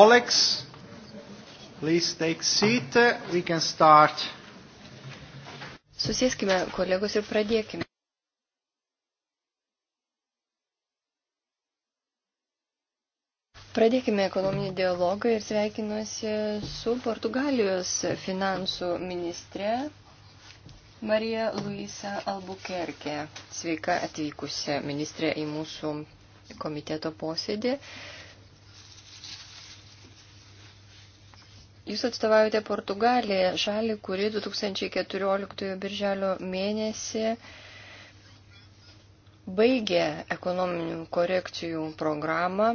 Colleagues, please take seat. We can start. Susieskime, kolegos, ir pradėkime. Pradėkime ekonominį dialogą ir sveikinuosi su Portugalijos finansų ministre Marija Luisa Albuquerque. Sveika atvykusi ministrė į mūsų komiteto posėdį. Uh, Jūs atstovaujate Portugaliją, šalį, kuri 2014 birželio mėnesį baigė ekonominių korekcijų programą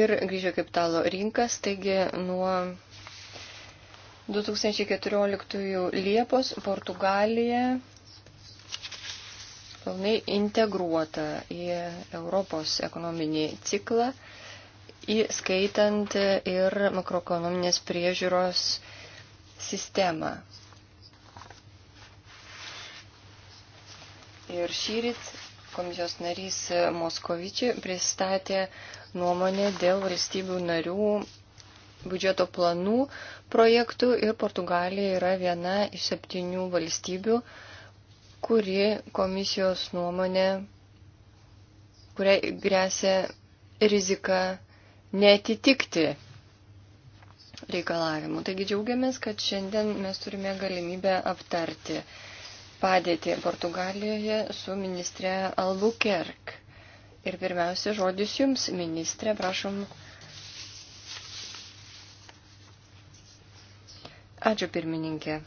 ir grįžo kapitalo rinkas, taigi nuo 2014 Liepos Portugalija pilnai integruota į Europos ekonominį ciklą įskaitant ir makroekonominės priežiūros sistemą. Ir šyrit komisijos narys Moskovičiai pristatė nuomonę dėl valstybių narių biudžeto planų projektų ir Portugalija yra viena iš septynių valstybių, kuri komisijos nuomonė, kuriai grėsia rizika netitikti reikalavimų. Taigi džiaugiamės, kad šiandien mes turime galimybę aptarti padėtį Portugalijoje su ministre Albuquerque. Ir pirmiausia, žodis jums, ministrė, prašom. Ačiū pirmininkė.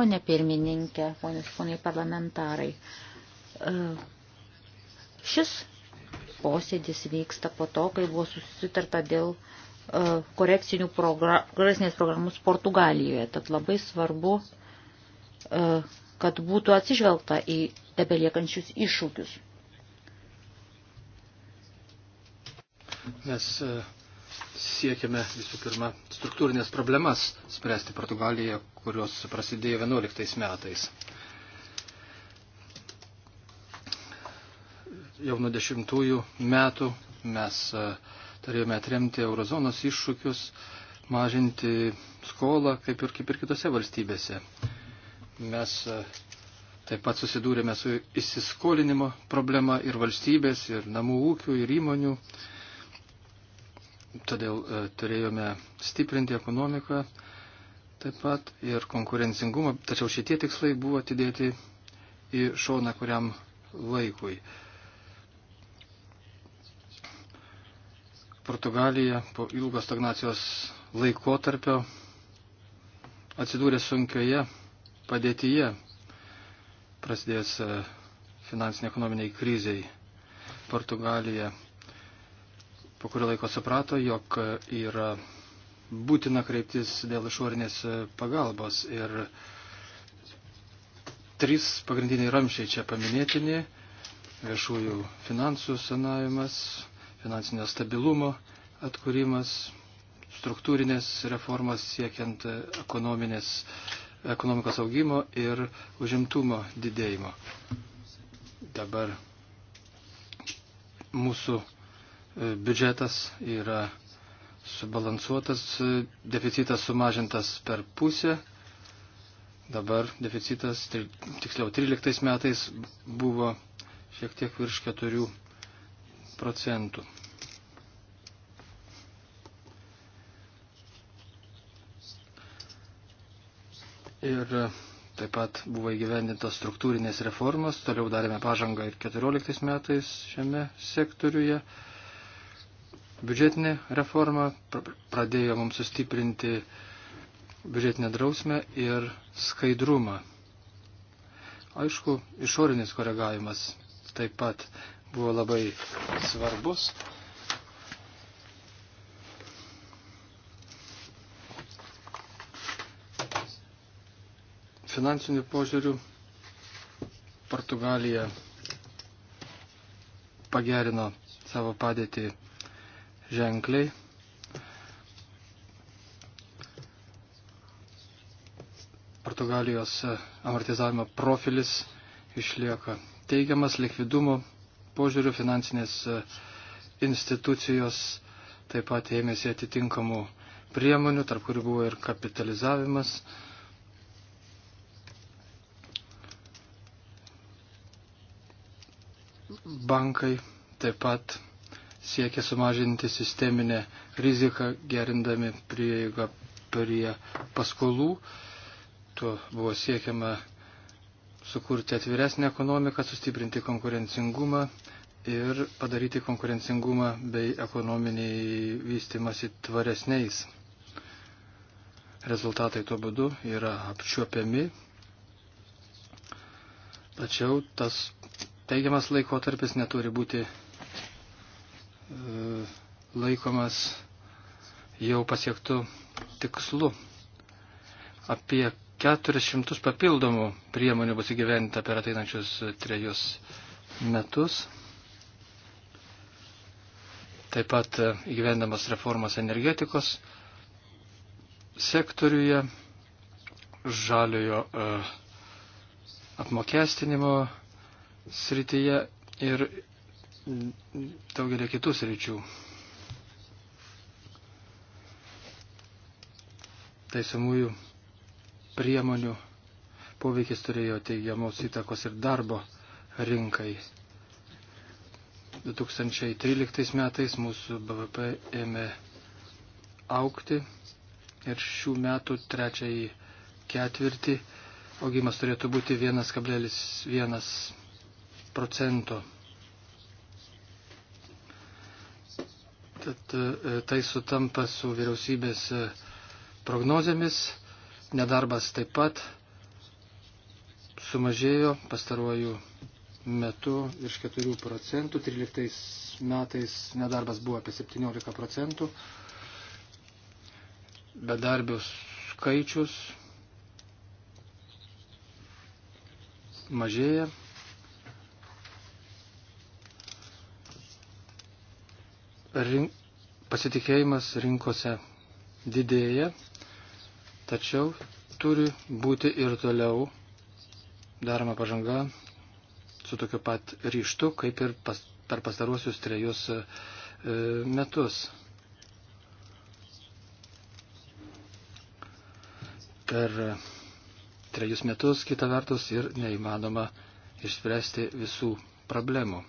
Pone pirmininkė, ponės, poniai parlamentarai, e, šis posėdis vyksta po to, kai buvo susitarta dėl e, korekcinių progresnės programus Portugalijoje. Tad labai svarbu, e, kad būtų atsižvelgta į tebeliekančius iššūkius. Mes siekiame visų pirma struktūrinės problemas spręsti Portugalijoje, kurios prasidėjo 11 metais. Jau nuo dešimtųjų metų mes e, turėjome atremti eurozonos iššūkius, mažinti skolą, kaip ir, kaip ir kitose valstybėse. Mes e, Taip pat susidūrėme su įsiskolinimo problema ir valstybės, ir namų ūkių, ir įmonių. Todėl e, turėjome stiprinti ekonomiką taip pat ir konkurencingumą, tačiau šitie tikslai buvo atidėti į šoną kuriam laikui. Portugalija po ilgos stagnacijos laikotarpio atsidūrė sunkioje padėtyje prasidėjus e, finansinė ekonominiai kriziai. Portugalija po kurio laiko suprato, jog yra būtina kreiptis dėl išorinės pagalbos. Ir trys pagrindiniai ramšiai čia paminėtini - viešųjų finansų sanavimas, finansinio stabilumo atkūrimas, struktūrinės reformas siekiant ekonomikos augimo ir užimtumo didėjimo. Dabar mūsų biudžetas yra subalansuotas, deficitas sumažintas per pusę. Dabar deficitas, tiksliau 13 metais buvo šiek tiek virš 4 procentų. Ir taip pat buvo įgyvendintas struktūrinės reformas, toliau darėme pažangą ir 14 metais šiame sektoriuje. Biudžetinė reforma pradėjo mums sustiprinti biudžetinę drausmę ir skaidrumą. Aišku, išorinis koregavimas taip pat buvo labai svarbus. Finansinių požiūrių Portugalija pagerino savo padėtį ženkliai. Portugalijos amortizavimo profilis išlieka teigiamas likvidumo požiūrių finansinės institucijos taip pat ėmėsi atitinkamų priemonių, tarp kurių buvo ir kapitalizavimas. Bankai taip pat siekia sumažinti sisteminę riziką, gerindami prieigą prie paskolų. Tuo buvo siekiama sukurti atviresnę ekonomiką, sustiprinti konkurencingumą ir padaryti konkurencingumą bei ekonominį vystimąsi tvaresniais. Rezultatai tuo būdu yra apčiuopiami, tačiau tas teigiamas laikotarpis neturi būti E, laikomas jau pasiektų tikslu. Apie 400 papildomų priemonių bus įgyventa per ateinančius trejus metus. Taip pat e, įgyvendamas reformas energetikos sektoriuje, žaliojo e, apmokestinimo srityje ir daugelį kitus ryčių. Taisamųjų priemonių poveikis turėjo teigiamos įtakos ir darbo rinkai. 2013 metais mūsų BVP ėmė aukti ir šių metų trečiąjį ketvirtį augimas turėtų būti 1,1 procento. Tad e, tai sutampa su vyriausybės e, prognozėmis. Nedarbas taip pat sumažėjo pastaruoju metu virš 4 procentų. 13 metais nedarbas buvo apie 17 procentų. Bedarbių skaičius mažėja. rink, pasitikėjimas rinkose didėja, tačiau turi būti ir toliau daroma pažanga su tokiu pat ryštu, kaip ir pas, per pastaruosius trejus e, metus. Per e, trejus metus, kita vertus, ir neįmanoma išspręsti visų problemų.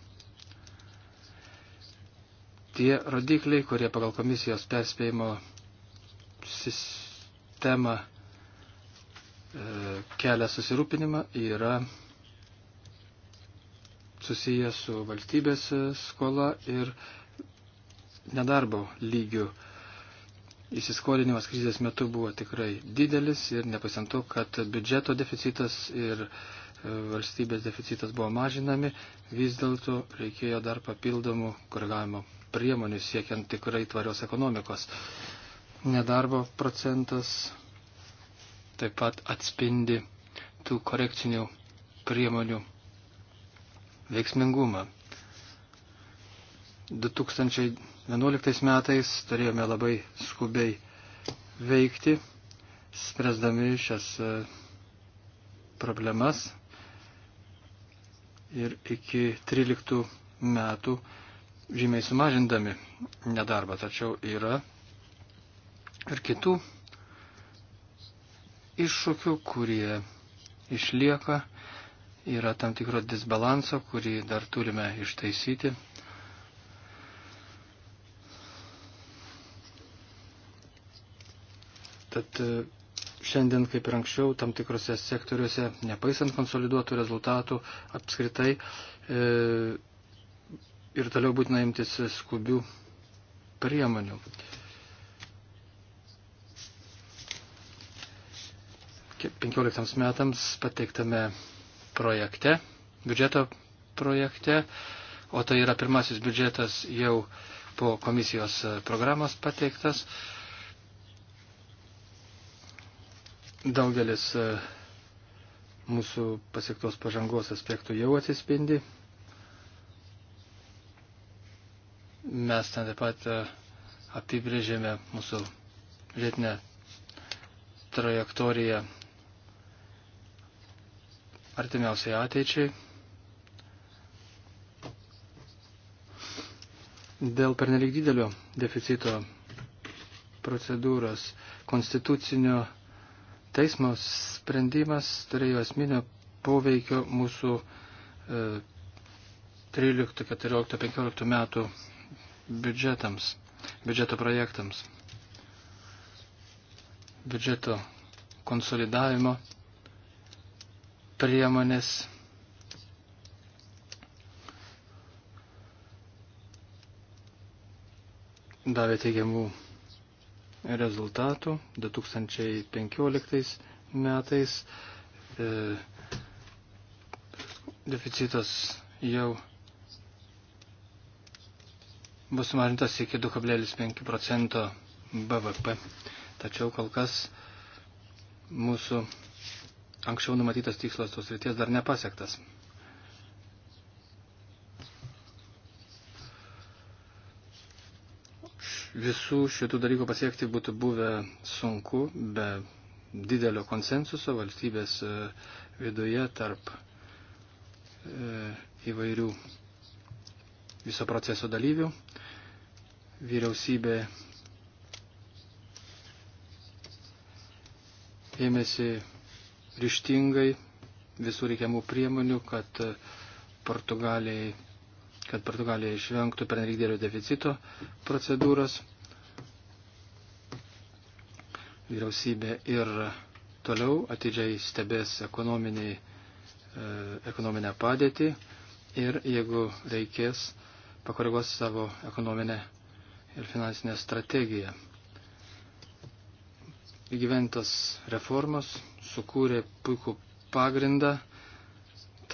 Tie rodikliai, kurie pagal komisijos perspėjimo sistemą e, kelia susirūpinimą, yra susiję su valstybės skola ir nedarbo lygiu. Įsiskolinimas krizės metu buvo tikrai didelis ir nepasintu, kad biudžeto deficitas ir e, valstybės deficitas buvo mažinami, vis dėlto reikėjo dar papildomų koregavimo priemonių siekiant tikrai tvarios ekonomikos. Nedarbo procentas taip pat atspindi tų korekcinių priemonių veiksmingumą. 2011 metais turėjome labai skubiai veikti, spręsdami šias e, problemas ir iki 13 metų žymiai sumažindami nedarbą, tačiau yra ir kitų iššūkių, kurie išlieka, yra tam tikro disbalanso, kurį dar turime ištaisyti. Tad e, šiandien, kaip ir anksčiau, tam tikrose sektoriuose, nepaisant konsoliduotų rezultatų, apskritai e, ir toliau būtina imtis skubių priemonių. Kiek 15 metams pateiktame projekte, biudžeto projekte, o tai yra pirmasis biudžetas jau po komisijos e, programos pateiktas. Daugelis e, mūsų pasiektos pažangos aspektų jau atsispindi Mes ten taip pat e, apibrėžėme mūsų vietinę trajektoriją artimiausiai ateičiai. Dėl pernelik didelio deficito procedūros konstitucinio teismo sprendimas turėjo asmenio poveikio mūsų 13, 14, 15 metų biudžetams, biudžeto projektams, biudžeto konsolidavimo priemonės. Davė teigiamų rezultatų 2015 metais. E, deficitas jau bus sumažintas iki 2,5 procento BVP. Tačiau kol kas mūsų anksčiau numatytas tikslas tos ryties dar nepasiektas. Visų šitų dalykų pasiekti būtų buvę sunku be didelio konsensuso valstybės e, viduje tarp e, įvairių viso proceso dalyvių vyriausybė ėmėsi ryštingai visų reikiamų priemonių, kad Portugalijai kad Portugalija išvengtų pernelyg dėlio deficito procedūros. Vyriausybė ir toliau atidžiai stebės ekonominį, e, ekonominę padėtį ir jeigu reikės, pakoreguos savo ekonominę ir finansinę strategiją. Įgyventas reformos sukūrė puikų pagrindą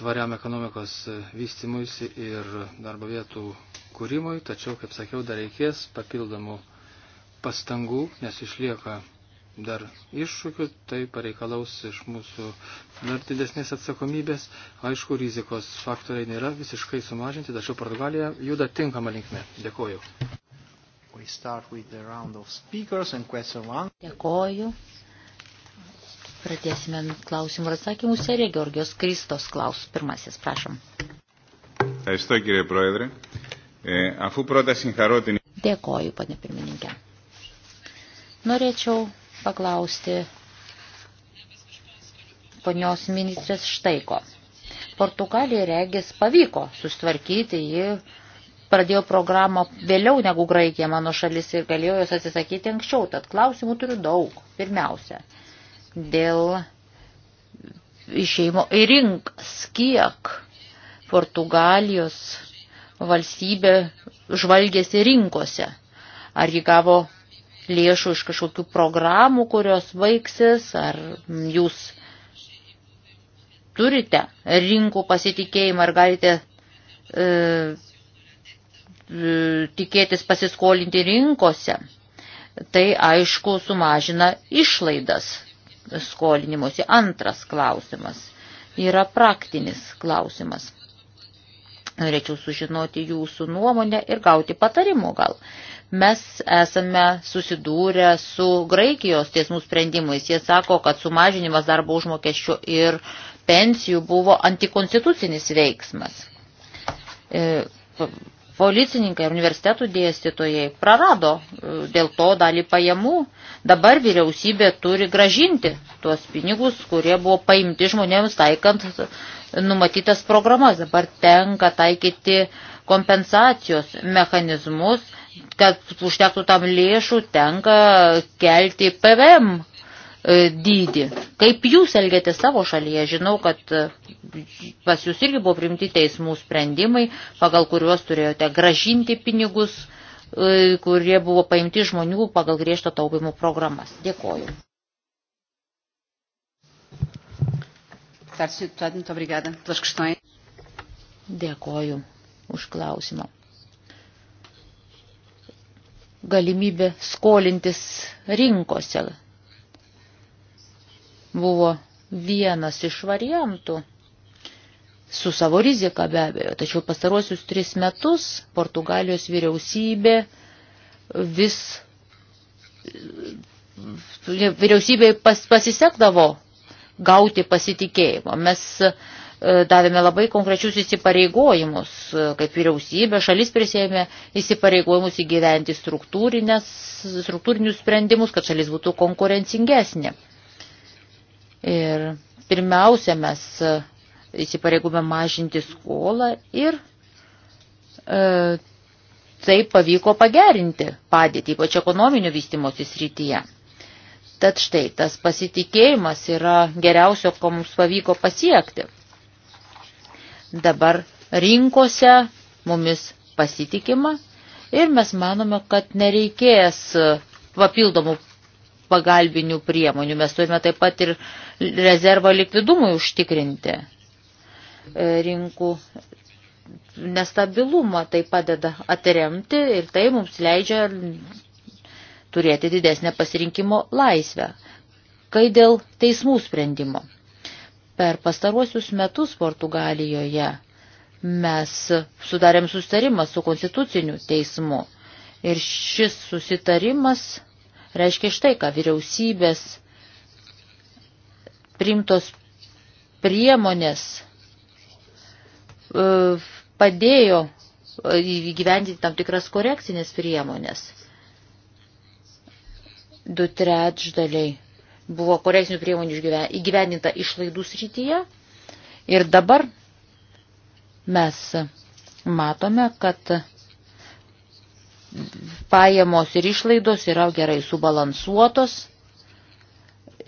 tvariam ekonomikos vystimuisi ir darbo vietų kūrimui, tačiau, kaip sakiau, dar reikės papildomų pastangų, nes išlieka dar iššūkių, tai pareikalaus iš mūsų dar didesnės atsakomybės. Aišku, rizikos faktoriai nėra visiškai sumažinti, tačiau Portugalija juda tinkama linkme. Dėkuoju. Dėkoju. Pradėsime klausimų ir atsakymų seriją. Georgios Kristos klaus pirmasis, prašom. Ευχαριστώ κύριε Πρόεδρε. Ε, αφού πρώτα συγχαρώ την... Dėkoju, pane pirmininkė. Norėčiau paklausti ponios ministrės štaiko. Portugalijai regis pavyko sustvarkyti jį pradėjo programą vėliau negu Graikija mano šalis ir galėjo jos atsisakyti anksčiau. Tad klausimų turiu daug. Pirmiausia, dėl išeimo į rinkas, kiek Portugalijos valstybė žvalgėsi rinkose. Ar ji gavo lėšų iš kažkokių programų, kurios baigsis, ar jūs turite rinkų pasitikėjimą ir galite e, E, tikėtis pasiskolinti rinkose, tai aišku sumažina išlaidas skolinimuose. Antras klausimas yra praktinis klausimas. Norėčiau sužinoti jūsų nuomonę ir gauti patarimų gal. Mes esame susidūrę su Graikijos teismų sprendimais. Jie sako, kad sumažinimas darbo užmokesčio ir pensijų buvo antikonstitucinis veiksmas. E, policininkai, universitetų dėstytojai prarado e, dėl to dalį pajamų. Dabar vyriausybė turi gražinti tuos pinigus, kurie buvo paimti žmonėms taikant numatytas programas. Dabar tenka taikyti kompensacijos mechanizmus, kad užtektų tam lėšų tenka kelti PVM E, dydį. Kaip jūs elgėte savo šalyje? Žinau, kad e, pas jūs irgi buvo primti teismų sprendimai, pagal kuriuos turėjote gražinti pinigus, e, kurie buvo paimti žmonių pagal griežto taupimo programas. Dėkoju. Nu, Dėkoju už klausimą galimybė skolintis rinkose buvo vienas iš variantų, su savo rizika be abejo. Tačiau pastaruosius tris metus Portugalijos vyriausybė vis vyriausybei pas, pasisekdavo gauti pasitikėjimą. Mes e, davėme labai konkrečius įsipareigojimus, e, kaip vyriausybė, šalis prisėmė įsipareigojimus įgyventi struktūrinius sprendimus, kad šalis būtų konkurencingesnė. Ir pirmiausia, mes e, įsipareigome mažinti skolą ir e, tai pavyko pagerinti padėtį, ypač ekonominio vystimosi srityje. Tad štai, tas pasitikėjimas yra geriausio, ko mums pavyko pasiekti. Dabar rinkose mumis pasitikima ir mes manome, kad nereikės papildomų pagalbinių priemonių. Mes turime taip pat ir rezervą likvidumui užtikrinti e, rinkų nestabilumą. Tai padeda atremti ir tai mums leidžia turėti didesnę pasirinkimo laisvę. Kai dėl teismų sprendimo. Per pastaruosius metus Portugalijoje mes sudarėm sustarimą su konstituciniu teismu. Ir šis susitarimas reiškia štai, ką vyriausybės primtos priemonės e, padėjo e, įgyvendinti tam tikras korekcinės priemonės. Du trečdaliai buvo korekcinių priemonių įgyvendinta išlaidų srityje ir dabar mes matome, kad pajamos ir išlaidos yra gerai subalansuotos.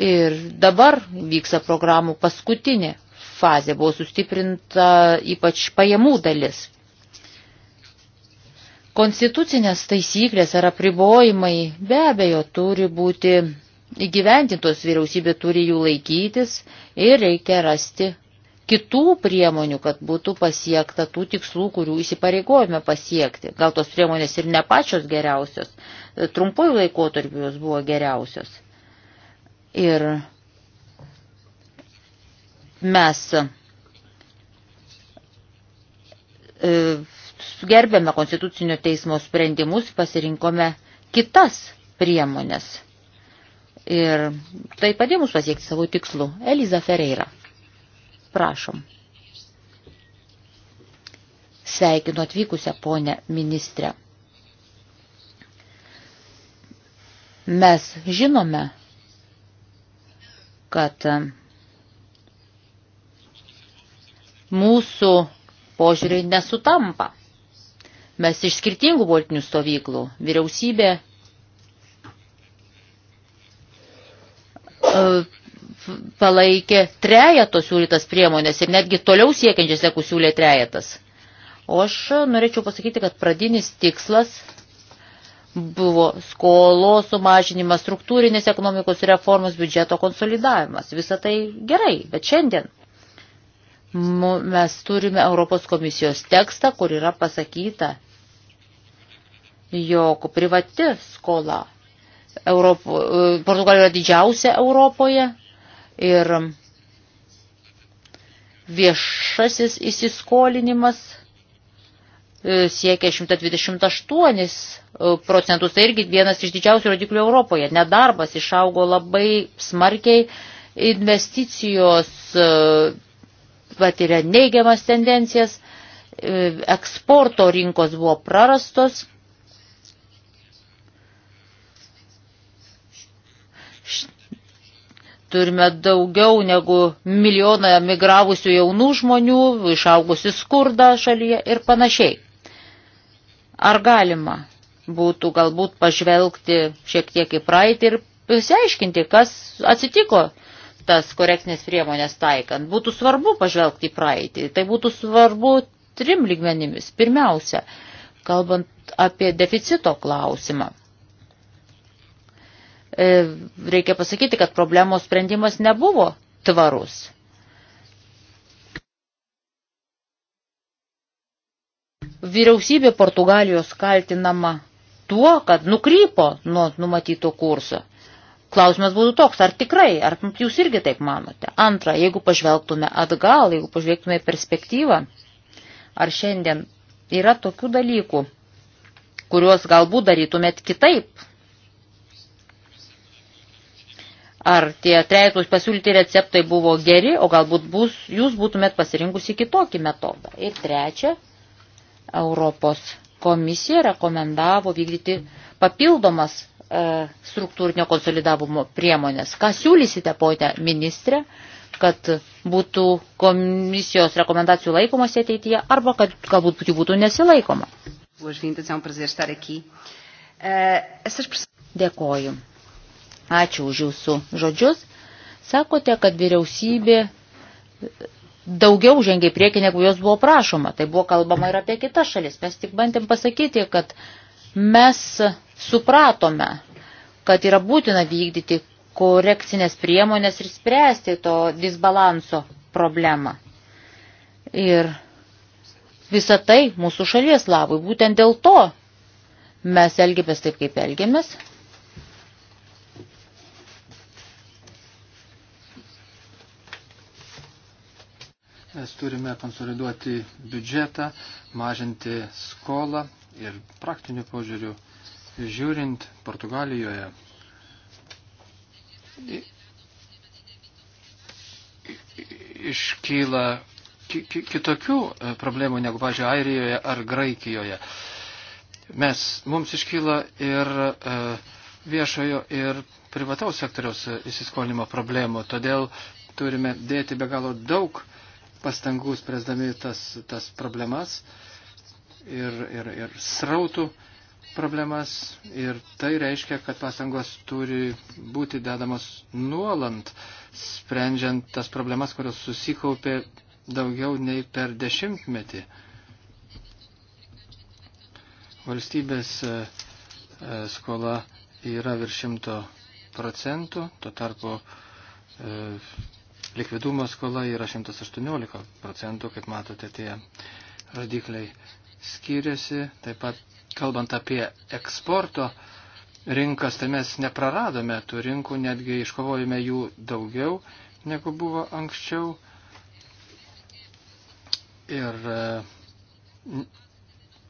Ir dabar vyksta programų paskutinė fazė, buvo sustiprinta ypač pajamų dalis. Konstitucinės taisyklės ar apribojimai be abejo turi būti įgyventintos, vyriausybė turi jų laikytis ir reikia rasti kitų priemonių, kad būtų pasiekta tų tikslų, kurių įsipareigojame pasiekti. Gal tos priemonės ir ne pačios geriausios, e, trumpųjų laikotarpių jos buvo geriausios. Ir mes e, gerbėme Konstitucinio teismo sprendimus, pasirinkome kitas priemonės. Ir tai padėjo mums pasiekti savo tikslų. Eliza Ferreira. Prašom. Sveikinu atvykusią ponę ministrę. Mes žinome, kad mūsų požiūriai nesutampa. Mes iš skirtingų politinių stovyklų. Vyriausybė palaikė trejato siūlytas priemonės ir netgi toliau siekiančias, negu siūlė trejatas. O aš norėčiau pasakyti, kad pradinis tikslas buvo skolos sumažinimas, struktūrinės ekonomikos reformos, biudžeto konsolidavimas. Visa tai gerai, bet šiandien mes turime Europos komisijos tekstą, kur yra pasakyta, jog privati skola Europo, e, Portugalija yra didžiausia Europoje ir viešasis įsiskolinimas e, siekia 128 e, procentus, tai irgi vienas iš didžiausių rodiklių Europoje. Nedarbas išaugo labai smarkiai, investicijos e, patiria neigiamas tendencijas, eksporto rinkos buvo prarastos. Turime daugiau negu milijoną migravusių jaunų žmonių, išaugusi skurdą šalyje ir panašiai. Ar galima būtų galbūt pažvelgti šiek tiek į praeitį ir pasiaiškinti, kas atsitiko tas korekcinės priemonės taikant. Būtų svarbu pažvelgti į praeitį. Tai būtų svarbu trim lygmenimis. Pirmiausia, kalbant apie deficito klausimą. E, reikia pasakyti, kad problemos sprendimas nebuvo tvarus. Vyriausybė Portugalijos kaltinama tuo, kad nukrypo nuo numatyto kurso. Klausimas būtų toks, ar tikrai, ar jūs irgi taip manote? Antra, jeigu pažvelgtume atgal, jeigu pažvelgtume į perspektyvą, ar šiandien yra tokių dalykų, kuriuos galbūt darytumėt kitaip, ar tie trejektos pasiūlyti receptai buvo geri, o galbūt bus, jūs būtumėt pasirinkusi kitokį metodą. Ir trečia, Europos komisija rekomendavo vykdyti papildomas e, struktūrinio konsolidavimo priemonės. Ką siūlysite, ponia ministrė, kad būtų komisijos rekomendacijų laikomasi ateityje arba kad galbūt jų būtų nesilaikoma? Um eh, Dėkoju. Ačiū už jūsų žodžius. Sakote, kad vyriausybė daugiau žengė į priekį, negu jos buvo prašoma. Tai buvo kalbama ir apie kitas šalis. Mes tik bandėm pasakyti, kad mes supratome, kad yra būtina vykdyti korekcinės priemonės ir spręsti to disbalanso problemą. Ir visą tai mūsų šalies labui. Būtent dėl to mes elgėmės taip, kaip elgėmės. mes turime konsoliduoti biudžetą, mažinti skolą ir praktiniu požiūriu žiūrint Portugalijoje. Iškyla kitokių e, problemų negu, pažiūrėjau, Airijoje ar Graikijoje. Mes, mums iškyla ir e, viešojo ir privataus sektoriaus e, įsiskolinimo problemų, todėl turime dėti be galo daug e, pastangų spręsdami tas, tas problemas ir, ir, ir srautų problemas. Ir tai reiškia, kad pastangos turi būti dedamos nuolant, sprendžiant tas problemas, kurios susikaupė daugiau nei per dešimtmetį. Valstybės e, e, skola yra virš šimto procentų, tuo tarpu e, Likvidumo skola yra 118 procentų, kaip matote, tie rodikliai skiriasi. Taip pat, kalbant apie eksporto rinkas, tai mes nepraradome tų rinkų, netgi iškovojame jų daugiau negu buvo anksčiau. Ir e,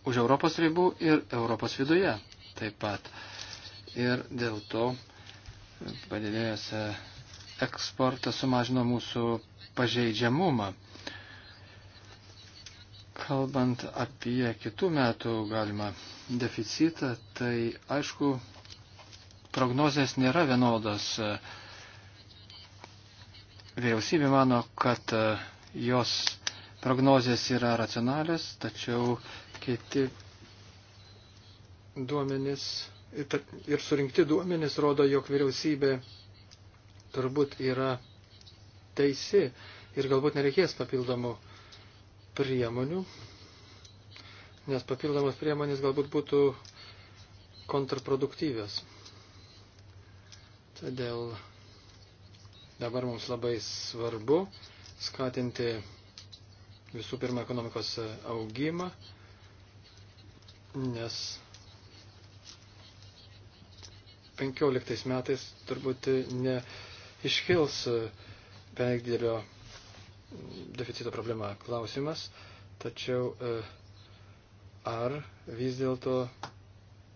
už Europos ribų ir Europos viduje taip pat. Ir dėl to padidėjęs e, eksportas sumažino mūsų pažeidžiamumą. Kalbant apie kitų metų galimą deficitą, tai aišku, prognozijas nėra vienodos. Vyriausybė mano, kad e, jos prognozijas yra racionalios, tačiau kiti duomenys ir surinkti duomenys rodo, jog vyriausybė turbūt yra teisi ir galbūt nereikės papildomų priemonių, nes papildomos priemonės galbūt būtų kontraproduktyvios. Todėl dabar mums labai svarbu skatinti visų pirma ekonomikos augimą, nes 15 metais turbūt ne iškils perdirbio deficito problema klausimas, tačiau e, ar vis dėlto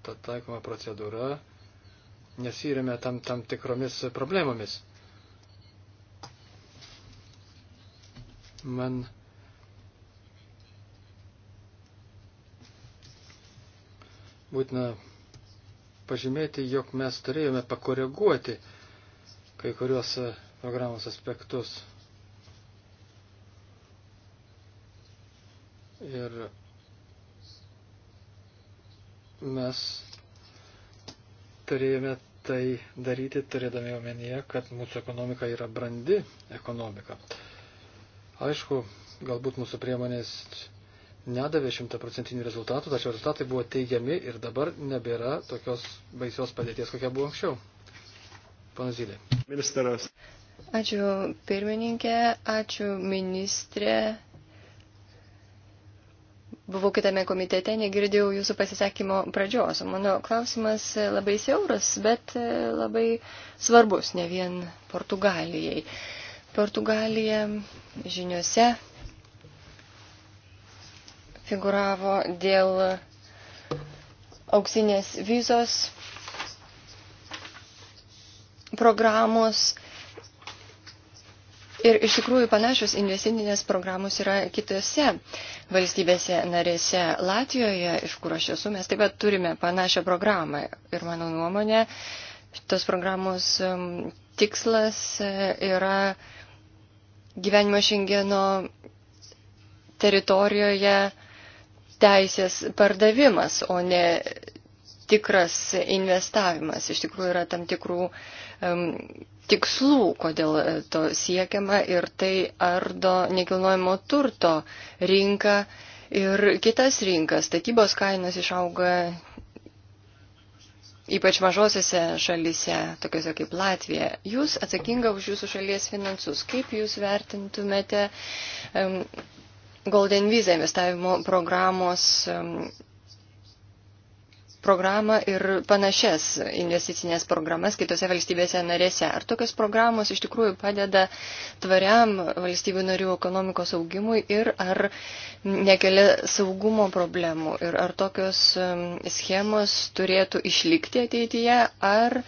ta taikoma procedūra nesirėmė tam, tam tikromis problemomis. Man būtina pažymėti, jog mes turėjome pakoreguoti uh, kai kuriuos e, programos aspektus. Ir mes turėjome tai daryti, turėdami omenyje, kad mūsų ekonomika yra brandi ekonomika. Aišku, galbūt mūsų priemonės nedavė šimtaprocentinių rezultatų, tačiau rezultatai buvo teigiami ir dabar nebėra tokios baisios padėties, kokia buvo anksčiau. Pana Zylė. Ministeras. Ačiū pirmininkė, ačiū ministrė. Buvau kitame komitete, negirdėjau jūsų pasisakymo pradžios. Mano klausimas labai siauras, bet labai svarbus, ne vien Portugalijai. Portugalija žiniuose figuravo dėl auksinės vizos programos. Ir iš tikrųjų panašios investicinės programos yra kitose valstybėse narėse. Latvijoje, iš kur aš esu, mes taip pat turime panašią programą. Ir mano nuomonė, tos programos tikslas e, yra gyvenimo šengeno teritorijoje teisės pardavimas, o ne tikras investavimas, iš tikrųjų yra tam tikrų um, tikslų, kodėl e, to siekiama ir tai ardo nekilnojimo turto rinką ir kitas rinkas. Statybos kainos išauga ypač mažosiose šalise, tokiuose kaip Latvija. Jūs atsakinga už jūsų šalies finansus. Kaip jūs vertintumėte um, Golden Visa investavimo programos um, programą ir panašias investicinės programas kitose valstybėse narėse. Ar tokios programos iš tikrųjų padeda tvariam valstybių narių ekonomikos augimui ir ar nekelia saugumo problemų ir ar tokios schemos turėtų išlikti ateityje ar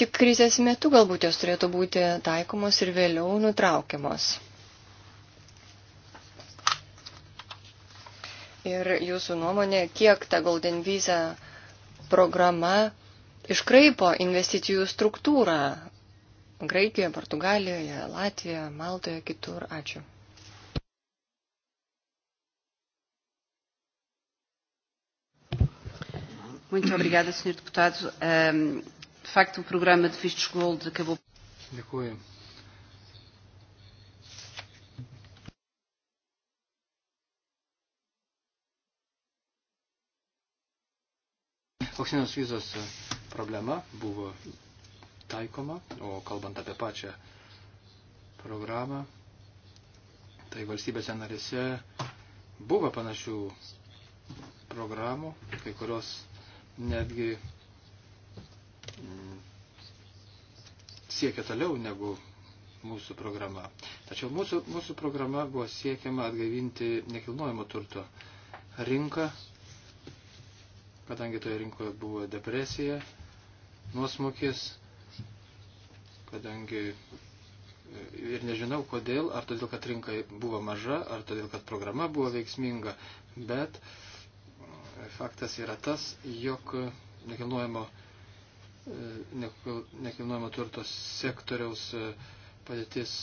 tik krizės metu galbūt jos turėtų būti taikomos ir vėliau nutraukiamos. Ir jūsų nuomonė, kiek ta Golden Visa programa iškraipo investicijų struktūrą Graikijoje, Portugalijoje, Latvijoje, Maltoje, kitur. Ačiū. Muito obrigada, Sr. Deputado. Um, de facto, o programa de vistos gold acabou. Dziękuję. Auksinės vizos e, problema buvo taikoma, o kalbant apie pačią programą, tai valstybėse narėse buvo panašių programų, kai kurios netgi mm, siekia toliau negu mūsų programa. Tačiau mūsų, mūsų programa buvo siekiama atgaivinti nekilnojamo turto rinką kadangi toje rinkoje buvo depresija, nuosmukis, kadangi e, ir nežinau kodėl, ar todėl, kad rinka buvo maža, ar todėl, kad programa buvo veiksminga, bet e, faktas yra tas, jog nekilnojamo, e, nekilnojamo turtos sektoriaus padėtis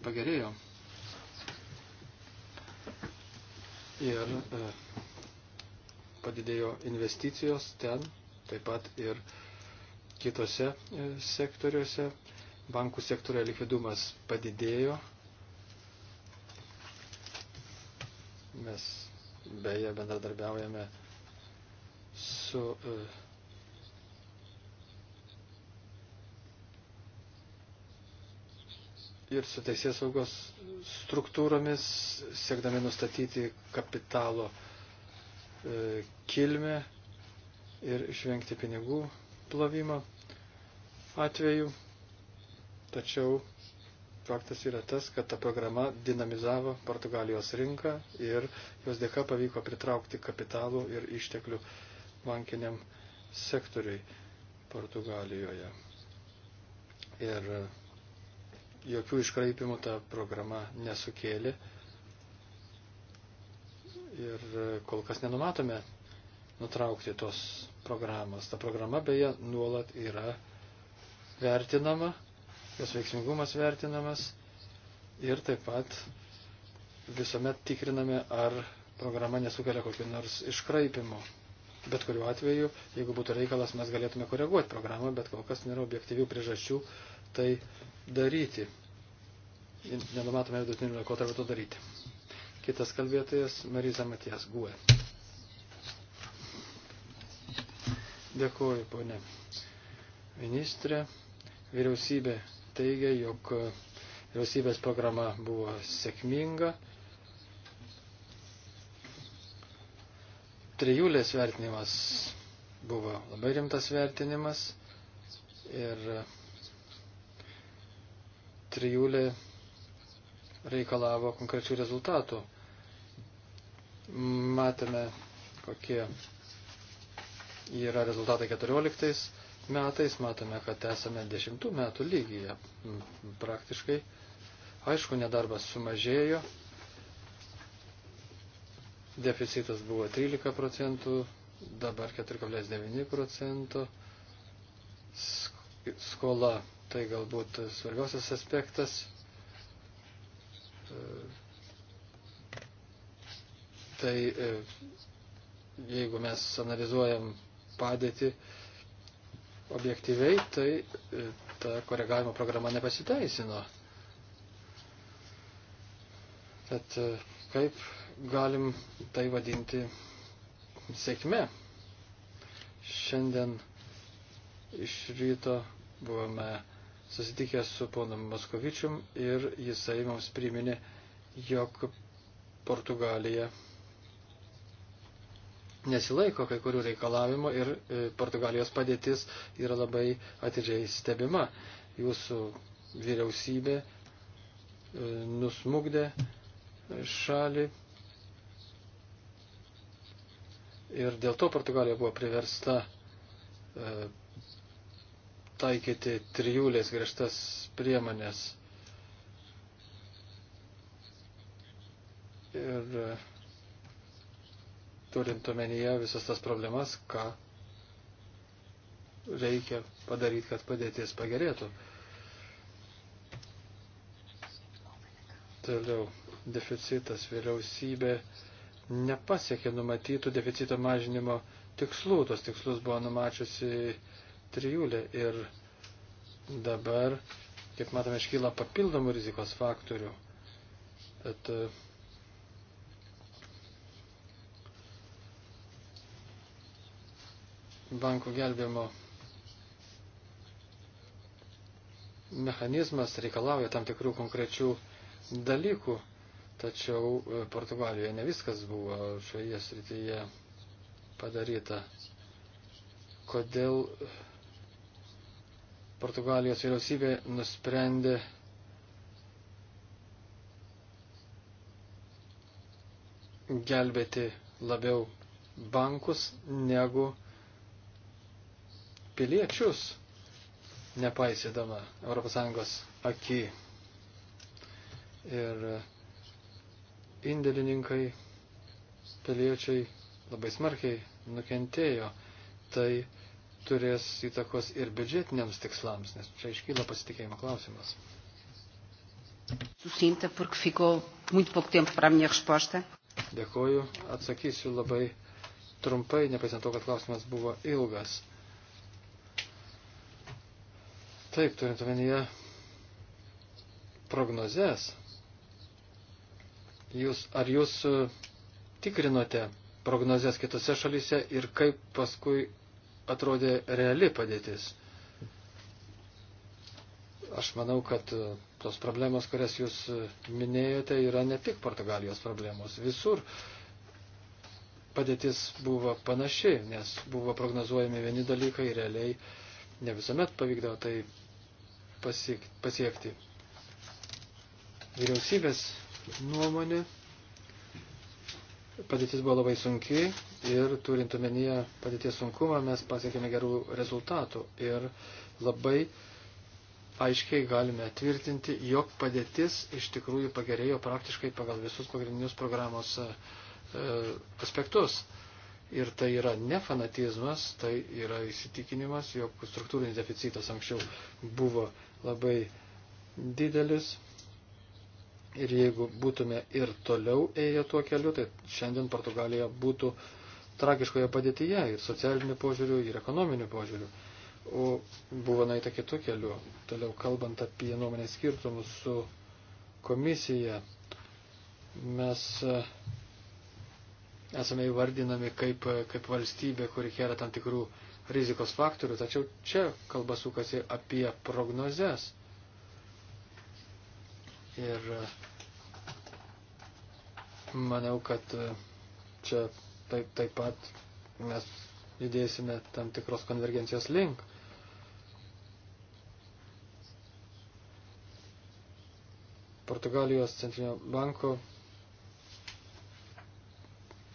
pagerėjo. Ir uh, padidėjo investicijos ten, taip pat ir kitose e, sektoriuose. Bankų sektorio likvidumas padidėjo. Mes beje bendradarbiaujame su e, ir su teisės saugos struktūromis, siekdami nustatyti kapitalo uh, E, kilmę ir išvengti pinigų plovimo atveju. Tačiau faktas yra tas, kad ta programa dinamizavo Portugalijos rinką ir jos dėka pavyko pritraukti kapitalų ir išteklių bankiniam sektoriui Portugalijoje. Ir jokių iškraipimų ta programa nesukėlė ir e, kol kas nenumatome nutraukti tos programos. Ta programa beje nuolat yra vertinama, jos veiksmingumas vertinamas ir taip pat visuomet tikriname, ar programa nesukelia kokiu nors iškraipimu. Bet kuriuo atveju, jeigu būtų reikalas, mes galėtume koreguoti programą, bet kol kas nėra objektyvių priežasčių tai daryti. Nenumatome vidutinių laikotarpio to daryti. Kitas kalbėtojas Marisa Matijas Guė. Dėkuoju, ponė. Ministrė, vyriausybė teigia, jog e, vyriausybės programa buvo sėkminga. Trijulės vertinimas buvo labai rimtas vertinimas ir e, trijulė reikalavo konkrečių rezultatų. Matėme, kokie yra rezultatai 14 metais, matome, kad esame 10 metų lygyje mm, praktiškai. Aišku, nedarbas sumažėjo, deficitas buvo 13 procentų, dabar 4,9 procento, skola tai galbūt svarbiausias aspektas, e, Tai e, jeigu mes analizuojam padėtį objektyviai, tai e, ta koregavimo programa nepasiteisino. Tad e, kaip galim tai vadinti sėkme? Šiandien iš ryto buvome susitikę su ponu Moskovičium ir jisai mums priminė, jog Portugalija nesilaiko kai kurių reikalavimų ir e, Portugalijos padėtis yra labai atidžiai stebima. Jūsų vyriausybė e, nusmugdė šalį ir dėl to Portugalija buvo priversta e, taikyti trijulės griežtas priemonės. Ir turint omenyje visas tas problemas, ką reikia padaryti, kad padėties pagerėtų. Toliau, deficitas vyriausybė nepasiekė numatytų deficito mažinimo tikslų. Tos tikslus buvo numačiusi trijulė ir dabar, kaip matome, iškyla papildomų rizikos faktorių. Tad, uh, bankų gelbėjimo mechanizmas reikalauja tam tikrų konkrečių dalykų, tačiau e, Portugalijoje ne viskas buvo šioje srityje padaryta. Kodėl e, Portugalijos vyriausybė nusprendė gelbėti labiau bankus negu piliečius, nepaisydama ES aki. Ir indėlininkai, piliečiai labai smarkiai nukentėjo. Tai turės įtakos ir biudžetiniams tikslams, nes čia iškyla pasitikėjimo klausimas. Susinta, porque ficou muito pouco tempo para a minha resposta. Dėkoju, atsakysiu labai trumpai, nepaisant to, kad klausimas buvo ilgas. Taip, turint omenyje prognozes, jūs, ar jūs e, tikrinote prognozes kitose šalyse ir kaip paskui atrodė reali padėtis? Aš manau, kad e, tos problemos, kurias jūs e, minėjote, yra ne tik Portugalijos problemos. Visur padėtis buvo panaši, nes buvo prognozuojami vieni dalykai, realiai ne visuomet pavykdavo tai pasiekti. Vyriausybės nuomonė padėtis buvo labai sunki ir turint omenyje padėties sunkumą mes pasiekėme gerų rezultatų ir labai aiškiai galime tvirtinti, jog padėtis iš tikrųjų pagerėjo praktiškai pagal visus pagrindinius programos e, aspektus. Ir tai yra ne fanatizmas, tai yra įsitikinimas, jog struktūrinis deficitas anksčiau buvo labai didelis. Ir jeigu būtume ir toliau ėję tuo keliu, tai šiandien Portugalija būtų tragiškoje padėtyje ir socialiniu požiūriu, ir ekonominiu požiūriu. O buvo naita kitų kelių. Toliau kalbant apie nuomonės skirtumus su komisija, mes e, esame įvardinami kaip, kaip valstybė, kuri kelia tam tikrų uh, rizikos faktorių, tačiau čia kalba sukasi apie prognozes. Ir e, manau, kad e, čia taip, taip pat mes judėsime tam tikros konvergencijos link. Portugalijos centrinio banko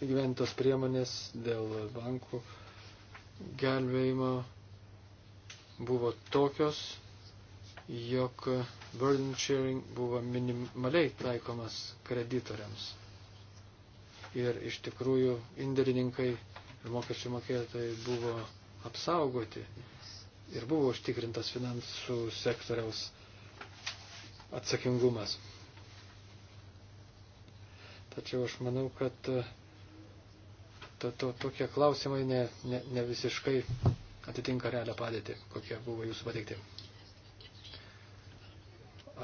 įgyventos priemonės dėl bankų gelbėjimo buvo tokios, jog burden sharing buvo minimaliai taikomas kreditoriams. Ir iš tikrųjų indėlininkai ir mokesčių mokėtojai buvo apsaugoti ir buvo užtikrintas finansų sektoriaus atsakingumas. Tačiau aš manau, kad to, to, tokie klausimai ne, ne, ne visiškai atitinka realią padėtį, kokie buvo jūsų pateikti.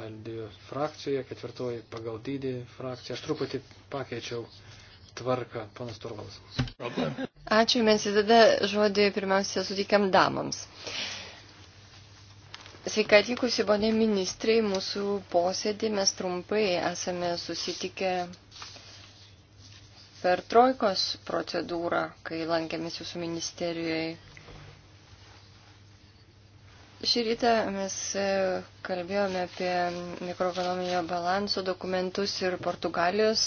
Aldi frakcija, ketvirtoji pagal dydį frakcija. Aš truputį pakeičiau tvarką, panas Turvalas. Ačiū, mes tada žodį pirmiausia sutikiam damams. Sveika atvykusi, ponė ministrai, mūsų posėdį mes trumpai esame susitikę per trojkos procedūrą, kai lankėmės jūsų ministerijoje. Šį rytą mes e, kalbėjome apie mikroekonominio balanso dokumentus ir Portugalijos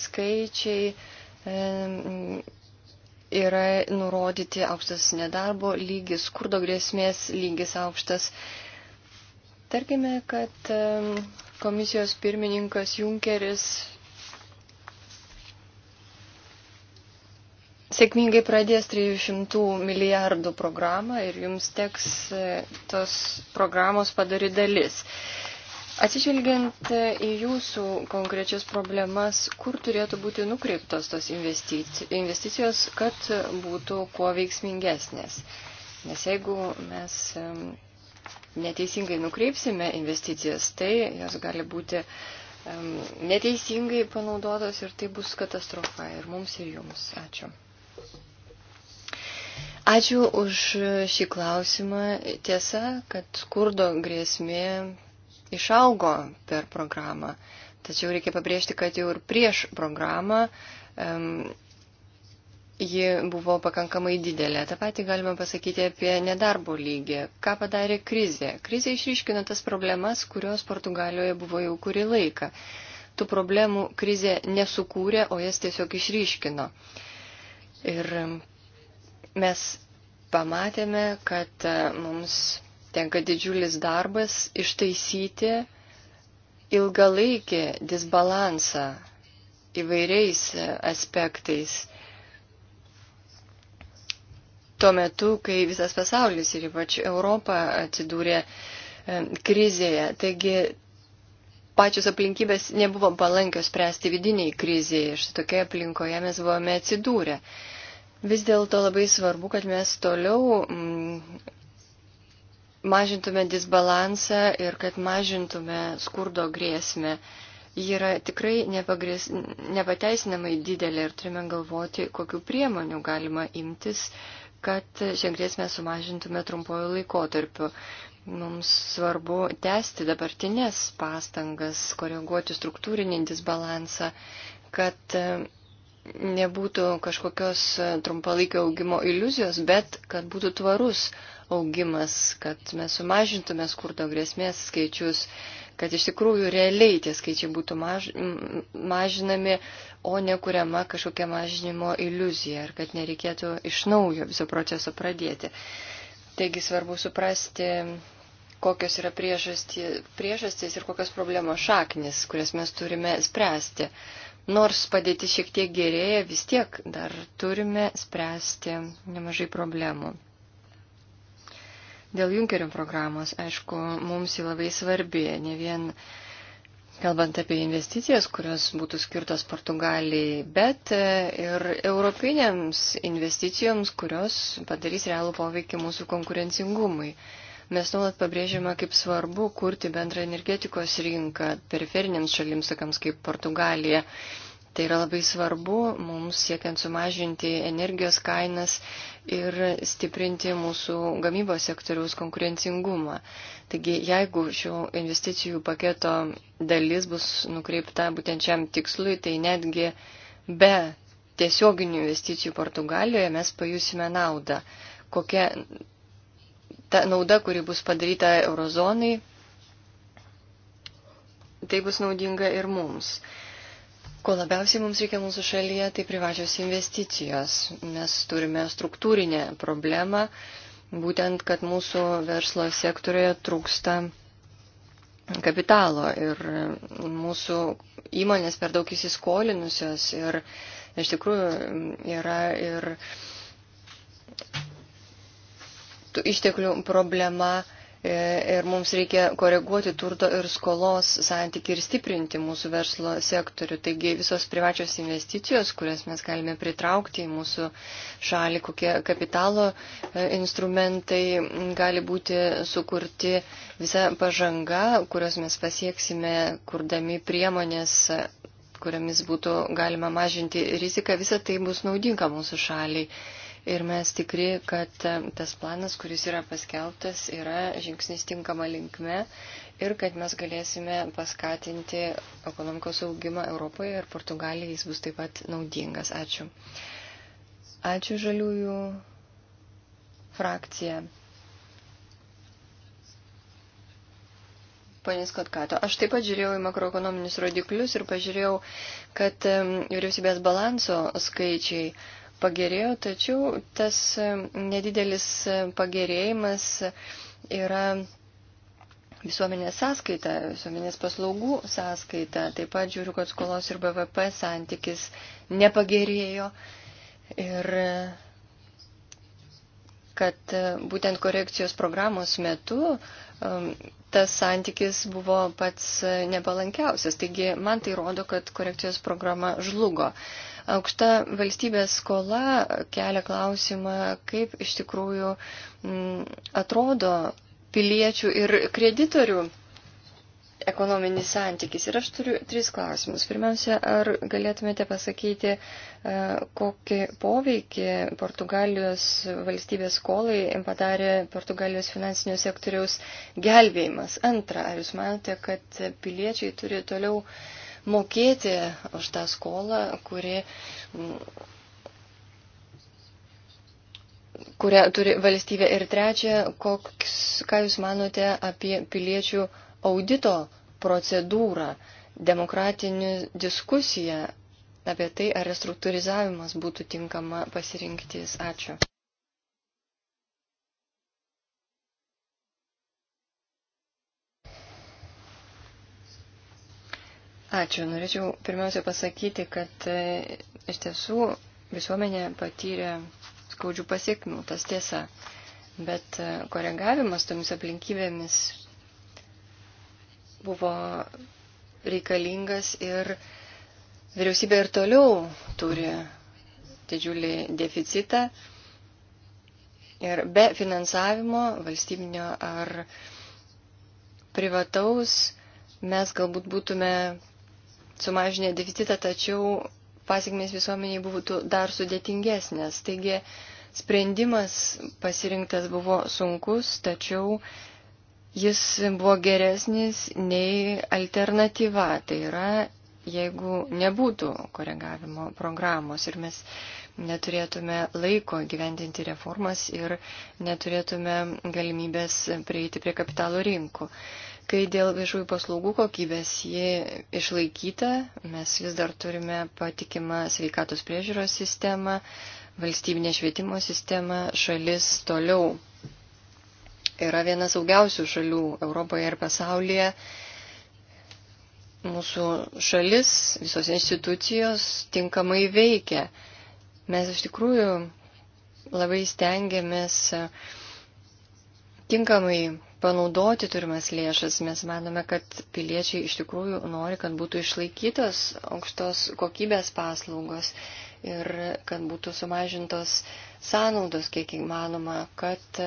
skaičiai e, yra nurodyti aukštas nedarbo lygis, skurdo grėsmės lygis aukštas. Tarkime, kad e, komisijos pirmininkas Junkeris sėkmingai pradės 300 milijardų programą ir jums teks e, tos programos padaryti dalis. Atsižvelgiant e, į jūsų konkrečias problemas, kur turėtų būti nukreiptos tos investicijos, kad būtų kuo veiksmingesnės. Nes jeigu mes e, neteisingai nukreipsime investicijas, tai jos gali būti neteisingai panaudotos ir tai bus katastrofa ir mums ir jums. Ačiū. Ačiū už šį klausimą. Tiesa, kad skurdo grėsmė išaugo per programą. Tačiau reikia pabrėžti, kad jau ir prieš programą um, ji buvo pakankamai didelė. Ta pati galima pasakyti apie nedarbo lygį. Ką padarė krizė? Krizė išryškino tas problemas, kurios Portugalijoje buvo jau kurį laiką. Tų problemų krizė nesukūrė, o jas tiesiog išryškino. Ir Mes pamatėme, kad e, mums tenka didžiulis darbas ištaisyti ilgalaikį disbalansą įvairiais e, aspektais. Tuo metu, kai visas pasaulis ir ypač Europa atsidūrė e, krizėje, taigi pačios aplinkybės nebuvo palankios spręsti vidiniai kriziai ir šitokioje aplinkoje mes buvome atsidūrę. Vis dėlto labai svarbu, kad mes toliau mm, mažintume disbalansą ir kad mažintume skurdo grėsmę. Ji yra tikrai nepagrės, nepateisinamai didelė ir turime galvoti, kokiu priemonių galima imtis, kad šią grėsmę sumažintume trumpojo laikotarpiu. Mums svarbu tęsti dabartinės pastangas, koreguoti struktūrinį disbalansą, kad nebūtų kažkokios trumpalaikio augimo iliuzijos, bet kad būtų tvarus augimas, kad mes sumažintume skurdo grėsmės skaičius, kad iš tikrųjų realiai tie skaičiai būtų maž, mažinami, o nekuriama kažkokia mažinimo iliuzija ir kad nereikėtų iš naujo viso proceso pradėti. Taigi svarbu suprasti, kokios yra priežastys ir kokios problemos šaknis, kurias mes turime spręsti nors padėti šiek tiek gerėja, vis tiek dar turime spręsti nemažai problemų. Dėl Junkerio programos, aišku, mums ji labai svarbi, ne vien kalbant apie investicijas, kurios būtų skirtos Portugalijai, bet e, ir europinėms investicijoms, kurios padarys realų poveikį mūsų konkurencingumui. Mes nuolat pabrėžiame, kaip svarbu kurti bendrą energetikos rinką periferiniams šalims, sakams, kaip Portugalija. Tai yra labai svarbu mums siekiant sumažinti energijos kainas ir stiprinti mūsų gamybos sektoriaus konkurencingumą. Taigi, jeigu šio investicijų paketo dalis bus nukreipta būtent šiam tikslui, tai netgi be tiesioginių investicijų Portugalijoje mes pajusime naudą. Kokia ta nauda, kuri bus padaryta eurozonai, tai bus naudinga ir mums. Ko labiausiai mums reikia mūsų šalyje, tai privačios investicijos. Mes turime struktūrinę problemą, būtent, kad mūsų verslo sektorioje trūksta kapitalo ir mūsų įmonės per daug įsiskolinusios ir iš tikrųjų yra ir tų išteklių problema e, ir mums reikia koreguoti turto ir skolos santyki ir stiprinti mūsų verslo sektorių. Taigi visos privačios investicijos, kurias mes galime pritraukti į mūsų šalį, kokie kapitalo e, instrumentai gali būti sukurti, visa pažanga, kurios mes pasieksime, kurdami priemonės kuriomis būtų galima mažinti riziką, visa tai bus naudinga mūsų šaliai. Ir mes tikri, kad e, tas planas, kuris yra paskelbtas, yra žingsnis tinkama linkme ir kad mes galėsime paskatinti ekonomikos augimą Europoje ir Portugalijai jis bus taip pat naudingas. Ačiū. Ačiū žaliųjų frakcija. Panis Kotkato. Aš taip pat žiūrėjau į makroekonominius rodiklius ir pažiūrėjau, kad vyriausybės balanso skaičiai pagerėjo, tačiau tas nedidelis pagerėjimas yra visuomenės sąskaita, visuomenės paslaugų sąskaita. Taip pat žiūriu, kad skolos ir BVP santykis nepagerėjo ir kad būtent korekcijos programos metu um, tas santykis buvo pats nepalankiausias. Taigi man tai rodo, kad korekcijos programa žlugo. Aukšta valstybės skola kelia klausimą, kaip iš tikrųjų m, mm, atrodo piliečių ir kreditorių ekonominis santykis. Ir aš turiu tris klausimus. Pirmiausia, ar galėtumėte pasakyti, e, kokį poveikį Portugalijos valstybės skolai padarė Portugalijos finansinio sektoriaus gelbėjimas? Antra, ar jūs manote, kad piliečiai turi toliau mokėti už tą skolą, kuri, kurią turi valstybė. Ir trečia, koks, ką Jūs manote apie piliečių audito procedūrą, demokratinį diskusiją apie tai, ar restruktūrizavimas būtų tinkama pasirinktis. Ačiū. Ačiū. Norėčiau pirmiausia pasakyti, kad e, iš tiesų visuomenė patyrė skaudžių pasiekmių, tas tiesa. Bet e, koregavimas tomis aplinkybėmis buvo reikalingas ir vyriausybė ir toliau turi didžiulį deficitą. Ir be finansavimo valstybinio ar privataus mes galbūt būtume sumažinę deficitą, tačiau pasiekmės visuomeniai būtų dar sudėtingesnės. Taigi sprendimas pasirinktas buvo sunkus, tačiau jis buvo geresnis nei alternatyva. Tai yra, jeigu nebūtų koregavimo programos ir mes neturėtume laiko gyvendinti reformas ir neturėtume galimybės prieiti prie kapitalo rinkų. Kai dėl viešųjų paslaugų kokybės ji išlaikyta, mes vis dar turime patikimą sveikatos priežiūros sistemą, valstybinę švietimo sistemą, šalis toliau yra viena saugiausių šalių Europoje ir pasaulyje. Mūsų šalis, visos institucijos tinkamai veikia. Mes iš tikrųjų labai stengiamės tinkamai panaudoti turimas lėšas. Mes manome, kad piliečiai iš tikrųjų nori, kad būtų išlaikytos aukštos kokybės paslaugos ir kad būtų sumažintos sąnaudos, kiek įmanoma, kad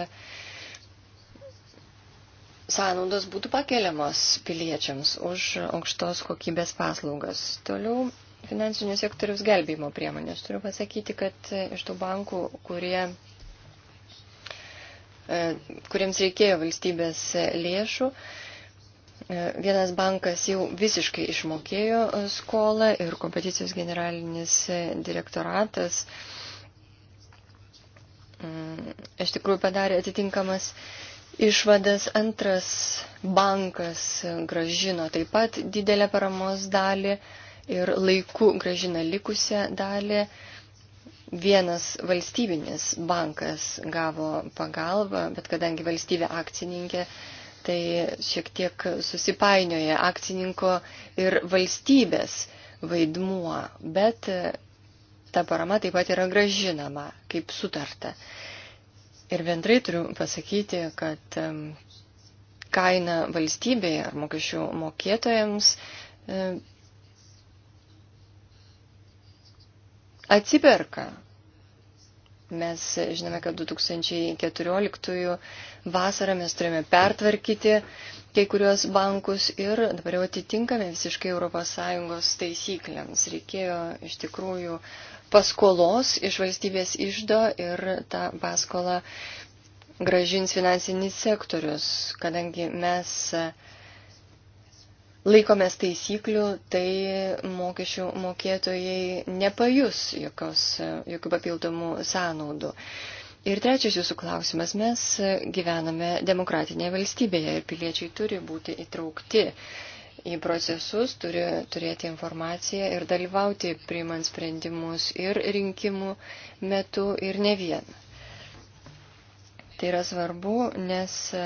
sąnaudos būtų pakeliamos piliečiams už aukštos kokybės paslaugas. Toliau finansinio sektoriaus gelbėjimo priemonės. Turiu pasakyti, kad iš tų bankų, kurie E, kuriems reikėjo valstybės lėšų. E, vienas bankas jau visiškai išmokėjo skolą ir kompeticijos generalinis direktoratas mm, iš tikrųjų padarė atitinkamas išvadas. Antras bankas gražino taip pat didelę paramos dalį ir laiku gražina likusią dalį. Vienas valstybinis bankas gavo pagalbą, bet kadangi valstybė akcininkė, tai šiek tiek susipainioja akcininko ir valstybės vaidmuo, bet e, ta parama taip pat yra gražinama, kaip sutarta. Ir bendrai turiu pasakyti, kad e, kaina valstybėje ar mokesčių mokėtojams e, atsiperka Mes žinome, kad 2014 vasarą mes turėjome pertvarkyti kai kuriuos bankus ir dabar jau atitinkame visiškai ES taisyklėms. Reikėjo iš tikrųjų paskolos iš valstybės išdo ir tą paskolą gražins finansinis sektorius, kadangi mes laikomės taisyklių, tai mokesčių mokėtojai nepajus jokios, jokių papildomų sąnaudų. Ir trečias jūsų klausimas. Mes gyvename demokratinėje valstybėje ir piliečiai turi būti įtraukti į procesus, turi turėti informaciją ir dalyvauti priimant sprendimus ir rinkimų metu ir ne vieną. Tai yra svarbu, nes e,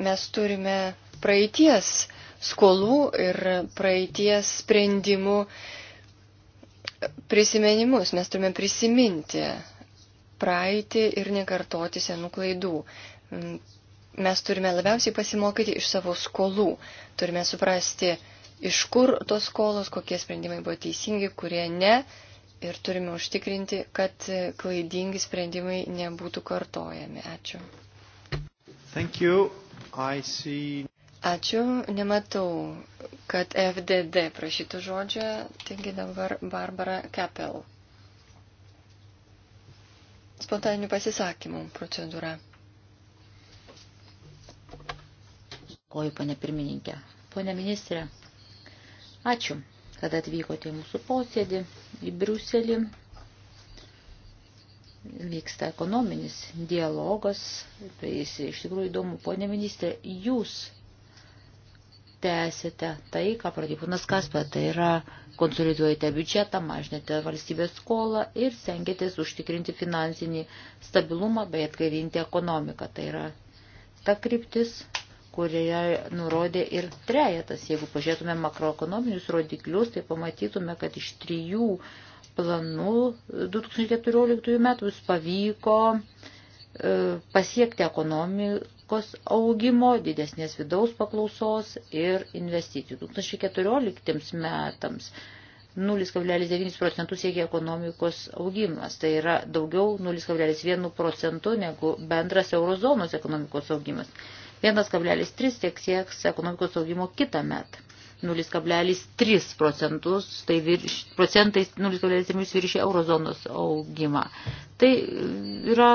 mes turime praeities uh, skolų ir praeities sprendimų prisimenimus. Mes turime prisiminti praeitį ir nekartoti senų klaidų. Mes turime labiausiai pasimokyti iš savo skolų. Turime suprasti, iš kur tos skolos, kokie sprendimai buvo teisingi, kurie ne. Ir turime užtikrinti, kad klaidingi sprendimai nebūtų kartojami. Ačiū. Thank you. I see. Ačiū, nematau, kad FDD prašytų žodžio, taigi dabar Barbara Keppel. Spontaninių pasisakymų procedūra. Koju, pane pirmininkė. Pone ministrė, ačiū, kad atvykote į mūsų posėdį, į Briuselį vyksta ekonominis dialogas, tai jis iš tikrųjų įdomu. Pone ministrė, jūs tęsite tai, ką pradėjo ponas Kaspa, tai yra konsoliduojate biudžetą, mažinate valstybės skolą ir stengiatės užtikrinti finansinį stabilumą bei atgaivinti ekonomiką. Tai yra ta kryptis, kurioje nurodė ir trejetas. Jeigu pažiūrėtume makroekonominius rodiklius, tai pamatytume, kad iš trijų planų 2014 metų pavyko e, pasiekti ekonomikos ekonomikos augimo, didesnės vidaus paklausos ir investicijų. 2014 metams 0,9 procentų siekia ekonomikos augimas. Tai yra daugiau 0,1 procentų negu bendras eurozonos ekonomikos augimas. 1,3 tiek sieks ekonomikos augimo kitą metą. 0,3 procentus, tai virš, procentais 0,3 viršė eurozonos augimą. Tai yra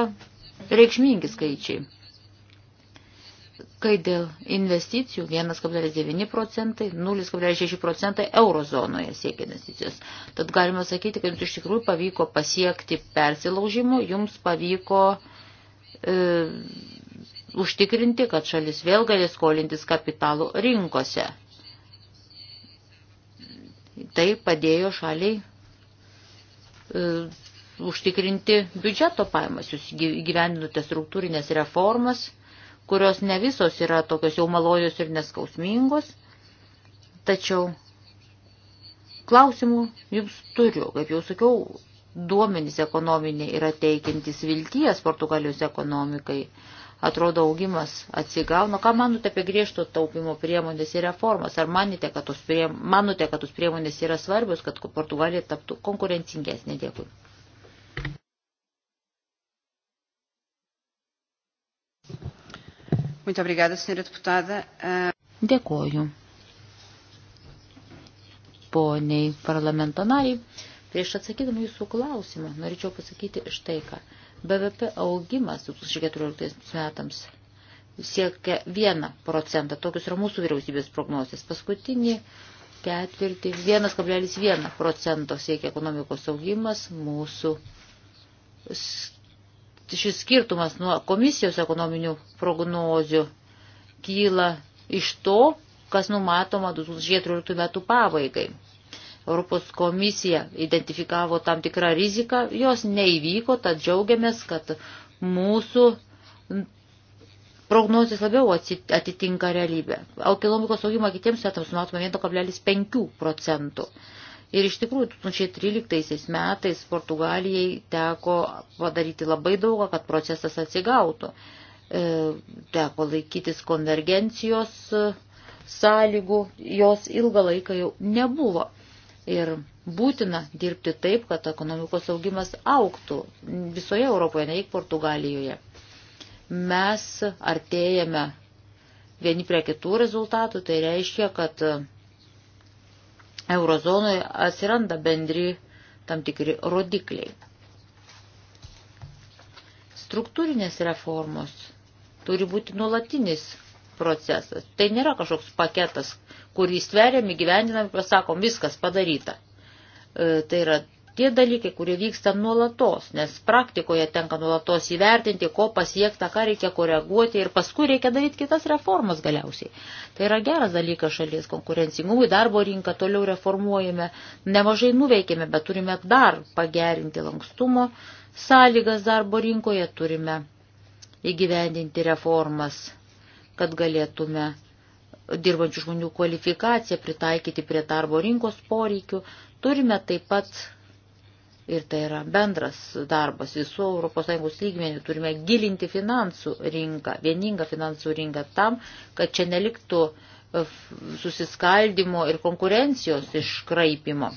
reikšmingi skaičiai kai dėl investicijų 1,9 procentai, 0,6 procentai eurozonoje siekia investicijos. Tad galima sakyti, kad jums iš tikrųjų pavyko pasiekti persilaužimų, jums pavyko e, užtikrinti, kad šalis vėl galės skolintis kapitalų rinkose. Tai padėjo šaliai e, užtikrinti biudžeto pajamas, jūs gyveninote struktūrinės reformas kurios ne visos yra tokios jau malonios ir neskausmingos, tačiau klausimų jums turiu, kaip jau sakiau, duomenys ekonominiai yra teikiantis vilties Portugalijos ekonomikai. Atrodo, augimas atsigauna. Ką manote apie griežto taupimo priemonės ir reformas? Ar manite, kad tos, prie... manote, kad tos priemonės yra svarbios, kad Portugalija taptų konkurencingesnė? Dėkui. Muito obrigada, senhora deputada. Ah, Dėkoju. Poniai parlamento nariai, prieš atsakydama jūsų klausimą, norėčiau pasakyti štai ką. BVP augimas 2014 metams siekia 1 procentą. Tokius yra mūsų vyriausybės prognozijas. Paskutinį ketvirtį 1,1 procento siekia ekonomikos augimas mūsų šis skirtumas nuo komisijos ekonominių prognozių kyla iš to, kas numatoma 2014 metų pabaigai. Europos komisija identifikavo tam tikrą riziką, jos neįvyko, tad džiaugiamės, kad mūsų prognozijas labiau atitinka realybę. Ekonomikos augimą kitiems metams numatome 1,5 procentų. Ir iš tikrųjų 2013 metais Portugalijai teko padaryti labai daug, kad procesas atsigautų. E, teko laikytis konvergencijos e, sąlygų, jos ilgą laiką jau nebuvo. Ir būtina dirbti taip, kad ekonomikos augimas auktų visoje Europoje, ne tik Portugalijoje. Mes artėjame vieni prie kitų rezultatų, tai reiškia, kad eurozonoje atsiranda bendri tam tikri rodikliai. Struktūrinės reformos turi būti nuolatinis procesas. Tai nėra kažkoks paketas, kurį sveriam, įgyvendinam ir pasakom, viskas padaryta. E, tai yra tie dalykai, kurie vyksta nuolatos, nes praktikoje tenka nuolatos įvertinti, ko pasiekta, ką reikia koreguoti ir paskui reikia daryti kitas reformas galiausiai. Tai yra geras dalykas šalies konkurencingumui, darbo rinką toliau reformuojame, nemažai nuveikėme, bet turime dar pagerinti lankstumo sąlygas darbo rinkoje, turime įgyvendinti reformas, kad galėtume dirbančių žmonių kvalifikaciją pritaikyti prie darbo rinkos poreikių, turime taip pat Ir tai yra bendras darbas visų ES lygmenių. Turime gilinti finansų rinką, vieningą finansų rinką tam, kad čia neliktų e, susiskaldimo ir konkurencijos iškraipimo.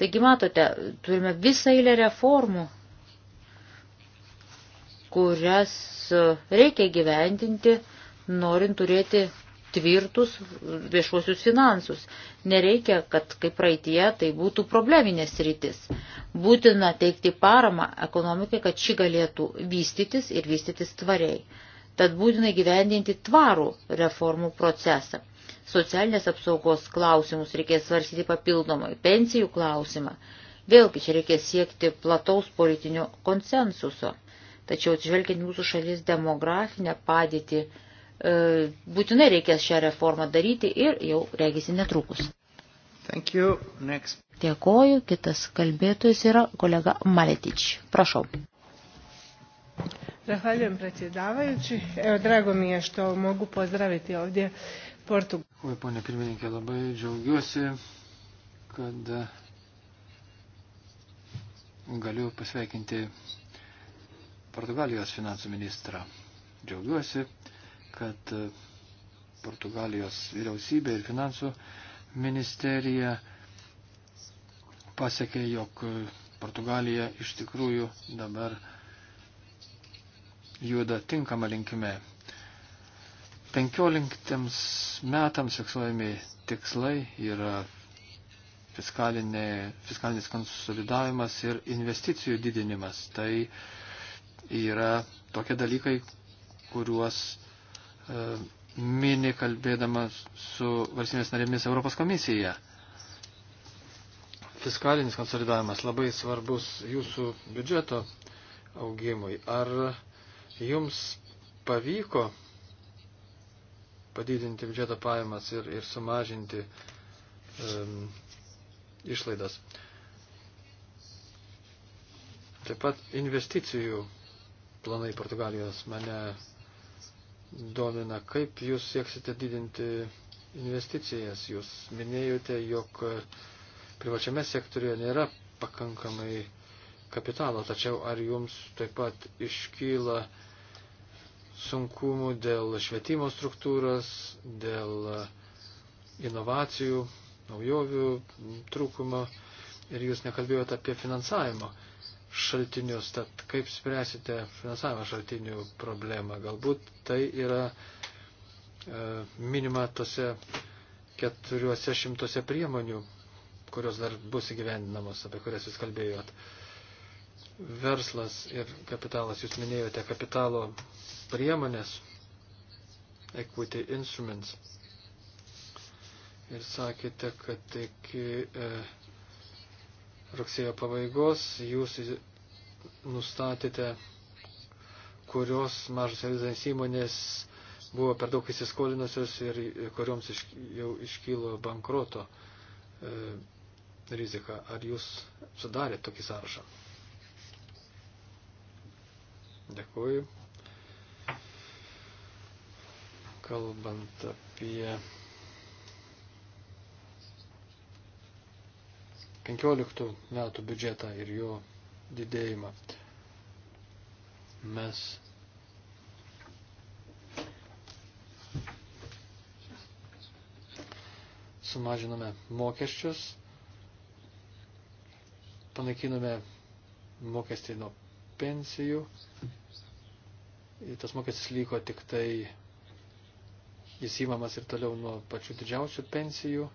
Taigi matote, turime visą eilę reformų, kurias e, reikia gyvendinti, norint turėti tvirtus viešuosius finansus. Nereikia, kad kaip praeitie tai būtų probleminės rytis. Būtina teikti paramą ekonomikai, kad ši galėtų vystytis ir vystytis tvariai. Tad būtina gyvendinti tvarų reformų procesą. Socialinės apsaugos klausimus reikės svarstyti papildomai, pensijų klausimą. Vėlgi čia reikės siekti plataus politinio konsensuso. Tačiau atsižvelgiant mūsų šalies demografinę padėtį, E, būtinai reikės šią reformą daryti ir jau regisi netrukus. Thank you. Next. Dėkoju, kitas kalbėtojas yra kolega Maletič. Prašau. Zahvaljujem predsjedavajući. Evo, drago mi je što mogu pozdraviti ovdje Portugal. Dėkoju, ponė pirmininkė, labai džiaugiuosi, kad galiu pasveikinti Portugalijos finansų ministrą. Džiaugiuosi, kad e, Portugalijos vyriausybė ir finansų ministerija pasiekė, jog e, Portugalija iš tikrųjų dabar juda tinkama linkime. 15 metams fiksuojami tikslai yra fiskalinis konsolidavimas ir investicijų didinimas. Tai yra tokie dalykai, kuriuos E, mini kalbėdamas su valstybės narėmis Europos komisija. Fiskalinis konsolidavimas labai svarbus jūsų biudžeto augimui. Ar jums pavyko padidinti biudžeto pajamas ir, ir sumažinti um, išlaidas? Taip pat investicijų planai Portugalijos mane domina, kaip jūs sieksite didinti investicijas. Jūs minėjote, jog privačiame sektoriuje nėra pakankamai kapitalo, tačiau ar jums taip pat iškyla sunkumų dėl švietimo struktūros, dėl inovacijų, naujovių trūkumo ir jūs nekalbėjote apie finansavimo šaltinius. Tad kaip spręsite finansavimo šaltinių problemą? Galbūt tai yra e, minima tose keturiuose šimtuose priemonių, kurios dar bus įgyvendinamos, apie kurias jūs kalbėjot. Verslas ir kapitalas, jūs minėjote kapitalo priemonės, equity instruments. Ir sakėte, kad iki. E, rugsėjo pabaigos jūs nustatėte, kurios mažos realizacinės įmonės buvo per daug įsiskolinusios ir kurioms iš, jau iškylo bankroto e, rizika. Ar jūs sudarėt tokį sąrašą? Dėkuoju. Kalbant apie 15 metų biudžetą ir jo didėjimą. Mes sumažinome mokesčius, panaikinome mokestį nuo pensijų. Ir tas mokestis lygo tik tai jis įmamas ir toliau nuo pačių didžiausių pensijų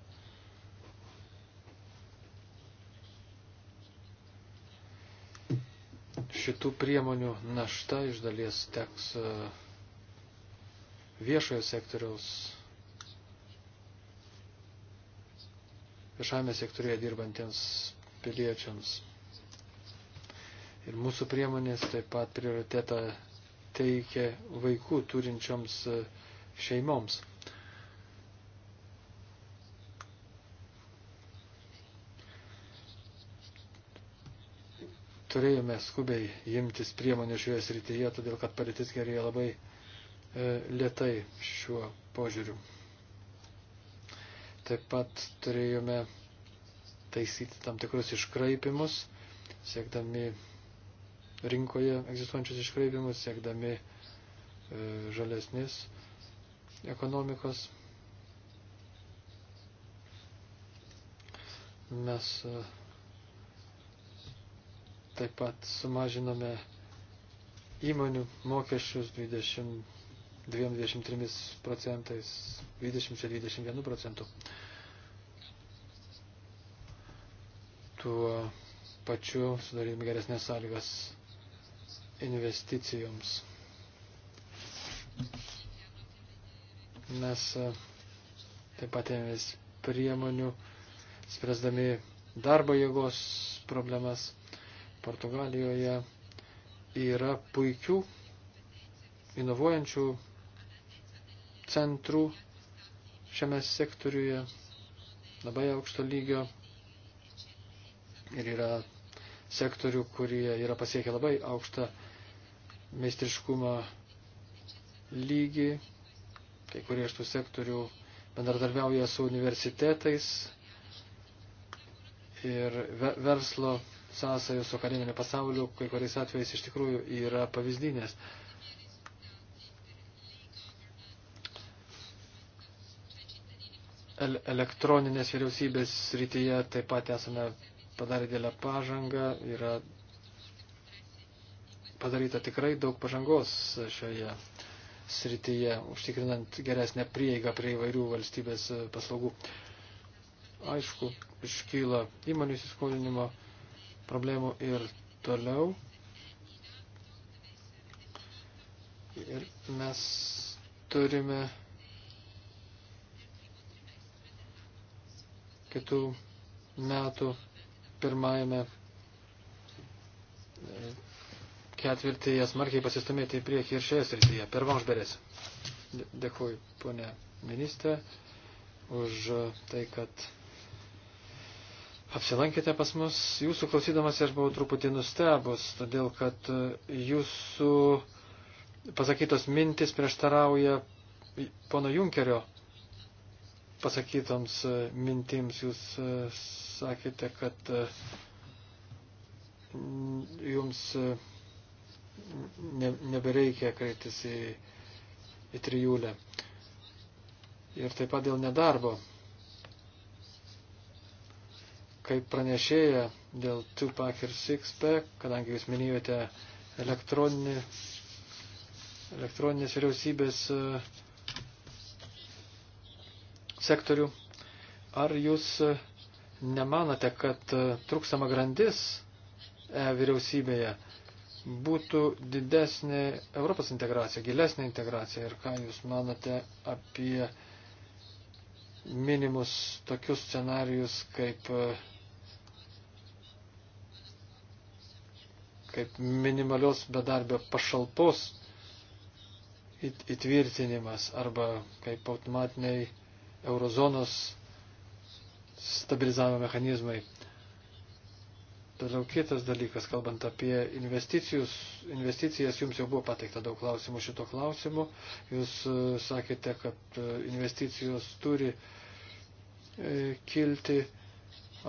šitų priemonių našta iš dalies teks e, viešojo sektoriaus, viešame sektorėje dirbantiems piliečiams. Ir mūsų priemonės taip pat prioritetą teikia vaikų turinčioms e, šeimoms. turėjome skubiai imtis priemonių šioje srityje, todėl kad padėtis gerėja labai e, lietai šiuo požiūriu. Taip pat turėjome taisyti tam tikrus iškraipimus, siekdami rinkoje egzistuojančius iškraipimus, siekdami e, žalesnės ekonomikos. Mes e, Taip pat sumažinome įmonių mokesčius 22-23 procentais, 20-21 procentų. Tuo pačiu sudarydami geresnės sąlygas investicijoms. Mes e, taip pat ėmės priemonių, spręsdami darbo jėgos problemas. Portugalijoje yra puikių inovuojančių centrų šiame sektoriuje, labai aukšto lygio ir yra sektorių, kurie yra pasiekę labai aukštą meistriškumo lygį. Kai kurie iš tų sektorių bendradarbiauja su universitetais ir verslo sąsajų su kariniame pasauliu kai kuriais atvejais iš tikrųjų yra pavyzdinės. elektroninės vyriausybės srityje taip pat esame padarę dėlę pažangą, yra padaryta tikrai daug pažangos šioje srityje, užtikrinant geresnę prieigą prie įvairių valstybės paslaugų. Aišku, iškyla įmonių įsiskolinimo problemų ir toliau. Ir mes turime kitų metų pirmajame e, ketvirtyje smarkiai pasistumėti į priekį ir šioje srityje. Per Vanžberės. Dėkuoju, ponė ministrė, už tai, kad apsilankėte pas mus. Jūsų klausydamas aš buvau truputį nustebus, todėl kad e, jūsų pasakytos mintis prieštarauja pono Junkerio pasakytoms e, mintims. Jūs e, sakėte, kad jums ne, nebereikia kreiptis į, į trijulę. Ir taip pat dėl nedarbo kaip pranešėja dėl 2-pack ir 6-pack, kadangi jūs minėjote elektroninį, elektroninės vyriausybės e, sektorių, ar jūs e, nemanote, kad e, truksama grandis e vyriausybėje būtų didesnė Europos integracija, gilesnė integracija ir ką jūs manote apie minimus tokius scenarius kaip, kaip minimalios bedarbio pašalpos įtvirtinimas arba kaip automatiniai eurozonos stabilizavimo mechanizmai Toliau kitas dalykas, kalbant apie investicijas, jums jau buvo pateikta daug klausimų šito klausimu. Jūs e, sakėte, kad e, investicijos turi e, kilti.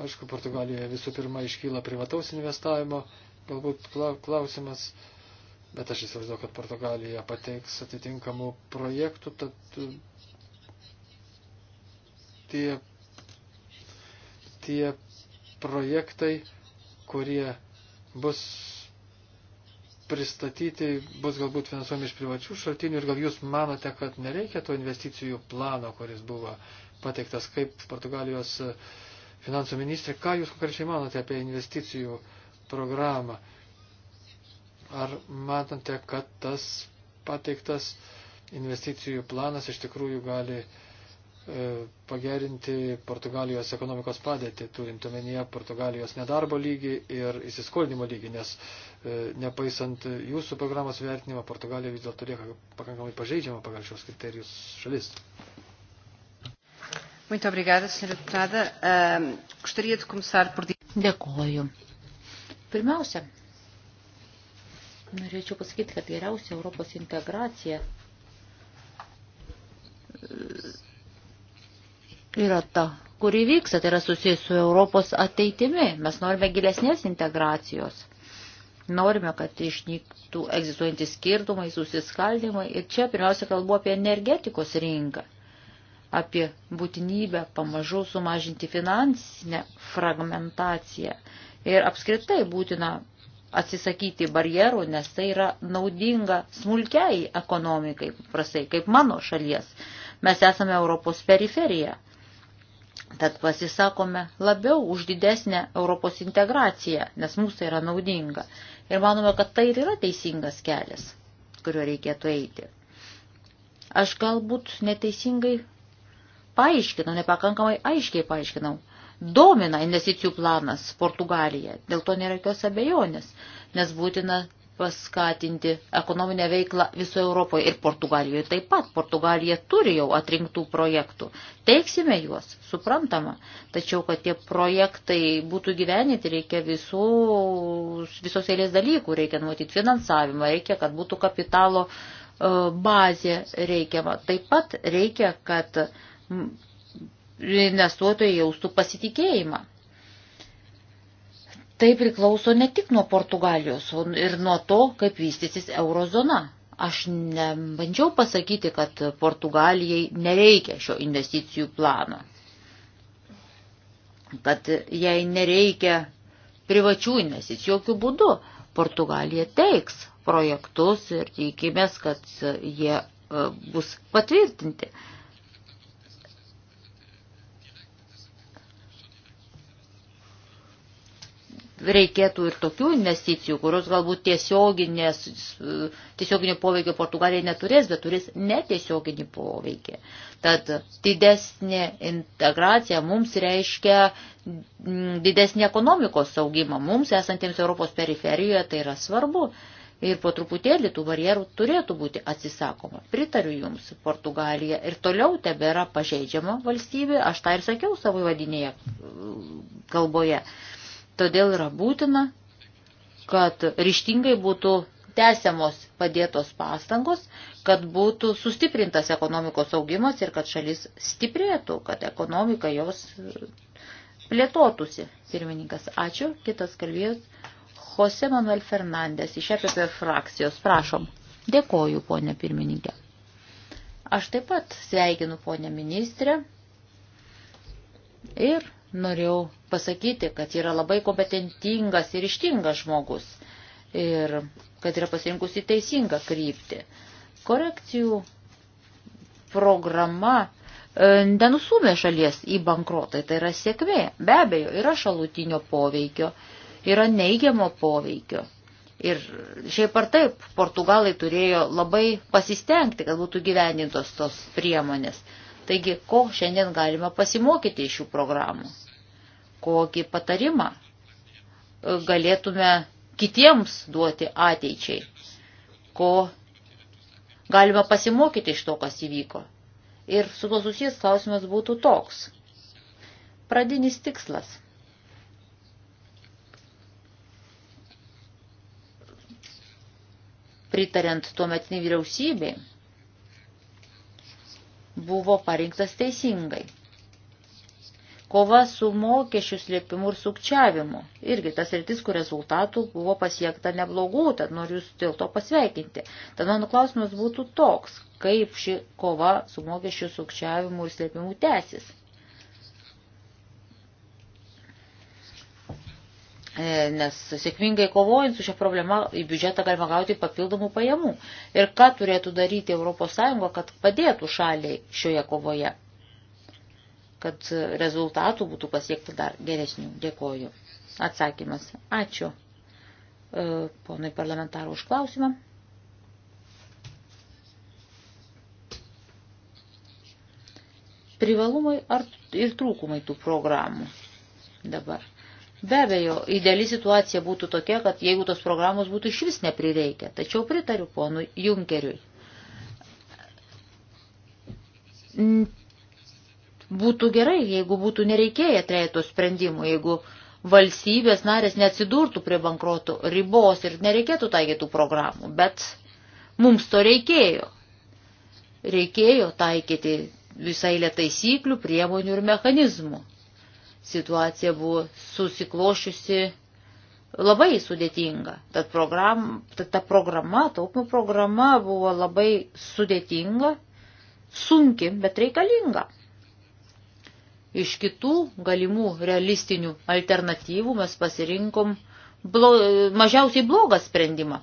Aišku, Portugalijoje visų pirma iškyla privataus investavimo, galbūt klausimas, bet aš įsivaizduoju, kad Portugalija pateiks atitinkamų projektų, tad tie, tie projektai kurie bus pristatyti, bus galbūt finansuojami iš privačių šaltinių ir gal jūs manote, kad nereikia to investicijų plano, kuris buvo pateiktas kaip Portugalijos finansų ministrė. Ką jūs konkrečiai manote apie investicijų programą? Ar matote, kad tas pateiktas investicijų planas iš tikrųjų gali uh, E, pagerinti Portugalijos ekonomikos padėtį, turint omenyje Portugalijos nedarbo lygį ir įsiskolinimo lygį, nes e, nepaisant jūsų programos vertinimo, Portugalija vis dėlto lieka pakankamai pažeidžiama pagal šios kriterijus šalis. Muito obrigada, senhora deputada. Uh, gostaria de começar por... Dėkoju. Pirmiausia, norėčiau pasakyti, kad geriausia Europos integracija uh, yra ta, kuri vyksta, tai yra susijęs su Europos ateitimi. Mes norime gilesnės integracijos. Norime, kad išnyktų egzistuojantys skirtumai, susiskaldimai. Ir čia pirmiausia kalbu apie energetikos rinką, apie būtinybę pamažu sumažinti finansinę fragmentaciją. Ir apskritai būtina atsisakyti barjerų, nes tai yra naudinga smulkiai ekonomikai, prasai, kaip mano šalies. Mes esame Europos periferija. Tad pasisakome labiau už didesnę Europos integraciją, nes mums tai yra naudinga. Ir manome, kad tai ir yra teisingas kelias, kuriuo reikėtų eiti. Aš galbūt neteisingai paaiškinau, nepakankamai aiškiai paaiškinau. Domina investicijų planas Portugalija, dėl to nėra jokios abejonės, nes būtina paskatinti ekonominę veiklą visoje Europoje ir Portugalijoje taip pat. Portugalija turi jau atrinktų projektų. Teiksime juos, suprantama. Tačiau, kad tie projektai būtų gyvenyti, reikia visus, visos eilės dalykų. Reikia numatyti finansavimą, reikia, kad būtų kapitalo e, bazė reikiama. Taip pat reikia, kad investuotojai jaustų pasitikėjimą tai priklauso ne tik nuo Portugalijos ir nuo to, kaip vystysis eurozona. Aš nebandžiau pasakyti, kad Portugalijai nereikia šio investicijų plano, kad jai nereikia privačių investicijų jokių būdų. Portugalija teiks projektus ir tikimės, kad jie e, bus patvirtinti. reikėtų ir tokių investicijų, kurios galbūt tiesioginės, tiesioginio poveikio Portugalija neturės, bet turės netiesioginį poveikį. Tad didesnė integracija mums reiškia mm, didesnį ekonomikos saugimą. Mums esantiems Europos periferijoje tai yra svarbu. Ir po truputėlį tų barjerų turėtų būti atsisakoma. Pritariu Jums, Portugalija ir toliau tebėra pažeidžiama valstybė, aš tą ir sakiau savo vadinėje mm, kalboje. Todėl yra būtina, kad ryštingai būtų tęsiamos padėtos pastangos, kad būtų sustiprintas ekonomikos augimas ir kad šalis stiprėtų, kad ekonomika jos plėtotųsi. Pirmininkas, ačiū. Kitas kalbėjus Jose Manuel Fernandės iš EPP frakcijos. Prašom. Dėkoju, ponė pirmininkė. Aš taip pat sveikinu ponę ministrę ir norėjau pasakyti, kad yra labai kompetentingas ir ištingas žmogus ir kad yra pasirinkusi teisingą kryptį. Korekcijų programa e, nenusumė šalies į bankrotą, tai yra sėkmė. Be abejo, yra šalutinio poveikio, yra neigiamo poveikio. Ir šiaip ar taip, portugalai turėjo labai pasistengti, kad būtų gyvenintos tos priemonės. Taigi, ko šiandien galima pasimokyti iš šių programų? Kokį patarimą e, galėtume kitiems duoti ateičiai? Ko galima pasimokyti iš to, kas įvyko? Ir su to susijęs klausimas būtų toks. Pradinis tikslas. Pritariant tuometiniai vyriausybei, buvo parinktas teisingai. Kova su mokesčių slėpimu ir sukčiavimu. Irgi tas rytis, kur rezultatų buvo pasiekta neblogų, tad noriu jūs dėl to pasveikinti. Tad mano klausimas būtų toks, kaip ši kova su mokesčių sukčiavimu ir slėpimu tęsis. E, nes sėkmingai kovojant su šią problemą į biudžetą galima gauti papildomų pajamų. Ir ką turėtų daryti ES, kad padėtų šaliai šioje kovoje, kad rezultatų būtų pasiekta dar geresnių. Dėkoju. Atsakymas. Ačiū. E, ponui parlamentarų už klausimą. Privalumai ar ir trūkumai tų programų dabar. Be abejo, ideali situacija būtų tokia, kad jeigu tos programos būtų iš vis neprireikę. Tačiau pritariu ponui Junkeriui. Būtų gerai, jeigu būtų nereikėję trejato sprendimų, jeigu valstybės narės neatsidurtų prie bankrotų ribos ir nereikėtų taikytų programų, bet mums to reikėjo. Reikėjo taikyti visai lėtaisyklių, priemonių ir mechanizmų situacija buvo susiklošiusi labai sudėtinga. Tad, program, tad ta programa, taupimo programa buvo labai sudėtinga, sunki, bet reikalinga. Iš kitų galimų realistinių alternatyvų mes pasirinkom blo, mažiausiai blogą sprendimą.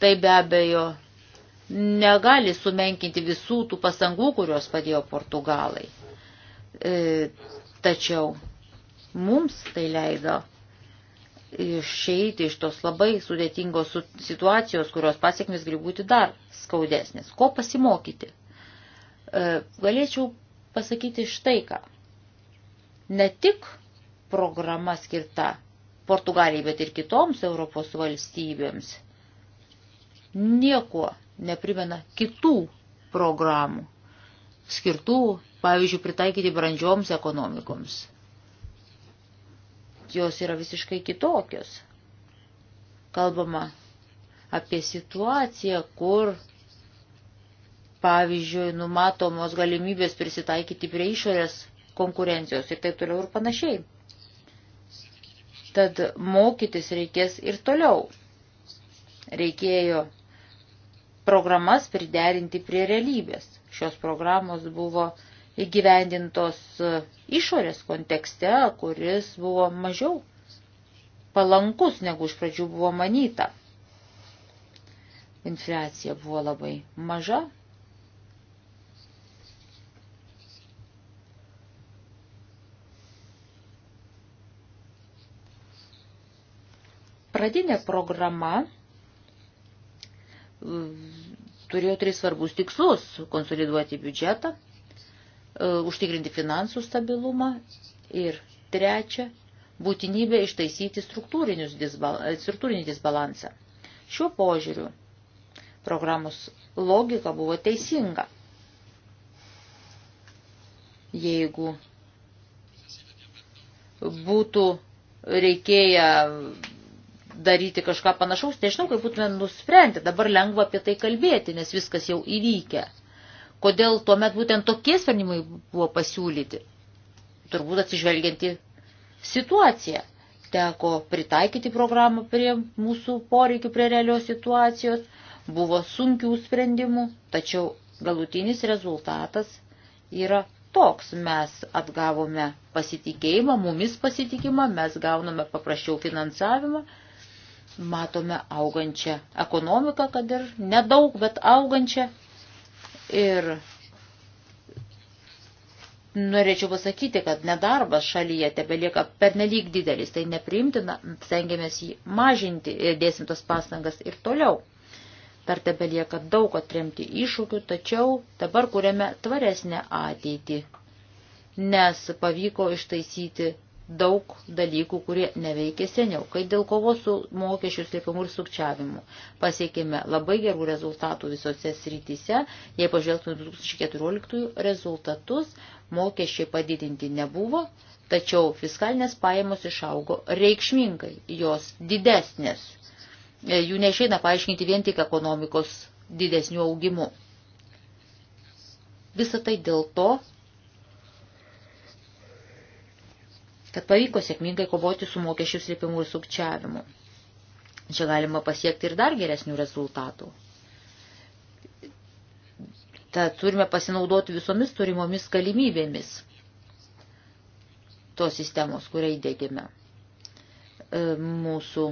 Tai be abejo negali sumenkinti visų tų pasangų, kurios padėjo portugalai. E, tačiau mums tai leido išeiti iš tos labai sudėtingos situacijos, kurios pasiekmes gali būti dar skaudesnės. Ko pasimokyti? E, galėčiau pasakyti štai ką. Ne tik programa skirta Portugalijai, bet ir kitoms Europos valstybėms nieko neprimena kitų programų, skirtų, pavyzdžiui, pritaikyti brandžioms ekonomikoms. Jos yra visiškai kitokios. Kalbama apie situaciją, kur, pavyzdžiui, numatomos galimybės prisitaikyti prie išorės konkurencijos ir taip toliau ir panašiai. Tad mokytis reikės ir toliau. Reikėjo programas priderinti prie realybės. Šios programos buvo įgyvendintos e, išorės kontekste, kuris buvo mažiau palankus, negu iš pradžių buvo manyta. Infliacija buvo labai maža. Pradinė programa turėjo tris svarbus tikslus – konsoliduoti biudžetą, e, užtikrinti finansų stabilumą ir trečia – būtinybė ištaisyti struktūrinį disbalansą. Šiuo požiūriu programos logika buvo teisinga. Jeigu būtų reikėję daryti kažką panašaus, nežinau, kaip būtume nusprendę, dabar lengva apie tai kalbėti, nes viskas jau įvykę. Kodėl tuomet būtent tokie sprendimai buvo pasiūlyti? Turbūt atsižvelgianti situaciją. Teko pritaikyti programą prie mūsų poreikių, prie realios situacijos, buvo sunkių sprendimų, tačiau galutinis rezultatas yra toks mes atgavome pasitikėjimą, mumis pasitikimą, mes gauname paprasčiau finansavimą matome augančią ekonomiką, kad ir nedaug, bet augančią. Ir norėčiau pasakyti, kad nedarbas šalyje tebelieka pernelyg didelis, tai nepriimtina, stengiamės jį mažinti ir dėsim tos pastangas ir toliau. Dar tebelieka daug atremti iššūkių, tačiau dabar kuriame tvaresnę ateitį, nes pavyko ištaisyti daug dalykų, kurie neveikė seniau, kai dėl kovos su mokesčių slėpimu ir sukčiavimu pasiekime labai gerų rezultatų visose srityse. Jei pažvelgtume 2014 rezultatus, mokesčiai padidinti nebuvo, tačiau fiskalinės pajamos išaugo reikšmingai, jos didesnės. E, jų neišeina paaiškinti vien tik ekonomikos didesnių augimų. Visą tai dėl to, kad pavyko sėkmingai kovoti su mokesčių slėpimu ir sukčiavimu. Čia galima pasiekti ir dar geresnių rezultatų. Tad turime pasinaudoti visomis turimomis galimybėmis tos sistemos, kurią įdėgėme. E, mūsų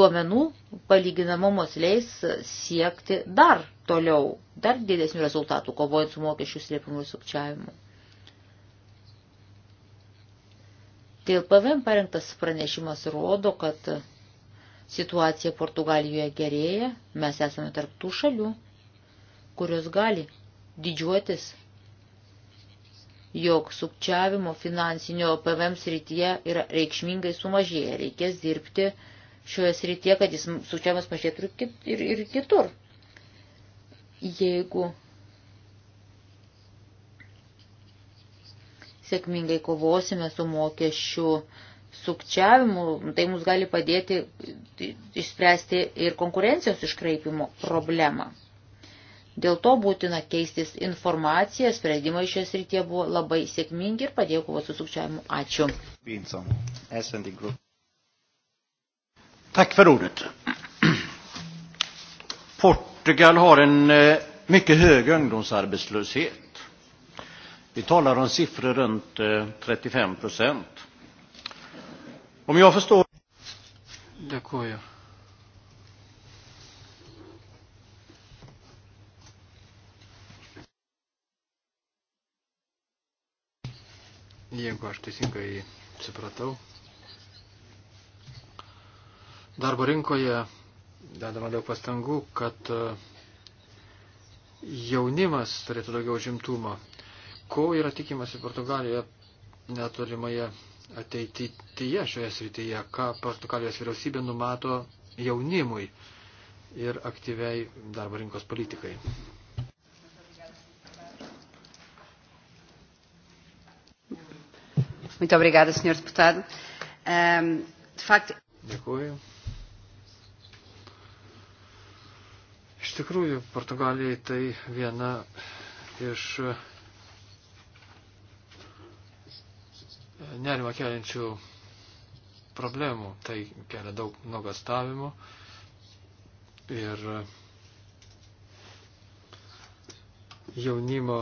duomenų palyginamumos leis siekti dar toliau, dar didesnių rezultatų, kovojant su mokesčių slėpimu ir sukčiavimu. Dėl PVM parengtas pranešimas rodo, kad situacija Portugalijoje gerėja, mes esame tarptų šalių, kurios gali didžiuotis, jog sukčiavimo finansinio PVM srityje yra reikšmingai sumažėję, reikės dirbti šioje srityje, kad jis sukčiavimas mažėtų ir, ir, ir kitur. Jeigu sėkmingai kovosime su mokesčių sukčiavimu, tai mus gali padėti išspręsti ir konkurencijos iškraipimo problemą. Dėl to būtina keistis informacija, sprendimai šios rytie buvo labai sėkmingi ir padėjo kovoti su sukčiavimu. Ačiū. Vinson, SND Group. Tack för ordet. Portugal har en eh, mycket hög ungdomsarbetslöshet. Vi talar om siffror runt 35 eh, procent. Om jag förstår... Dėkuoju. Jeigu aš teisingai supratau, darbo rinkoje dedama daug pastangų, kad eh, jaunimas turėtų daugiau žimtumo ko yra tikimasi Portugalijoje netolimoje ateityje šioje srityje, ką Portugalijos vyriausybė numato jaunimui ir aktyviai darbo rinkos politikai. Muito obrigada, senhor deputado. Um, de facto... Dėkuoju. Iš tikrųjų, Portugalijai tai viena iš nerima keliančių problemų, tai kelia daug nuogastavimų ir jaunimo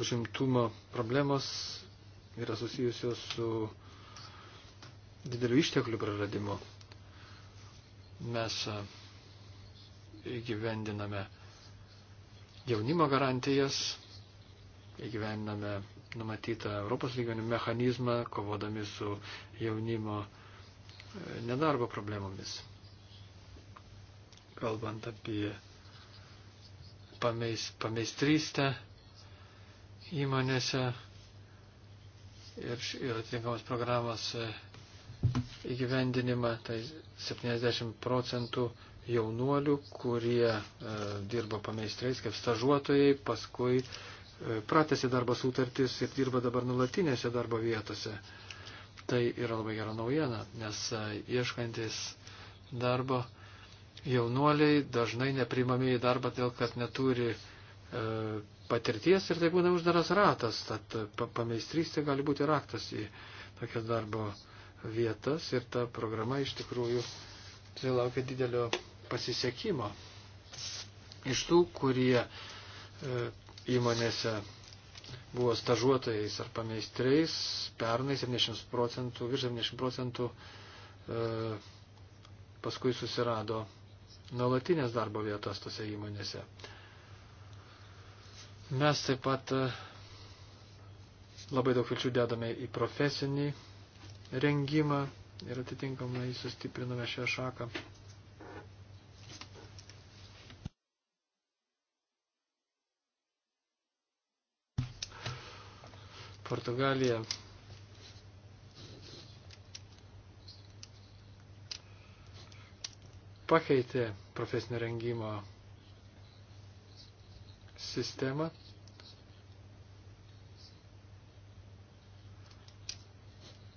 užimtumo problemos yra susijusios su dideliu išteklių praradimu. Mes e, įgyvendiname jaunimo garantijas, įgyvendiname numatytą Europos lygmenių mechanizmą, kovodami su jaunimo e, nedarbo problemomis. Kalbant apie pameis, pameistrystę įmonėse ir, ir atitinkamos programos e, įgyvendinimą, tai 70 procentų jaunuolių, kurie e, dirba pameistrais kaip stažuotojai, paskui E, pratėsi darbo sutartis ir dirba dabar nulatinėse darbo vietose. Tai yra labai gera naujiena, nes e, ieškantis darbo jaunuoliai dažnai neprimami į darbą dėl, kad neturi e, patirties ir tai būna uždaras ratas. Tad e, pameistrystė gali būti raktas į tokias darbo vietas ir ta programa iš tikrųjų tai laukia didelio pasisekimo. Iš tų, kurie e, įmonėse buvo stažuotojais ar pameistriais, pernai 70 procentų, virš 70 procentų e, paskui susirado nuolatinės darbo vietas tose įmonėse. Mes taip pat e, labai daug vilčių dedame į profesinį rengimą ir atitinkamai sustipriname šią šaką. Portugalija. Pakeitė profesinio rengimo sistemą.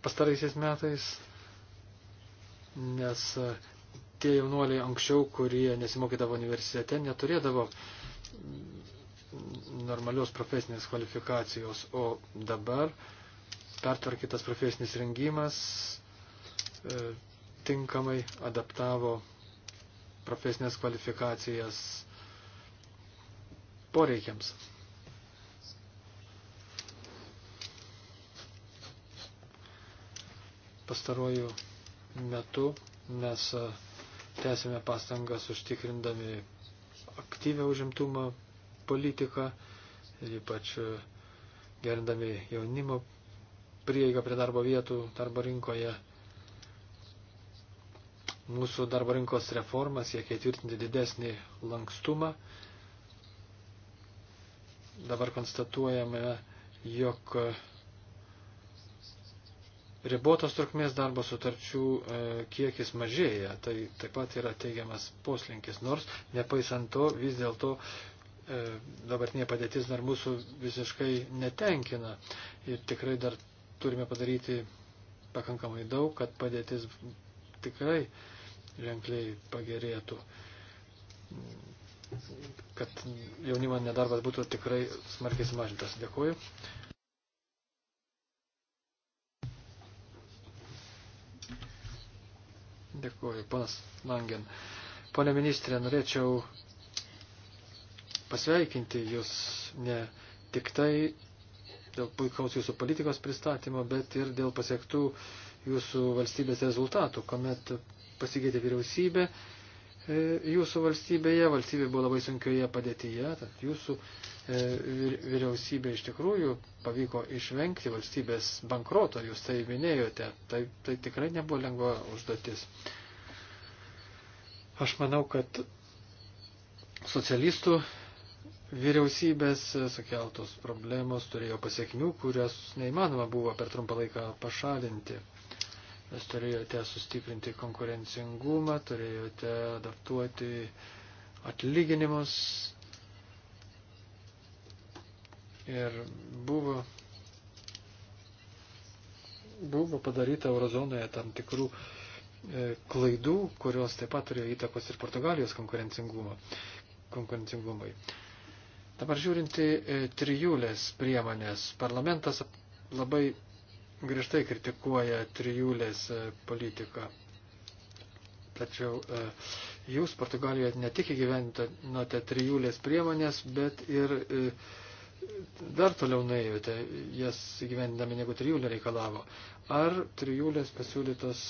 Pastaraisiais metais, nes tie jaunuoliai anksčiau, kurie nesimokydavo universitete, neturėdavo normalios profesinės kvalifikacijos, o dabar pertvarkytas profesinis rengimas e, tinkamai adaptavo profesinės kvalifikacijas poreikiams. Pastaruoju metu mes e, tęsime pastangas užtikrindami aktyvę užimtumą politiką ir ypač e, gerindami jaunimo prieigą prie darbo vietų darbo rinkoje. Mūsų darbo rinkos reforma siekia įtvirtinti didesnį lankstumą. Dabar konstatuojame, jog ribotos trukmės darbo sutarčių e, kiekis mažėja. Tai taip pat yra teigiamas poslinkis, nors nepaisant to vis dėlto E, dabartinė padėtis dar mūsų visiškai netenkina ir tikrai dar turime padaryti pakankamai daug, kad padėtis tikrai ženkliai pagerėtų, kad jaunimo nedarbas būtų tikrai smarkiai sumažintas. Dėkuoju. Dėkuoju, panas Langen. Pone ministrė, norėčiau pasveikinti jūs ne tik tai dėl puikaus jūsų politikos pristatymo, bet ir dėl pasiektų jūsų valstybės rezultatų, kuomet pasikeitė vyriausybė e, jūsų valstybėje, valstybė buvo labai sunkioje padėtyje, tad jūsų e, vyriausybė iš tikrųjų pavyko išvengti valstybės bankroto, jūs tai minėjote, tai, tai tikrai nebuvo lengva užduotis. Aš manau, kad socialistų vyriausybės sukeltos problemos turėjo pasiekmių, kurias neįmanoma buvo per trumpą laiką pašalinti. Jūs turėjote sustiprinti konkurencingumą, turėjote adaptuoti atlyginimus ir buvo, buvo padaryta eurozonoje tam tikrų e, klaidų, kurios taip pat turėjo įtakos ir Portugalijos konkurencingumą, konkurencingumai. Dabar žiūrinti e, trijulės priemonės. Parlamentas labai griežtai kritikuoja trijulės e, politiką. Tačiau e, jūs Portugalijoje ne tik įgyventinote trijulės priemonės, bet ir dar toliau nuėjote, jas įgyvendinami negu trijulė reikalavo. Ar trijulės pasiūlytos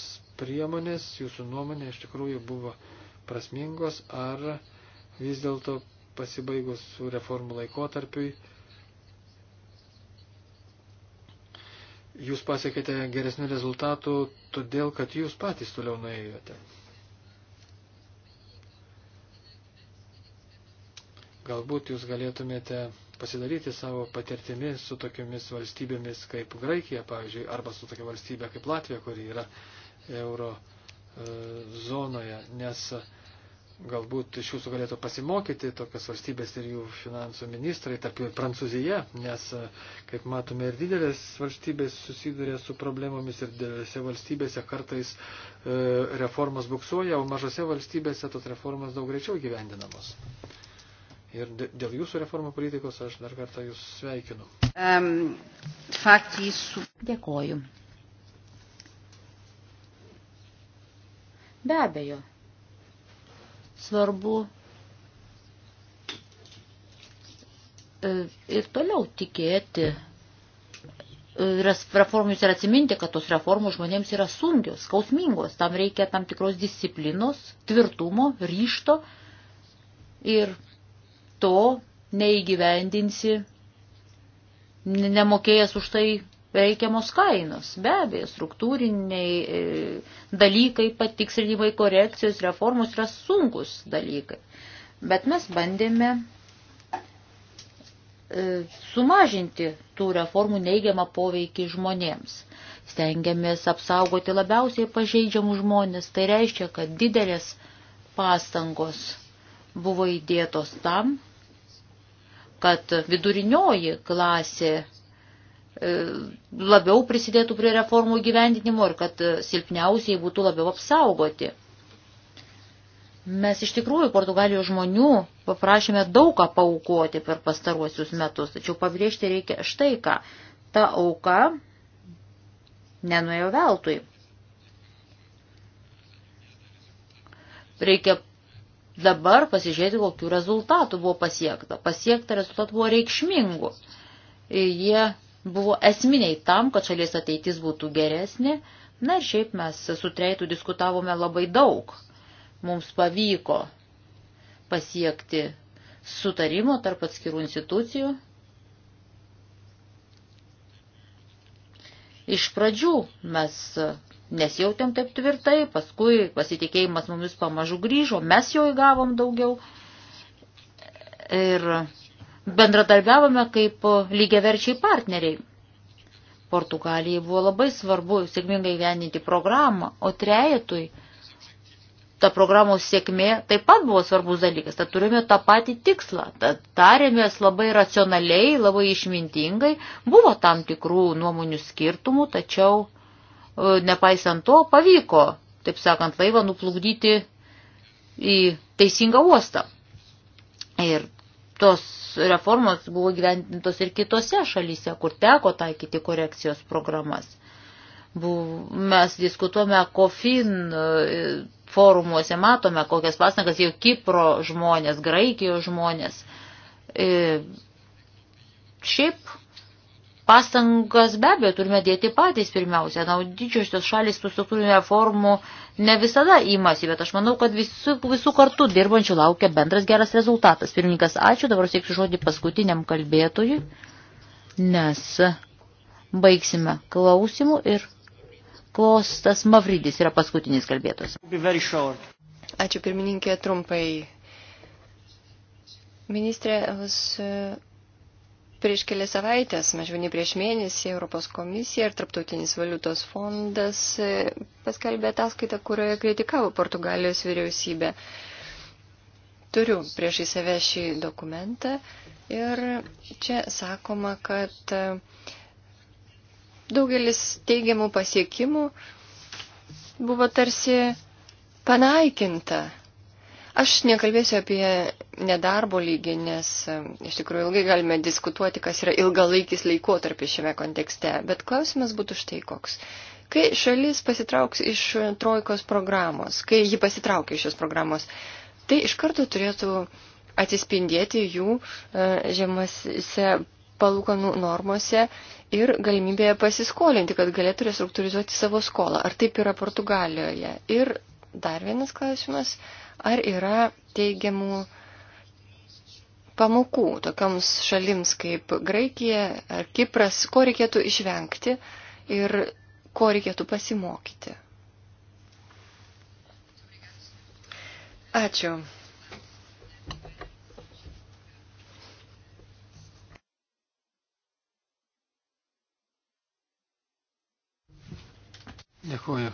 priemonės jūsų nuomonė iš tikrųjų buvo prasmingos, ar vis dėlto pasibaigus reformų laikotarpiui. Jūs pasiekėte geresnių rezultatų, todėl kad jūs patys toliau nuėjote. Galbūt jūs galėtumėte pasidaryti savo patirtimi su tokiamis valstybėmis kaip Graikija, pavyzdžiui, arba su tokia valstybė kaip Latvija, kuri yra euro e, zonoje, nes e, galbūt iš jūsų galėtų pasimokyti tokios valstybės ir jų finansų ministrai, tarp jų ir Prancūzija, nes, e, kaip matome, ir didelės valstybės susiduria su problemomis ir didelėse valstybėse kartais e, reformos buksuoja, o mažose valstybėse tos reformos daug greičiau gyvendinamos. Ir dėl jūsų reformų politikos aš dar kartą jūs sveikinu. Um, faktys. Dėkoju. Be abejo, svarbu e, ir toliau tikėti e, reformomis ir atsiminti, kad tos reformos žmonėms yra sunkios, skausmingos. Tam reikia tam tikros disciplinos, tvirtumo, ryšto ir to neįgyvendinsi, nemokėjęs už tai veikiamos kainos. Be abejo, struktūriniai e, dalykai, patikslinimai, korekcijos, reformos yra sunkus dalykai. Bet mes bandėme e, sumažinti tų reformų neigiamą poveikį žmonėms. Stengiamės apsaugoti labiausiai pažeidžiamų žmonės. Tai reiškia, kad didelės pastangos buvo įdėtos tam, kad vidurinioji klasė E, labiau prisidėtų prie reformų gyvendinimo ir kad e, silpniausiai būtų labiau apsaugoti. Mes iš tikrųjų Portugalijos žmonių paprašėme daug ką paukoti per pastaruosius metus, tačiau pabrėžti reikia štai ką. Ta auka nenuėjo veltui. Reikia dabar pasižiūrėti, kokiu rezultatu buvo pasiekta. Pasiekta rezultatų buvo reikšmingų. Jie buvo esminiai tam, kad šalies ateitis būtų geresnė. Na ir šiaip mes su treitu diskutavome labai daug. Mums pavyko pasiekti sutarimo tarp atskirų institucijų. Iš pradžių mes nesijautėm taip tvirtai, paskui pasitikėjimas mumis pamažu grįžo, mes jo įgavom daugiau. Ir bendradarbiavome kaip lygiaverčiai partneriai. Portugalijai buvo labai svarbu sėkmingai gyveninti programą, o trejetui ta programos sėkmė taip pat buvo svarbus dalykas. Tad turime tą patį tikslą. Tad tarėmės labai racionaliai, labai išmintingai. Buvo tam tikrų nuomonių skirtumų, tačiau e, nepaisant to pavyko, taip sakant, laivą nuplukdyti į teisingą uostą. Ir tos reformos buvo gyventintos ir kitose šalyse, kur teko taikyti korekcijos programas. Buv, mes diskutuome COFIN e, forumuose, matome, kokias pastangas jau Kipro žmonės, Graikijos žmonės. E, šiaip Pastangas be abejo turime dėti patys pirmiausia. Na, didžiosios šalis tų struktūrinių reformų ne visada įmasi, bet aš manau, kad visų, visų kartų dirbančių laukia bendras geras rezultatas. Pirmininkas, ačiū, dabar sėksiu žodį paskutiniam kalbėtojui, nes baigsime klausimų ir Klostas Mavrydis yra paskutinis kalbėtojas. Ačiū pirmininkė trumpai. Ministrė, jūs Prieš kelias savaitės, mažiau nei prieš mėnesį, Europos komisija ir Traptautinis valiutos fondas e, paskelbė ataskaitą, kurioje kritikavo Portugalijos vyriausybę. Turiu prieš į save šį dokumentą ir čia sakoma, kad e, daugelis teigiamų pasiekimų buvo tarsi panaikinta Aš nekalbėsiu apie nedarbo lygį, nes e, iš tikrųjų ilgai galime diskutuoti, kas yra ilgalaikis laikotarpis šiame kontekste, bet klausimas būtų štai koks. Kai šalis pasitrauks iš trojkos programos, kai ji pasitraukia iš šios programos, tai iš karto turėtų atsispindėti jų e, žemose palūkanų normose ir galimybėje pasiskolinti, kad galėtų restruktūrizuoti savo skolą. Ar taip yra Portugalijoje? Ir dar vienas klausimas. Ar yra teigiamų pamokų tokioms šalims kaip Graikija ar Kipras, ko reikėtų išvengti ir ko reikėtų pasimokyti? Ačiū. Dėkuoju.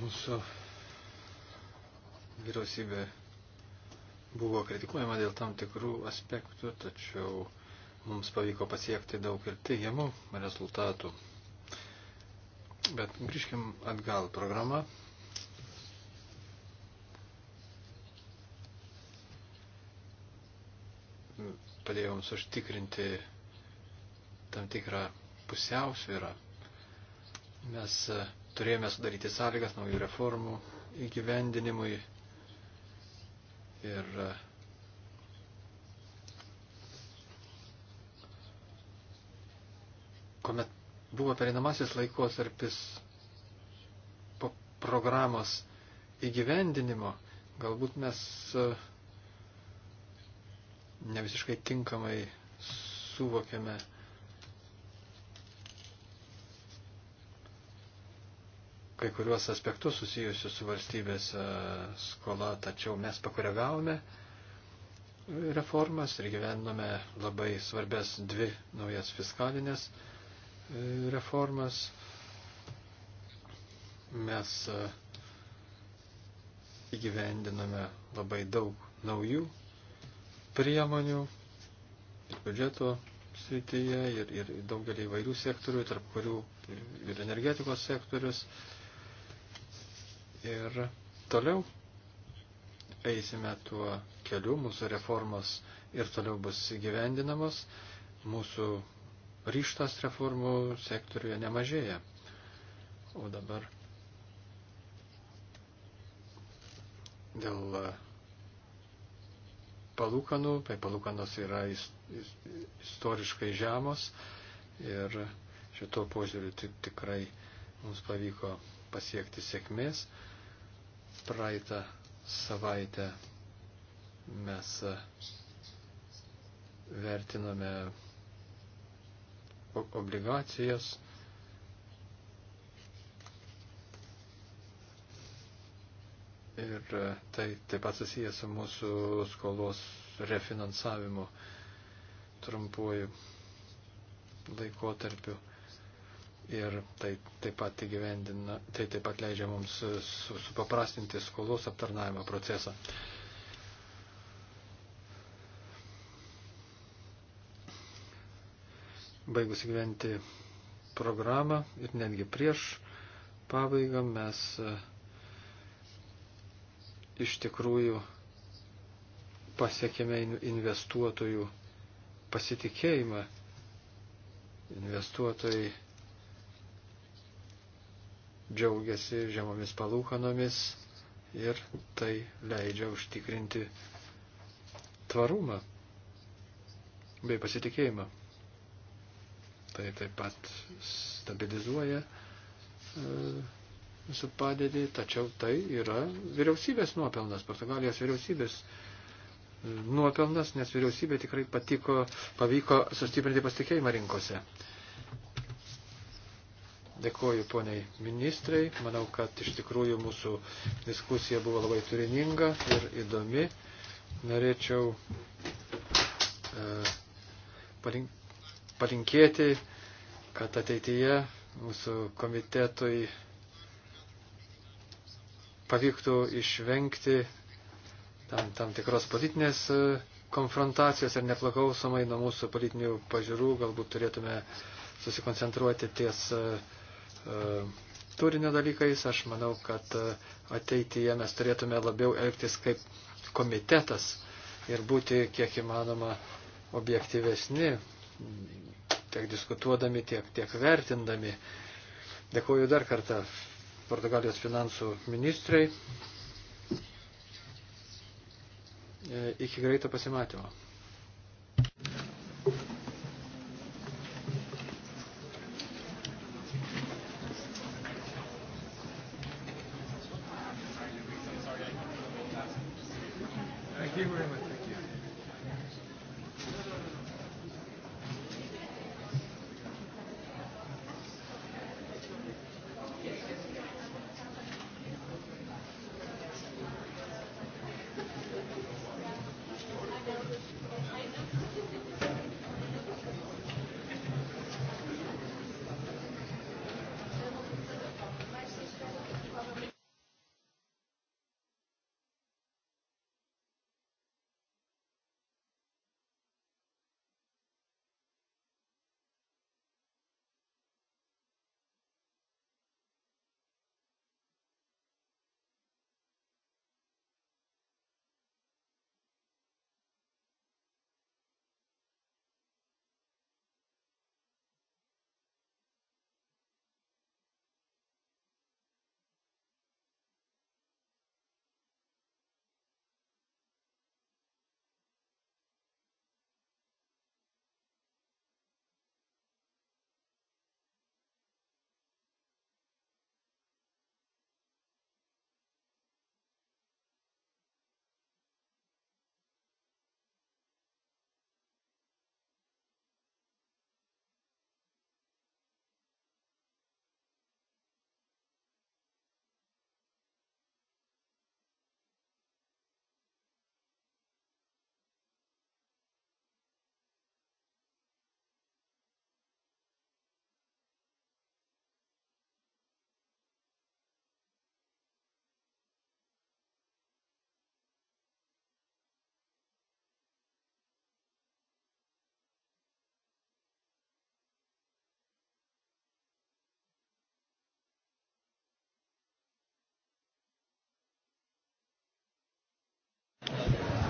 Mūsų vyriausybė buvo kritikuojama dėl tam tikrų aspektų, tačiau mums pavyko pasiekti daug ir teigiamų rezultatų. Bet grįžkim atgal programą. Padėjom užtikrinti tam tikrą pusiausvyrą. Mes turėjome sudaryti sąlygas naujų reformų įgyvendinimui Ir e, kuomet buvo perinamasis laikotarpis po programos įgyvendinimo, galbūt mes e, ne visiškai tinkamai suvokėme kai kuriuos aspektus susijusius su valstybės e, skola, tačiau mes pakoregavome reformas ir gyvenome labai svarbės dvi naujas fiskalinės e, reformas. Mes e, įgyvendiname labai daug naujų priemonių ir biudžeto srityje ir, ir daugelį įvairių sektorių, tarp kurių ir energetikos sektorius. E, ir toliau eisime tuo keliu, mūsų reformos ir toliau bus įgyvendinamos, mūsų ryštas reformų sektoriuje nemažėja. O dabar dėl palūkanų, tai palūkanos yra istoriškai žemos ir šito požiūriu tikrai mums pavyko pasiekti sėkmės. Praeitą savaitę mes e, vertiname obligacijas. Ir e, tai taip pat susijęs su mūsų skolos refinansavimu trumpuoju laikotarpiu ir tai taip pat, tai taip pat leidžia mums supaprastinti skolos aptarnavimo procesą. Baigus įgyventi programą ir netgi prieš pabaigą mes e, iš tikrųjų pasiekėme investuotojų pasitikėjimą. Investuotojai džiaugiasi žemomis palūkanomis ir tai leidžia užtikrinti tvarumą bei pasitikėjimą. Tai taip pat stabilizuoja e, visų padėdį, tačiau tai yra vyriausybės nuopelnas, Portugalijos vyriausybės e, nuopelnas, nes vyriausybė tikrai patiko, pavyko sustiprinti pasitikėjimą rinkose. Dėkuoju poniai ministrei. Manau, kad iš tikrųjų mūsų diskusija buvo labai turininga ir įdomi. Norėčiau e, palink, palinkėti, kad ateityje mūsų komitetui pavyktų išvengti tam, tam tikros politinės e, konfrontacijos ir neplakausomai nuo mūsų politinių pažiūrų galbūt turėtume susikoncentruoti ties e, E, turinio dalykais. Aš manau, kad e, ateityje mes turėtume labiau elgtis kaip komitetas ir būti kiek įmanoma objektyvesni, tiek diskutuodami, tiek, tiek vertindami. Dėkuoju dar kartą Portugalijos finansų ministrai. E, iki greito pasimatymo.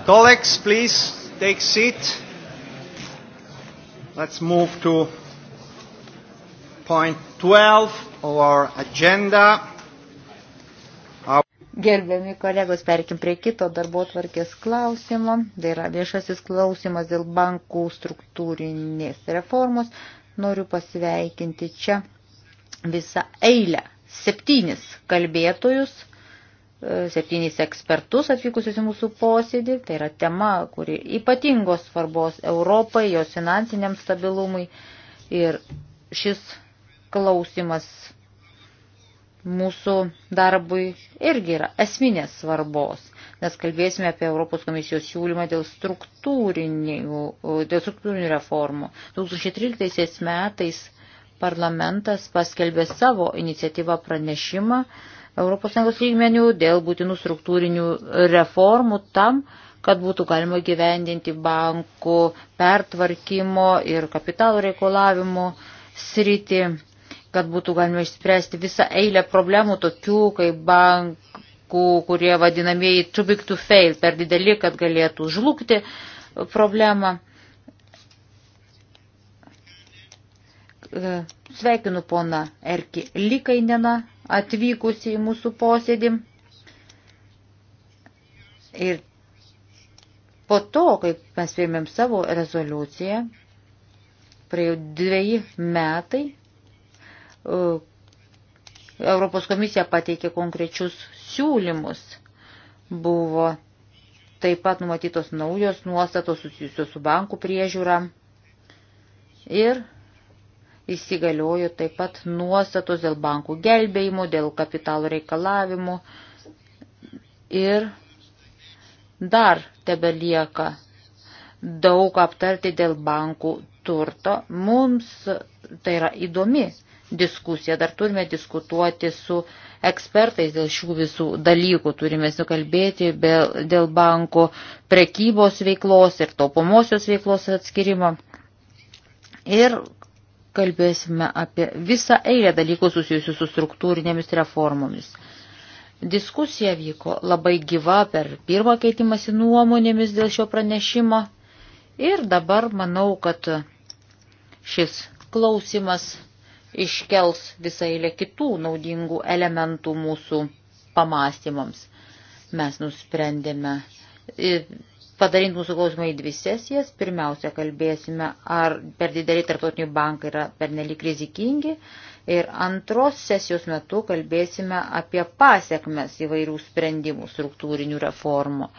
Colleagues, please take seat. Let's move to point 12 of our agenda. Our... Gerbiami kolegos, perkim prie kito darbo tvarkės klausimo. Tai yra viešasis klausimas dėl bankų struktūrinės reformos. Noriu pasveikinti čia visą eilę. Septynis kalbėtojus septynis ekspertus atvykusius į mūsų posėdį. Tai yra tema, kuri ypatingos svarbos Europai, jos finansiniam stabilumui. Ir šis klausimas mūsų darbui irgi yra esminės svarbos, nes kalbėsime apie Europos komisijos siūlymą dėl struktūrinių, dėl struktūrinių reformų. 2013 metais parlamentas paskelbė savo iniciatyvą pranešimą, uh, ES lygmenių dėl būtinų struktūrinių reformų tam, kad būtų galima gyvendinti bankų pertvarkymo ir kapitalo reikalavimo sritį, kad būtų galima išspręsti visą eilę problemų, tokių kaip bankų, kurie vadinamieji too big to fail, per dideli, kad galėtų žlugti problemą. Sveikinu pona Erki Likaineną atvykusi į mūsų posėdį. Ir po to, kai mes priėmėm savo rezoliuciją, praėjo dviejai metai, e, Europos komisija pateikė konkrečius siūlymus. Buvo taip pat numatytos naujos nuostatos susijusios su bankų priežiūra ir įsigaliojo taip pat nuostatos dėl bankų gelbėjimų, dėl kapitalo reikalavimų ir dar tebelieka daug aptarti dėl bankų turto. Mums tai yra įdomi diskusija, dar turime diskutuoti su ekspertais dėl šių visų dalykų, turime sukalbėti dėl bankų prekybos veiklos ir taupomosios veiklos atskirimo. Ir kalbėsime apie visą eilę dalykų susijusių su struktūrinėmis reformomis. Diskusija vyko labai gyva per pirmą keitimąsi nuomonėmis dėl šio pranešimo ir dabar manau, kad šis klausimas iškels visą eilę kitų naudingų elementų mūsų pamastymams. Mes nusprendėme padalinti mūsų klausimą į dvi sesijas. Pirmiausia, kalbėsime, ar per dideli tarptautiniai bankai yra pernelik rizikingi. Ir antros sesijos metu kalbėsime apie pasiekmes įvairių sprendimų struktūrinių reformų.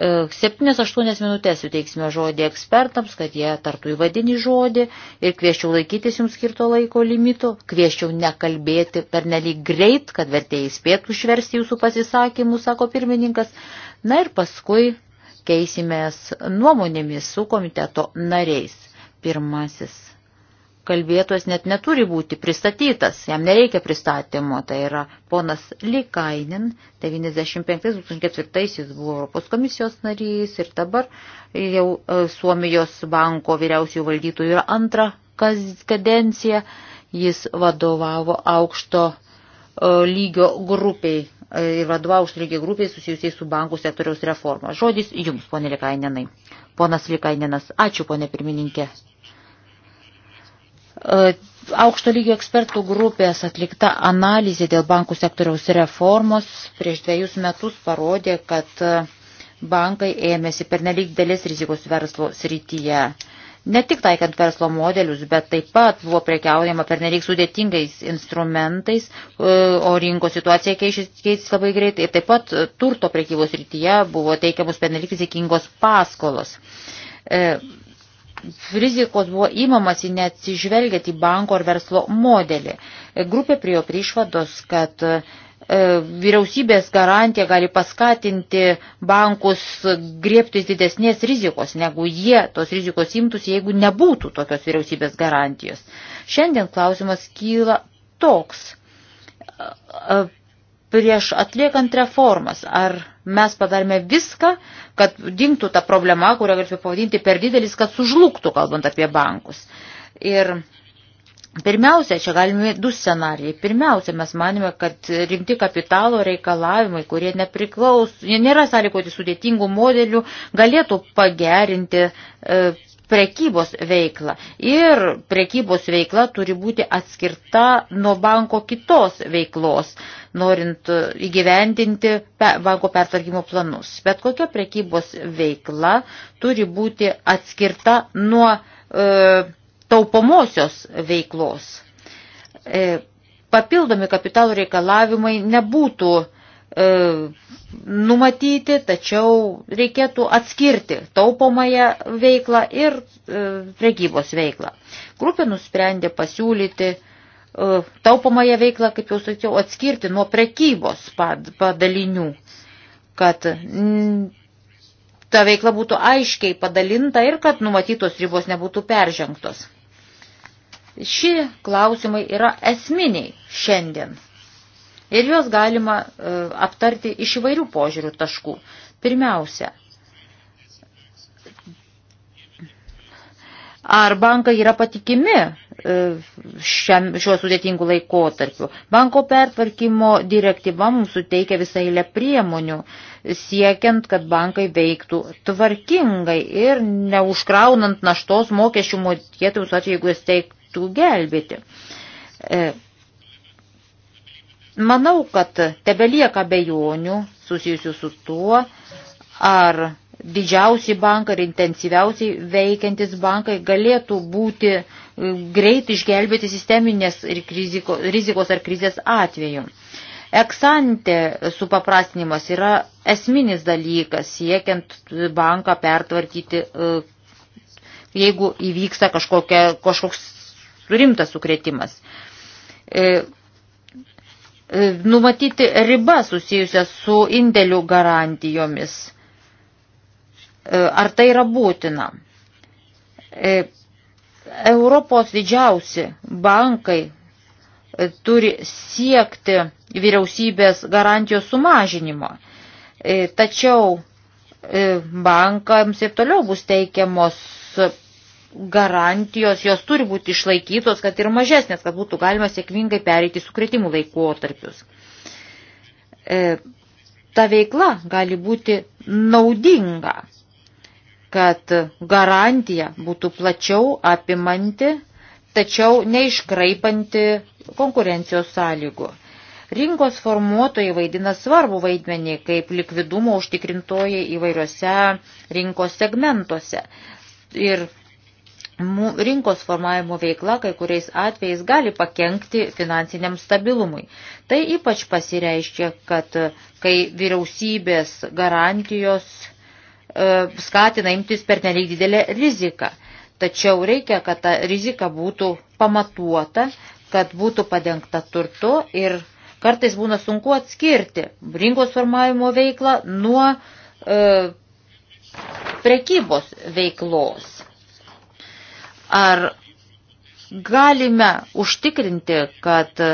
7-8 e, minutės suteiksime žodį ekspertams, kad jie tartų įvadinį žodį ir kvieščiau laikytis jums skirto laiko limito, kvieščiau nekalbėti per nelik greit, kad vertėjai spėtų išversti jūsų pasisakymus, sako pirmininkas. Na ir paskui keisimės nuomonėmis su komiteto nariais. Pirmasis kalbėtojas net neturi būti pristatytas, jam nereikia pristatymo, tai yra ponas Likainin, 95-2004 buvo Europos komisijos narys ir dabar jau e, Suomijos banko vyriausiųjų valdytojų yra antra kadencija, jis vadovavo aukšto e, lygio grupiai ir vadovaus lygiai grupiai susijusiai su bankų sektoriaus reforma. Žodis jums, ponė Likaininai. Ponas Likainenas, ačiū, ponė pirmininkė. E, aukšto lygio ekspertų grupės atlikta analizė dėl bankų sektoriaus reformos prieš dviejus metus parodė, kad bankai ėmėsi pernelyg dėlės rizikos verslo srityje ne tik taikant verslo modelius, bet taip pat buvo prekiaujama per nereik sudėtingais instrumentais, e, o rinkos situacija keisis labai greitai. Ir taip pat turto prekybos rytyje buvo teikiamus per nereik rizikingos paskolos. E, rizikos buvo įmamasi neatsižvelgiant į banko ar verslo modelį. E, grupė prie jo prišvados, kad E, vyriausybės garantija gali paskatinti bankus griebtis didesnės rizikos, negu jie tos rizikos imtųsi, jeigu nebūtų tokios vyriausybės garantijos. Šiandien klausimas kyla toks. E, prieš atliekant reformas, ar mes padarėme viską, kad dinktų ta problema, kurią galime pavadinti per didelis, kad sužlugtų, kalbant apie bankus. Ir Pirmiausia, čia galime du scenarijai. Pirmiausia, mes manime, kad rimti kapitalo reikalavimai, kurie nepriklaus, nėra sąlygoti sudėtingų modelių, galėtų pagerinti e, prekybos veiklą. Ir prekybos veikla turi būti atskirta nuo banko kitos veiklos, norint įgyvendinti banko pertvarkymo planus. Bet kokia prekybos veikla turi būti atskirta nuo. E, taupomosios veiklos. E, papildomi kapitalo reikalavimai nebūtų e, numatyti, tačiau reikėtų atskirti taupomąją veiklą ir e, prekybos veiklą. Grupė nusprendė pasiūlyti taupomąją veiklą, kaip jau sakiau, atskirti nuo prekybos padalinių, kad ta veikla būtų aiškiai padalinta ir kad numatytos ribos nebūtų peržengtos. Šie klausimai yra esminiai šiandien. Ir juos galima e, aptarti iš įvairių požiūrių taškų. Pirmiausia, ar bankai yra patikimi e, šiam, šiuo sudėtingu laikotarpiu. Banko pertvarkymo direktyva mums suteikia visą eilę priemonių, siekiant, kad bankai veiktų tvarkingai ir neužkraunant naštos mokesčių mokėtojus atveju, jeigu jis teik, reikėtų gelbėti. E, manau, kad tebelieka bejonių susijusių su tuo, ar didžiausi bankai ir intensyviausiai veikiantis bankai galėtų būti e, greit išgelbėti sisteminės rizikos ar krizės atveju. Eksante supaprastinimas yra esminis dalykas, siekiant banką pertvarkyti, e, jeigu įvyksta kažkokia, kažkoks rimtas sukretimas. E, e, numatyti ribą susijusią su indėlių garantijomis. E, ar tai yra būtina? E, Europos didžiausi bankai turi siekti vyriausybės garantijos sumažinimo. Tačiau bankams ir toliau bus teikiamos garantijos, jos turi būti išlaikytos, kad ir mažesnės, kad būtų galima sėkmingai pereiti sukretimų laikotarpius. E, ta veikla gali būti naudinga, kad garantija būtų plačiau apimanti, tačiau neiškraipanti konkurencijos sąlygų. Rinkos formuotojai vaidina svarbu vaidmenį kaip likvidumo užtikrintojai įvairiuose rinkos segmentuose. Ir rinkos formavimo veikla kai kuriais atvejais gali pakengti finansiniam stabilumui. Tai ypač pasireiškia, kad kai vyriausybės garantijos e, skatina imtis per nereik didelę riziką. Tačiau reikia, kad ta rizika būtų pamatuota, kad būtų padengta turtu ir kartais būna sunku atskirti rinkos formavimo veiklą nuo e, prekybos veiklos Ar galime užtikrinti, kad e,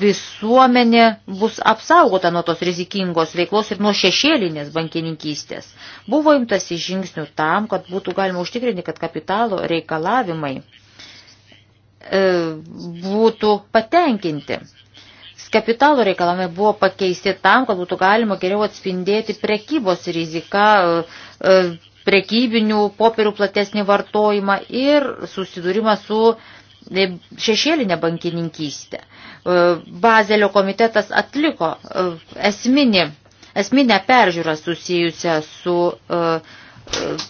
visuomenė bus apsaugota nuo tos rizikingos veiklos ir nuo šešėlinės bankininkystės. Buvo imtasi žingsnių tam, kad būtų galima užtikrinti, kad kapitalo reikalavimai e, būtų patenkinti. Kapitalo reikalavimai buvo pakeisti tam, kad būtų galima geriau atspindėti prekybos riziką e, prekybinių popierių platesnį vartojimą ir susidūrimą su e, šešėlinė bankininkystė. E, Bazelio komitetas atliko e, esminį, esminę peržiūrą susijusią su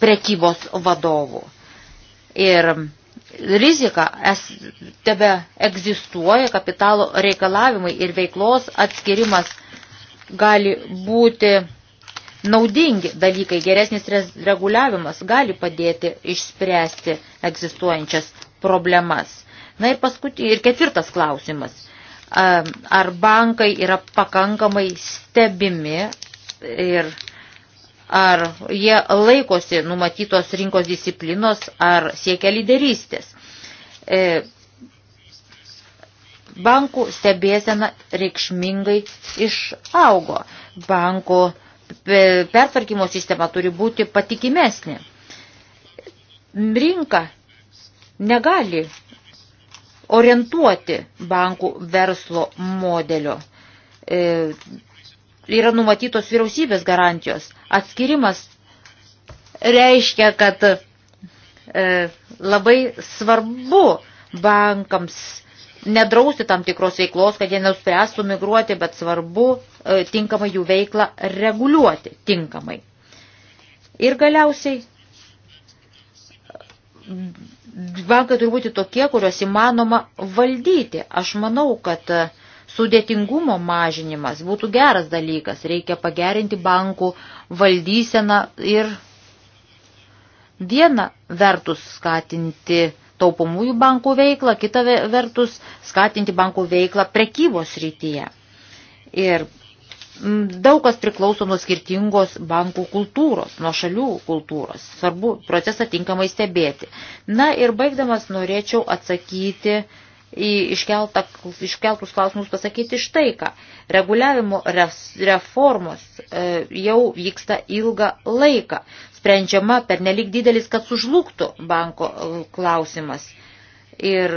prekybos vadovu. Ir rizika es, tebe egzistuoja, kapitalo reikalavimai ir veiklos atskirimas gali būti naudingi dalykai, geresnis reguliavimas gali padėti išspręsti egzistuojančias problemas. Na ir, paskutin, ir ketvirtas klausimas. Ar bankai yra pakankamai stebimi ir ar jie laikosi numatytos rinkos disciplinos, ar siekia lyderystės. E, bankų stebėsena reikšmingai išaugo. Bankų pertvarkymo sistema turi būti patikimesnė. Rinka negali orientuoti bankų verslo modelio. E, yra numatytos vyriausybės garantijos. Atskirimas reiškia, kad e, labai svarbu bankams nedrausti tam tikros veiklos, kad jie nenuspręstų migruoti, bet svarbu e, tinkamai jų veiklą reguliuoti tinkamai. Ir galiausiai bankai turi būti tokie, kuriuos įmanoma valdyti. Aš manau, kad e, sudėtingumo mažinimas būtų geras dalykas. Reikia pagerinti bankų valdyseną ir vieną vertus skatinti taupomųjų bankų veiklą, kita vertus skatinti bankų veiklą prekybos rytyje. Ir daug kas priklauso nuo skirtingos bankų kultūros, nuo šalių kultūros. Svarbu procesą tinkamai stebėti. Na ir baigdamas norėčiau atsakyti į iškeltą, iškeltus klausimus pasakyti štai ką. Reguliavimo reformos e, jau vyksta ilgą laiką sprendžiama per nelik didelis, kad sužlugtų banko klausimas. Ir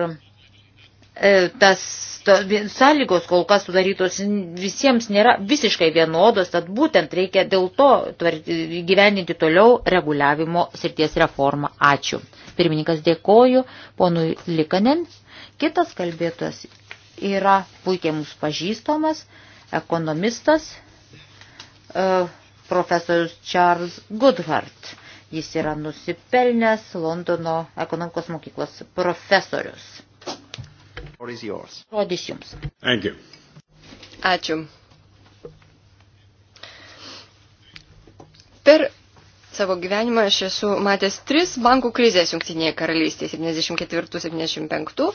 e, tas to, sąlygos kol kas sudarytos visiems nėra visiškai vienodos, tad būtent reikia dėl to gyveninti toliau reguliavimo srities reformą. Ačiū. Pirmininkas dėkoju, ponui Likanen. Kitas kalbėtojas yra puikiai mūsų pažįstamas, ekonomistas. Uh, profesorius Charles Goodhart. Jis yra nusipelnęs Londono ekonomikos mokyklos profesorius. Rodys jums. Thank you. Ačiū. Per savo gyvenimą aš esu matęs tris bankų krizės Junktinėje karalystėje - 74, 75,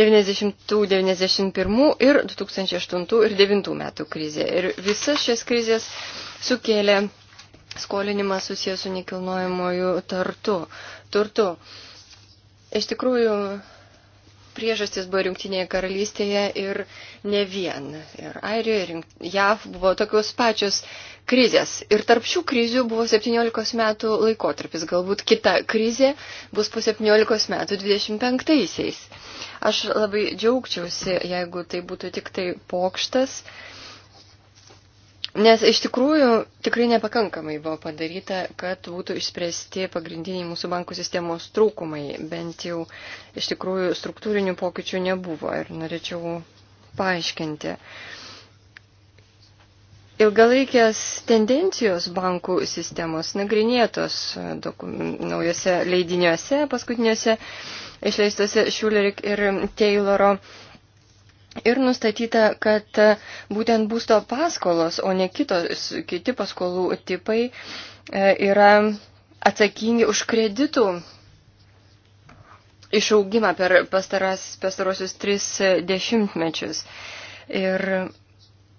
90, 91 ir 2008 ir 2009 metų krizė. Ir visas šias krizės sukėlė skolinimą susijęs su nekilnojamojų turtu. turtu. Iš tikrųjų, priežastis buvo Junktinėje karalystėje ir ne vien. Ir Airijoje, ir JAV buvo tokios pačios krizės. Ir tarp šių krizių buvo 17 metų laikotarpis. Galbūt kita krizė bus po 17 metų 25-aisiais. Aš labai džiaugčiausi, jeigu tai būtų tik tai pokštas. Uh, Nes iš tikrųjų tikrai nepakankamai buvo padaryta, kad būtų išspręsti pagrindiniai mūsų bankų sistemos trūkumai. Bent jau iš tikrųjų struktūrinių pokyčių nebuvo ir norėčiau paaiškinti. Ilgalaikės tendencijos bankų sistemos nagrinėtos naujose leidiniuose, paskutiniuose išleistose Šulerik ir Tayloro Ir nustatyta, kad e, būtent būsto paskolos, o ne kitos, kiti paskolų tipai e, yra atsakingi už kreditų išaugimą per pastaras, pastarosius tris dešimtmečius. Ir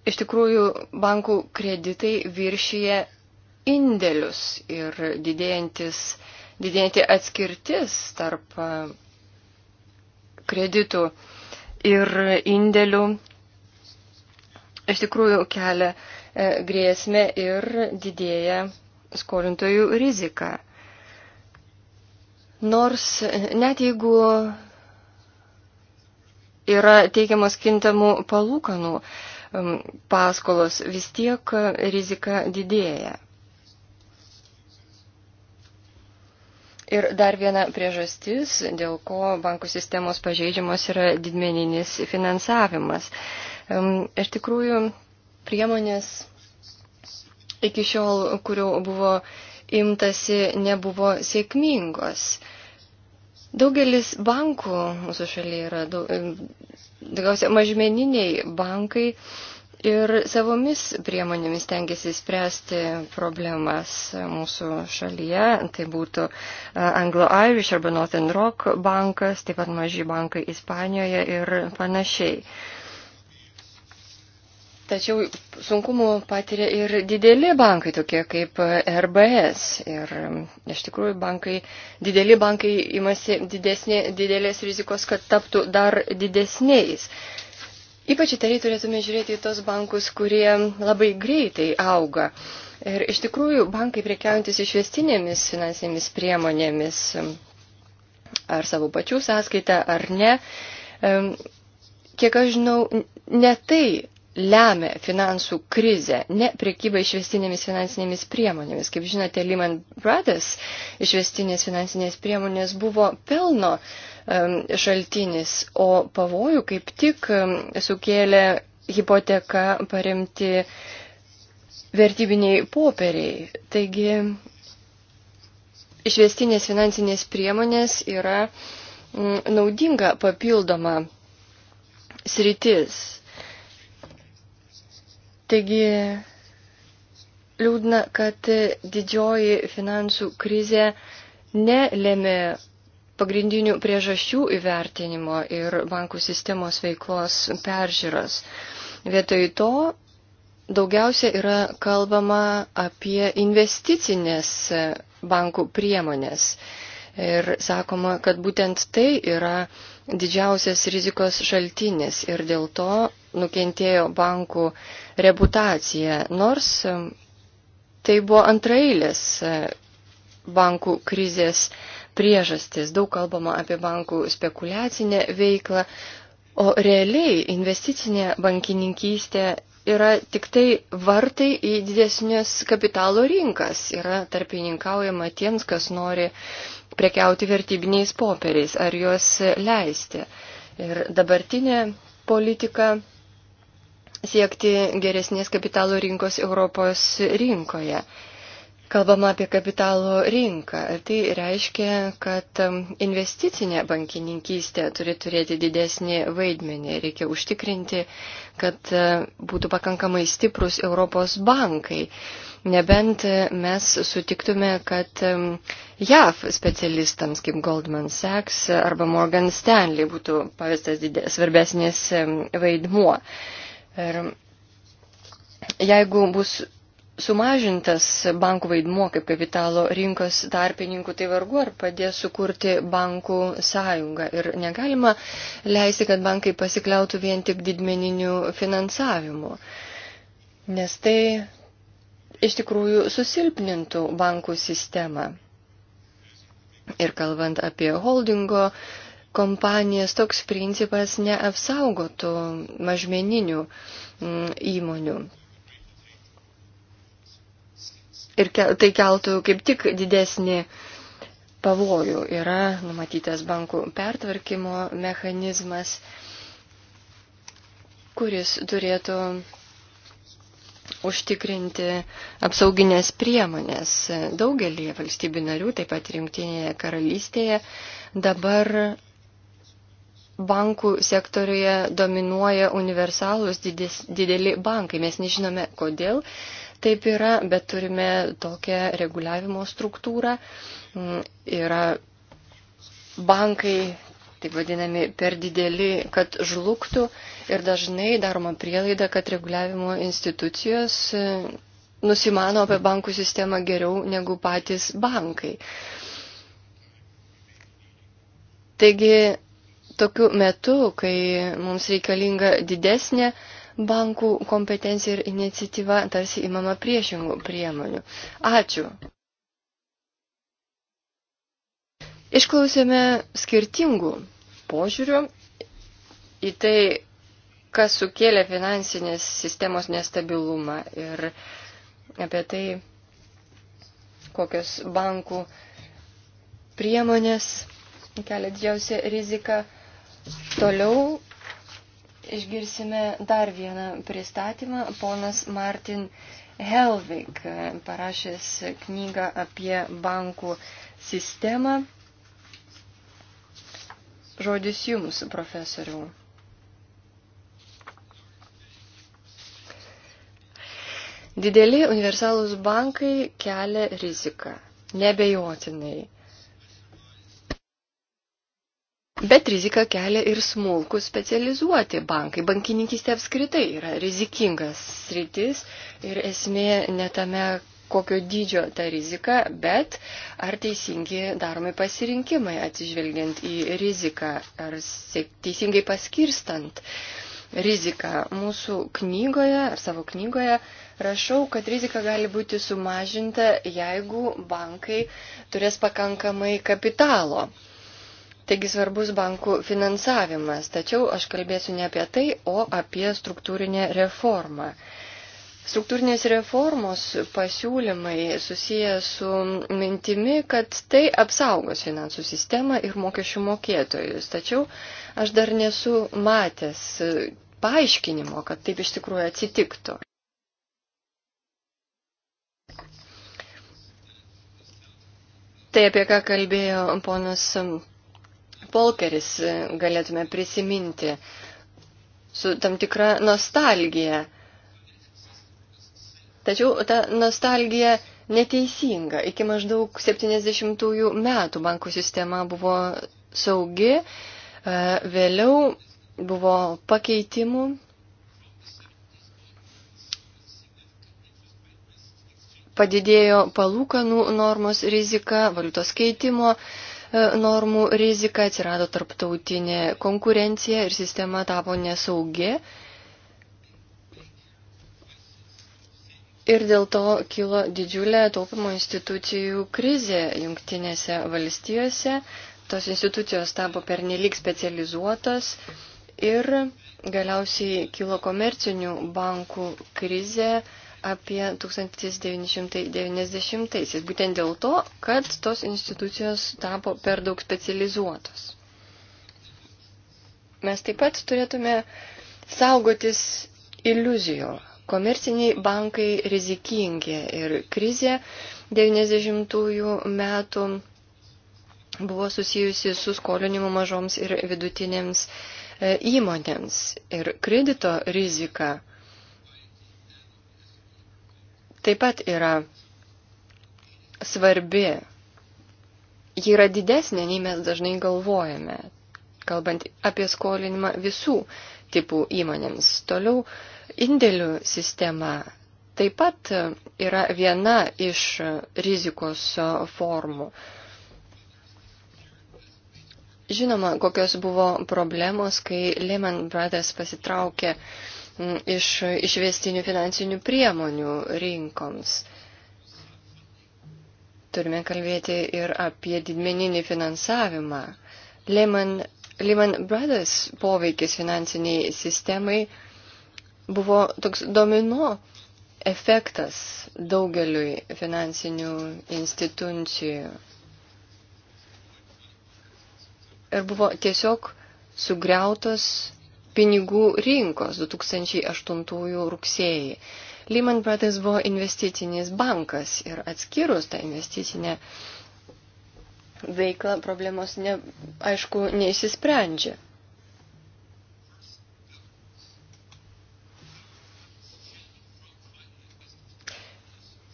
iš tikrųjų bankų kreditai viršyje indėlius ir didėjantis, didėjanti atskirtis tarp e, kreditų ir indėlių iš tikrųjų kelia e, grėsmę ir didėja skolintojų rizika. Nors net jeigu yra teikiamas kintamų palūkanų paskolos, vis tiek rizika didėja. Ir dar viena priežastis, dėl ko bankų sistemos pažeidžiamos yra didmeninis finansavimas. Iš tikrųjų, priemonės iki šiol, kurių buvo imtasi, nebuvo sėkmingos. Daugelis bankų mūsų šalyje yra, daugiausia mažmeniniai bankai ir savomis priemonėmis tengiasi spręsti problemas mūsų šalyje. Tai būtų Anglo-Irish arba Northern Rock bankas, taip pat maži bankai Ispanijoje ir panašiai. Tačiau sunkumų patiria ir dideli bankai, tokie kaip RBS. Ir mm, iš tikrųjų bankai, dideli bankai imasi didesnė, didelės rizikos, kad taptų dar didesniais. Ypač įtariai turėtume žiūrėti į tos bankus, kurie labai greitai auga. Ir iš tikrųjų bankai priekiaujantis išvestinėmis finansinėmis priemonėmis, ar savo pačių sąskaitą, ar ne, kiek aš žinau, ne tai lemia finansų krizę, ne priekyba išvestinėmis finansinėmis priemonėmis. Kaip žinote, Lehman Brothers išvestinės finansinės priemonės buvo pelno šaltinis, o pavojų kaip tik sukėlė hipoteka paremti vertybiniai popieriai. Taigi išvestinės finansinės priemonės yra naudinga papildoma sritis. Taigi liūdna, kad didžioji finansų krizė nelėmė pagrindinių priežasčių įvertinimo ir bankų sistemos veiklos peržiūros. Vietoj to daugiausia yra kalbama apie investicinės bankų priemonės. Ir sakoma, kad būtent tai yra didžiausias rizikos šaltinis ir dėl to nukentėjo bankų reputacija, nors tai buvo antrailės bankų krizės priežastis. Daug kalbama apie bankų spekulacinę veiklą, o realiai investicinė bankininkystė yra tik tai vartai į didesnės kapitalo rinkas. Yra tarpininkaujama tiems, kas nori prekiauti vertybiniais popieriais, ar juos leisti. Ir dabartinė politika siekti geresnės kapitalo rinkos Europos rinkoje. Kalbama apie kapitalo rinką. Tai reiškia, kad um, investicinė bankininkystė turi turėti didesnį vaidmenį. Reikia užtikrinti, kad e, būtų pakankamai stiprus Europos bankai. Nebent e, mes sutiktume, kad um, JAV specialistams kaip Goldman Sachs arba Morgan Stanley būtų pavestas didės, svarbesnis vaidmuo. Ir jeigu bus sumažintas bankų vaidmuo kaip kapitalo rinkos tarpininkų, tai vargu ar padės sukurti bankų sąjungą. Ir negalima leisti, kad bankai pasikliautų vien tik didmeniniu finansavimu, nes tai iš tikrųjų susilpnintų bankų sistemą. Ir kalbant apie holdingo kompanijas, toks principas neapsaugotų mažmeninių mm, įmonių ir tai keltų kaip tik didesnį pavojų. Yra numatytas bankų pertvarkymo mechanizmas, kuris turėtų užtikrinti apsauginės priemonės. Daugelį valstybių narių, taip pat rinktinėje karalystėje, dabar bankų sektoriuje dominuoja universalūs dideli bankai. Mes nežinome kodėl, taip yra, bet turime tokią reguliavimo struktūrą. Mm, yra bankai, taip vadinami, per dideli, kad žlugtų ir dažnai daroma prielaida, kad reguliavimo institucijos mm, nusimano apie bankų sistemą geriau negu patys bankai. Taigi, tokiu metu, kai mums reikalinga didesnė bankų kompetencija ir iniciatyva tarsi imama priešingų priemonių. Ačiū. Išklausėme skirtingų požiūrių į tai, kas sukėlė finansinės sistemos nestabilumą ir apie tai, kokios bankų priemonės kelia didžiausią riziką. Toliau išgirsime dar vieną pristatymą. Ponas Martin Helvig parašęs knygą apie bankų sistemą. Žodis jums, profesoriau. Dideli universalūs bankai kelia riziką, nebejotinai. Bet riziką kelia ir smulkus specializuoti bankai. Bankininkistė apskritai yra rizikingas sritis ir esmė netame, kokio dydžio ta rizika, bet ar teisingi daromi pasirinkimai atsižvelgiant į riziką, ar teisingai paskirstant riziką. Mūsų knygoje, ar savo knygoje, rašau, kad rizika gali būti sumažinta, jeigu bankai turės pakankamai kapitalo Taigi svarbus bankų finansavimas. Tačiau aš kalbėsiu ne apie tai, o apie struktūrinę reformą. Struktūrinės reformos pasiūlymai susiję su mintimi, kad tai apsaugos finansų sistemą ir mokesčių mokėtojus. Tačiau aš dar nesu matęs paaiškinimo, kad taip iš tikrųjų atsitiktų. Tai apie ką kalbėjo ponas Polkeris e, galėtume prisiminti su tam tikra nostalgija. Tačiau ta nostalgija neteisinga. Iki maždaug 70-ųjų metų bankų sistema buvo saugi, e, vėliau buvo pakeitimų. Padidėjo palūkanų normos rizika, valiutos keitimo uh, E, normų rizika, atsirado tarptautinė konkurencija ir sistema tapo nesaugi. Ir dėl to kilo didžiulė taupimo institucijų krizė jungtinėse valstijose. Tos institucijos tapo pernelyg specializuotos ir galiausiai kilo komercinių bankų krizė apie 1990-aisiais, būtent dėl to, kad tos institucijos tapo per daug specializuotos. Mes taip pat turėtume saugotis iliuzijų. Komerciniai bankai rizikingi ir krizė 90-ųjų metų buvo susijusi su skolinimu mažoms ir vidutinėms e, įmonėms ir kredito rizika taip pat yra svarbi. Ji yra didesnė, nei mes dažnai galvojame, kalbant apie skolinimą visų tipų įmonėms. Toliau indėlių sistema taip pat yra viena iš rizikos formų. Žinoma, kokios buvo problemos, kai Lehman Brothers pasitraukė uh, iš išvestinių finansinių priemonių rinkoms. Turime kalbėti ir apie didmeninį finansavimą. Lehman, Lehman Brothers poveikis finansiniai sistemai buvo toks domino efektas daugeliui finansinių institucijų. Ir buvo tiesiog sugriautos pinigų rinkos 2008 rugsėjai. Lehman Brothers buvo investicinis bankas ir atskirus tą investicinę veiklą problemos, ne, aišku, neįsisprendžia.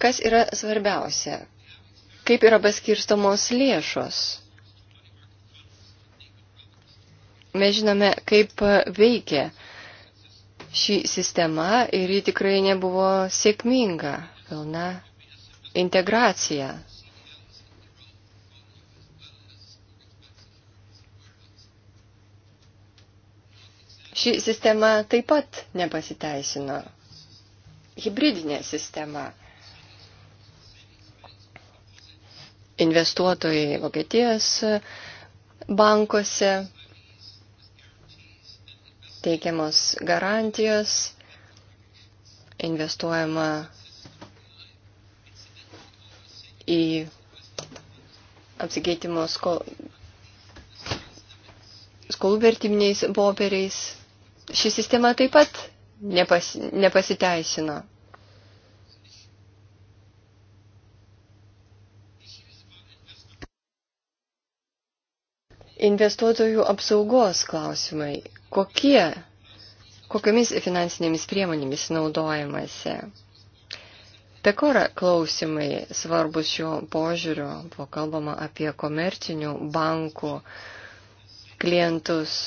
Kas yra svarbiausia? Kaip yra paskirstomos lėšos? Mes žinome, kaip veikia ši sistema ir ji tikrai nebuvo sėkminga, pilna integracija. Ši sistema taip pat nepasiteisino. Hybridinė sistema. Investuotojai Vokietijos bankuose teikiamos garantijos, investuojama į apsikeitimo skolų vertiminiais popieriais. Ši sistema taip pat nepas, nepasiteisino. Investuotojų apsaugos klausimai kokie, kokiamis finansinėmis priemonėmis naudojamasi. Pekora klausimai svarbus šio požiūrio, buvo kalbama apie komercinių bankų klientus.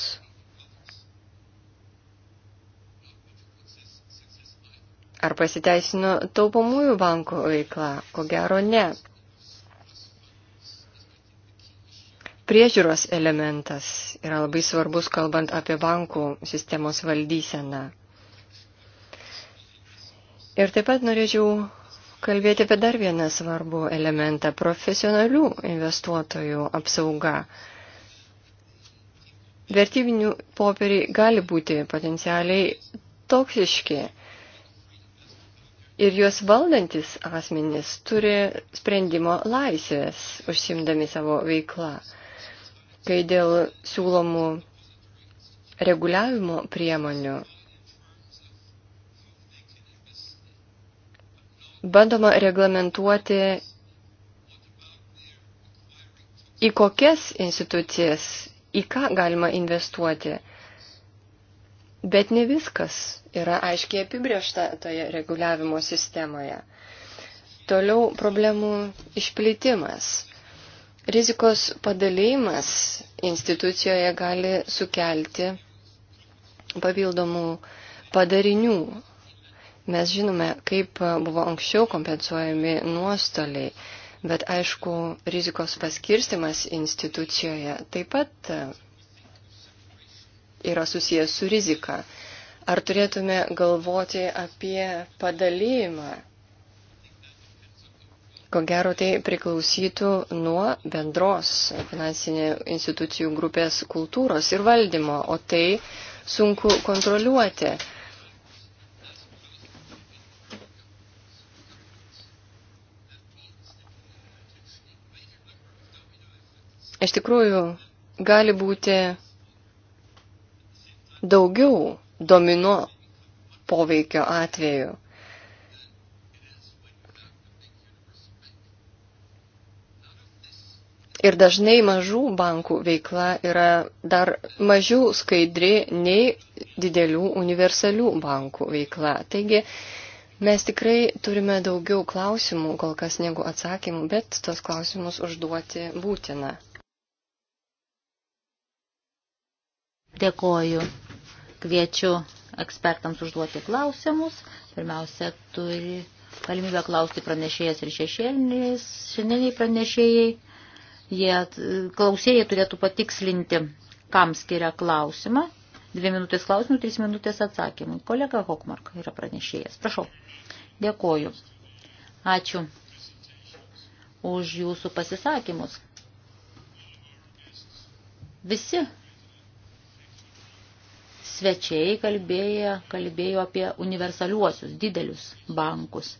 Ar pasiteisino taupomųjų bankų veikla? Ko gero ne. priežiūros elementas yra labai svarbus, kalbant apie bankų sistemos valdyseną. Ir taip pat norėčiau kalbėti apie dar vieną svarbų elementą - profesionalių investuotojų apsauga. Vertybinių popieriai gali būti potencialiai toksiški ir juos valdantis asmenys turi sprendimo laisvės užsimdami savo veiklą kai dėl siūlomų reguliavimo priemonių bandoma reglamentuoti, į kokias institucijas, į ką galima investuoti. Bet ne viskas yra aiškiai apibriešta toje reguliavimo sistemoje. Toliau problemų išplitimas. Rizikos padalymas institucijoje gali sukelti papildomų padarinių. Mes žinome, kaip buvo anksčiau kompensuojami nuostoliai, bet aišku, rizikos paskirstimas institucijoje taip pat e, yra susijęs su rizika. Ar turėtume galvoti apie padalymą Ko gero, tai priklausytų nuo bendros finansinių institucijų grupės kultūros ir valdymo, o tai sunku kontroliuoti. Iš tikrųjų, gali būti daugiau domino poveikio atveju. Ir dažnai mažų bankų veikla yra dar mažiau skaidri nei didelių universalių bankų veikla. Taigi mes tikrai turime daugiau klausimų kol kas negu atsakymų, bet tos klausimus užduoti būtina. Dėkoju. Kviečiu ekspertams užduoti klausimus. Pirmiausia, turi galimybę klausti pranešėjas ir šešėlinis, šiandieniai pranešėjai. Jie klausėjai turėtų patikslinti, kam skiria klausimą. Dvi minutės klausimų, trys minutės atsakymų. Kolega Hokmark yra pranešėjas. Prašau. Dėkoju. Ačiū už jūsų pasisakymus. Visi svečiai kalbėjo, kalbėjo apie universaliuosius, didelius bankus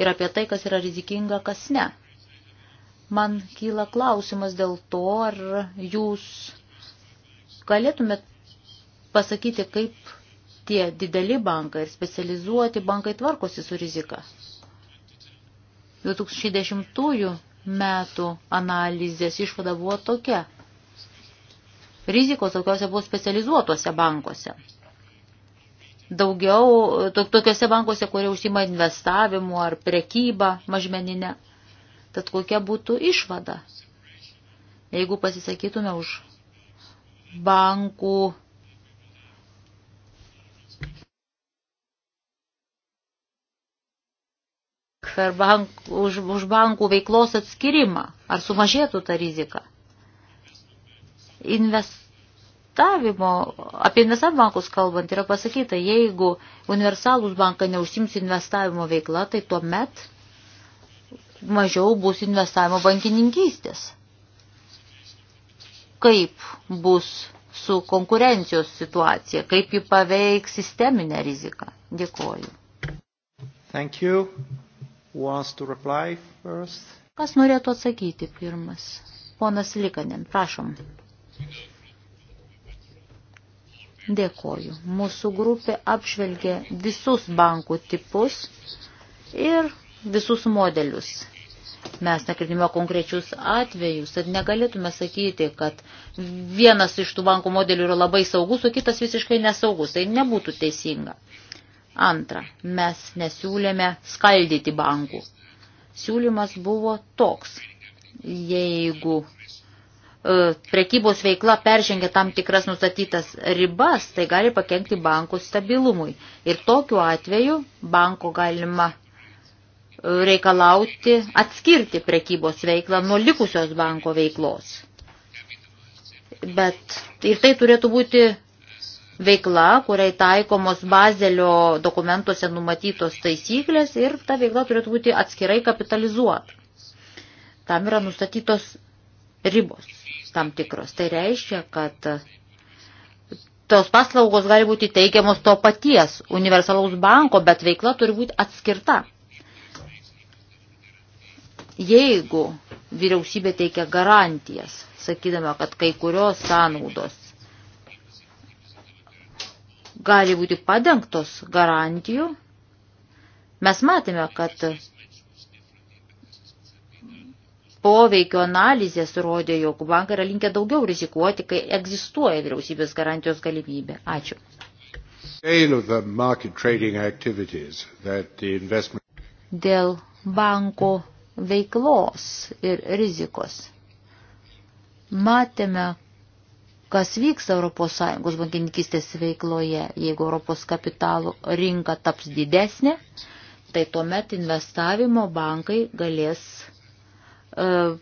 ir apie tai, kas yra rizikinga, kas ne. Man kyla klausimas dėl to, ar jūs galėtumėt pasakyti, kaip tie dideli bankai ir specializuoti bankai tvarkosi su rizika. 2010 metų analizės išvada buvo tokia. Rizikos tokiuose buvo specializuotuose bankuose. Daugiau tokiuose bankuose, kurie užsima investavimu ar prekybą mažmeninę. Tad kokia būtų išvada, jeigu pasisakytume už bankų per bank, už, už bankų veiklos atskirimą, ar sumažėtų ta rizika. Investavimo, apie investavimo bankus kalbant, yra pasakyta, jeigu universalūs bankai neužsims investavimo veikla, tai tuomet mažiau bus investavimo bankininkystės. Kaip bus su konkurencijos situacija, kaip ji paveiks sisteminę riziką. Dėkoju. Thank you. Who wants to reply first? Kas norėtų atsakyti pirmas? Ponas Likanen, prašom. Dėkoju. Mūsų grupė apžvelgė visus bankų tipus ir visus modelius. Mes nagrinėjome konkrečius atvejus, tad negalėtume sakyti, kad vienas iš tų bankų modelių yra labai saugus, o kitas visiškai nesaugus. Tai nebūtų teisinga. Antra, mes nesiūlėme skaldyti bankų. Siūlymas buvo toks. Jeigu e, prekybos veikla peržengia tam tikras nustatytas ribas, tai gali pakengti bankų stabilumui. Ir tokiu atveju banko galima reikalauti atskirti prekybos veiklą nuo likusios banko veiklos. Bet ir tai turėtų būti veikla, kuriai taikomos bazelio dokumentuose numatytos taisyklės ir ta veikla turėtų būti atskirai kapitalizuota. Tam yra nustatytos ribos tam tikros. Tai reiškia, kad tos paslaugos gali būti teikiamos to paties universalaus banko, bet veikla turi būti atskirta. Jeigu vyriausybė teikia garantijas, sakydama, kad kai kurios sąnaudos gali būti padengtos garantijų, mes matėme, kad poveikio analizės rodė, jog bankai yra linkę daugiau rizikuoti, kai egzistuoja vyriausybės garantijos galimybė. Ačiū. Dėl banko veiklos ir rizikos. Matėme, kas vyks ES bankininkistės veikloje. Jeigu Europos kapitalų rinka taps didesnė, tai tuomet investavimo bankai galės e,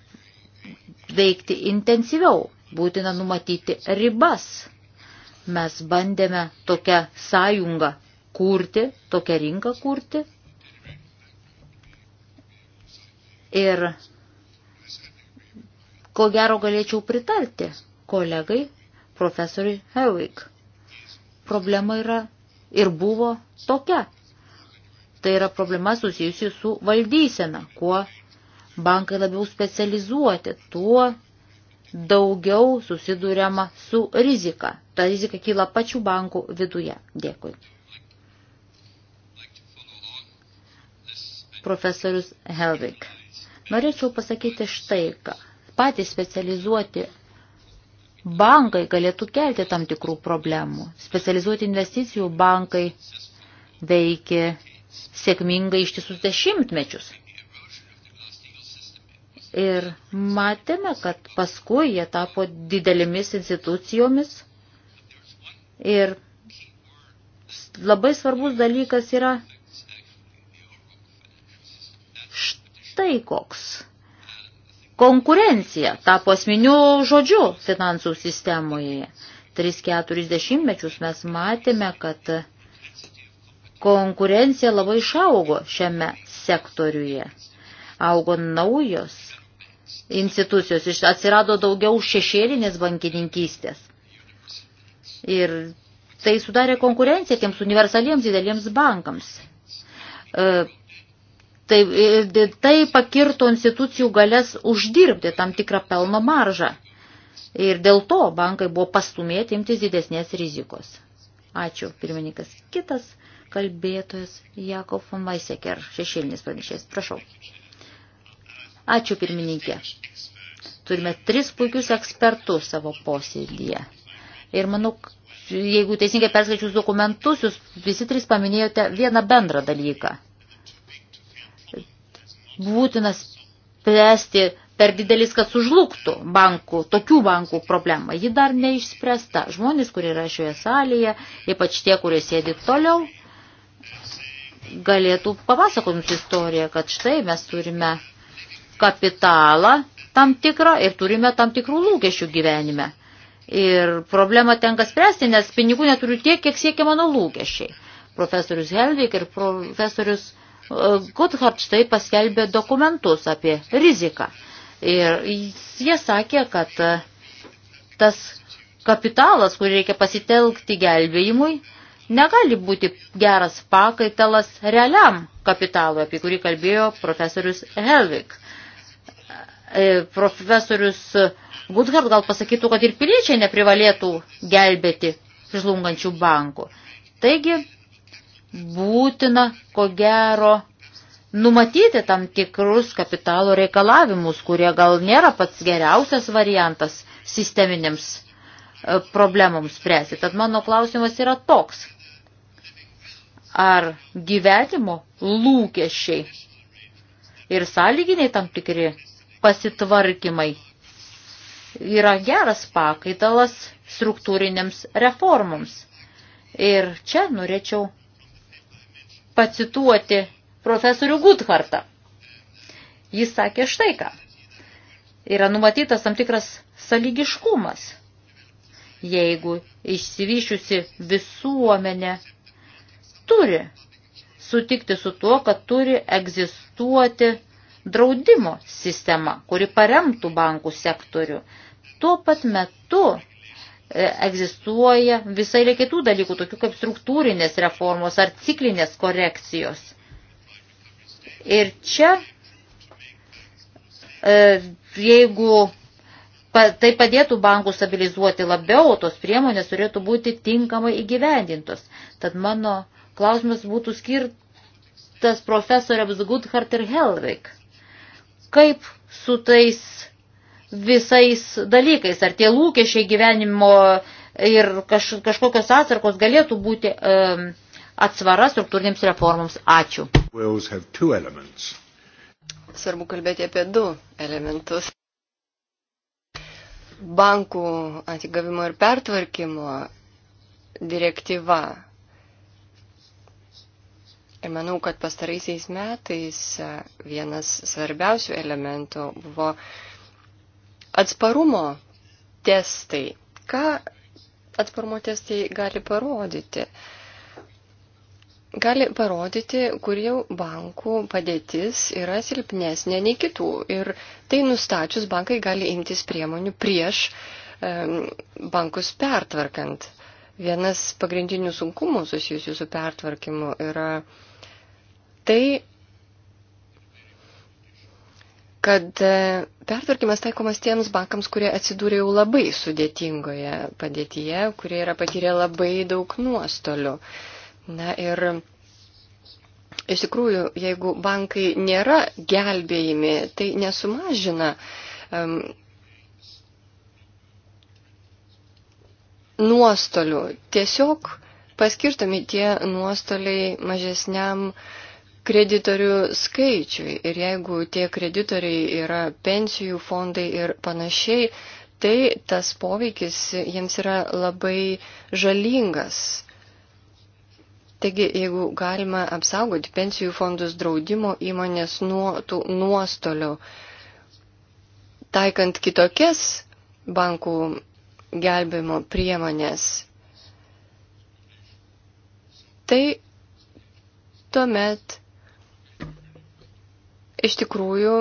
veikti intensyviau. Būtina numatyti ribas. Mes bandėme tokią sąjungą kurti, tokią rinką kurti, Ir ko gero galėčiau pritarti kolegai profesoriui Hevik. Problema yra ir buvo tokia. Tai yra problema susijusi su valdysena. Kuo bankai labiau specializuoti, tuo daugiau susidūriama su rizika. Ta rizika kyla pačių bankų viduje. Dėkui. Profesorius Helvik. Norėčiau pasakyti štai, ką patys specializuoti bankai galėtų kelti tam tikrų problemų. Specializuoti investicijų bankai veikia sėkmingai ištisus dešimtmečius. Ir matėme, kad paskui jie tapo didelėmis institucijomis. Ir labai svarbus dalykas yra štai koks. Konkurencija tapo asmeniu žodžiu finansų sistemoje. 3-40 mečius mes matėme, kad konkurencija labai išaugo šiame sektoriuje. Augo naujos institucijos, atsirado daugiau šešėlinės bankininkystės. Ir tai sudarė konkurenciją tiems universaliems dideliems bankams. E, Tai, e, e, tai pakirto institucijų galės uždirbti tam tikrą pelno maržą. Ir dėl to bankai buvo pastumėti imtis didesnės rizikos. Ačiū, pirmininkas. Kitas kalbėtojas Jakov von Weiseker, šešėlinis pranešės. Prašau. Ačiū, pirmininkė. Turime tris puikius ekspertus savo posėdyje. Ir manau, jeigu teisingai perskaičius dokumentus, jūs visi trys paminėjote vieną bendrą dalyką – būtinas spręsti per didelis, kad sužlugtų bankų, tokių bankų problema. Ji dar neišspręsta. Žmonės, kurie yra šioje salėje, ypač tie, kurie sėdi toliau, galėtų papasakoti jums istoriją, kad štai mes turime kapitalą tam tikrą ir turime tam tikrų lūkesčių gyvenime. Ir problemą tenka spręsti, nes pinigų neturiu tiek, kiek siekia mano lūkesčiai. Profesorius Helvig ir profesorius Gotthard štai paskelbė dokumentus apie riziką. Ir jie sakė, kad e, tas kapitalas, kurį reikia pasitelkti gelbėjimui, negali būti geras pakaitalas realiam kapitalui, apie kurį kalbėjo profesorius Helvik. E, profesorius Gudhard gal pasakytų, kad ir piliečiai neprivalėtų gelbėti žlungančių bankų. Taigi, būtina, ko gero, numatyti tam tikrus kapitalo reikalavimus, kurie gal nėra pats geriausias variantas sisteminėms e, problemams spręsti. Tad mano klausimas yra toks. Ar gyvenimo lūkesčiai ir sąlyginiai tam tikri pasitvarkymai yra geras pakaitalas struktūriniams reformams. Ir čia norėčiau pacituoti profesorių Guthartą. Jis sakė štai ką. Yra numatytas tam tikras saligiškumas. Jeigu išsivyšiusi visuomenė turi sutikti su tuo, kad turi egzistuoti draudimo sistema, kuri paremtų bankų sektorių. Tuo pat metu E, egzistuoja visai lė kitų dalykų, tokių kaip struktūrinės reformos ar ciklinės korekcijos. Ir čia, e, jeigu tai padėtų bankų stabilizuoti labiau, tos priemonės turėtų būti tinkamai įgyvendintos. Tad mano klausimas būtų skirtas profesoriams Goodhart ir Helvig. Kaip su tais visais dalykais. Ar tie lūkesčiai gyvenimo ir kaž, kažkokios atsarkos galėtų būti um, atsvara struktūrinėms reformoms. Ačiū. Svarbu kalbėti apie du elementus. Bankų atigavimo ir pertvarkymo direktyva. Ir manau, kad pastaraisiais metais e, vienas svarbiausių elementų buvo uh, Atsparumo testai. Ką atsparumo testai gali parodyti? Gali parodyti, kur jau bankų padėtis yra silpnesnė nei kitų. Ir tai nustačius bankai gali imtis priemonių prieš um, bankus pertvarkant. Vienas pagrindinių sunkumų susijusių su pertvarkymu yra tai, kad e, pertvarkymas taikomas tiems bankams, kurie atsidūrė jau labai sudėtingoje padėtyje, kurie yra patyrę labai daug nuostolių. Na ir iš tikrųjų, jeigu bankai nėra gelbėjimi, tai nesumažina um, nuostolių. Tiesiog paskirtami tie nuostoliai mažesniam uh, kreditorių skaičiui. Ir jeigu tie kreditoriai yra pensijų fondai ir panašiai, tai tas poveikis jiems yra labai žalingas. Taigi, jeigu galima apsaugoti pensijų fondus draudimo įmonės nuo tų nuostolių, taikant kitokias bankų gelbėjimo priemonės, tai tuomet iš tikrųjų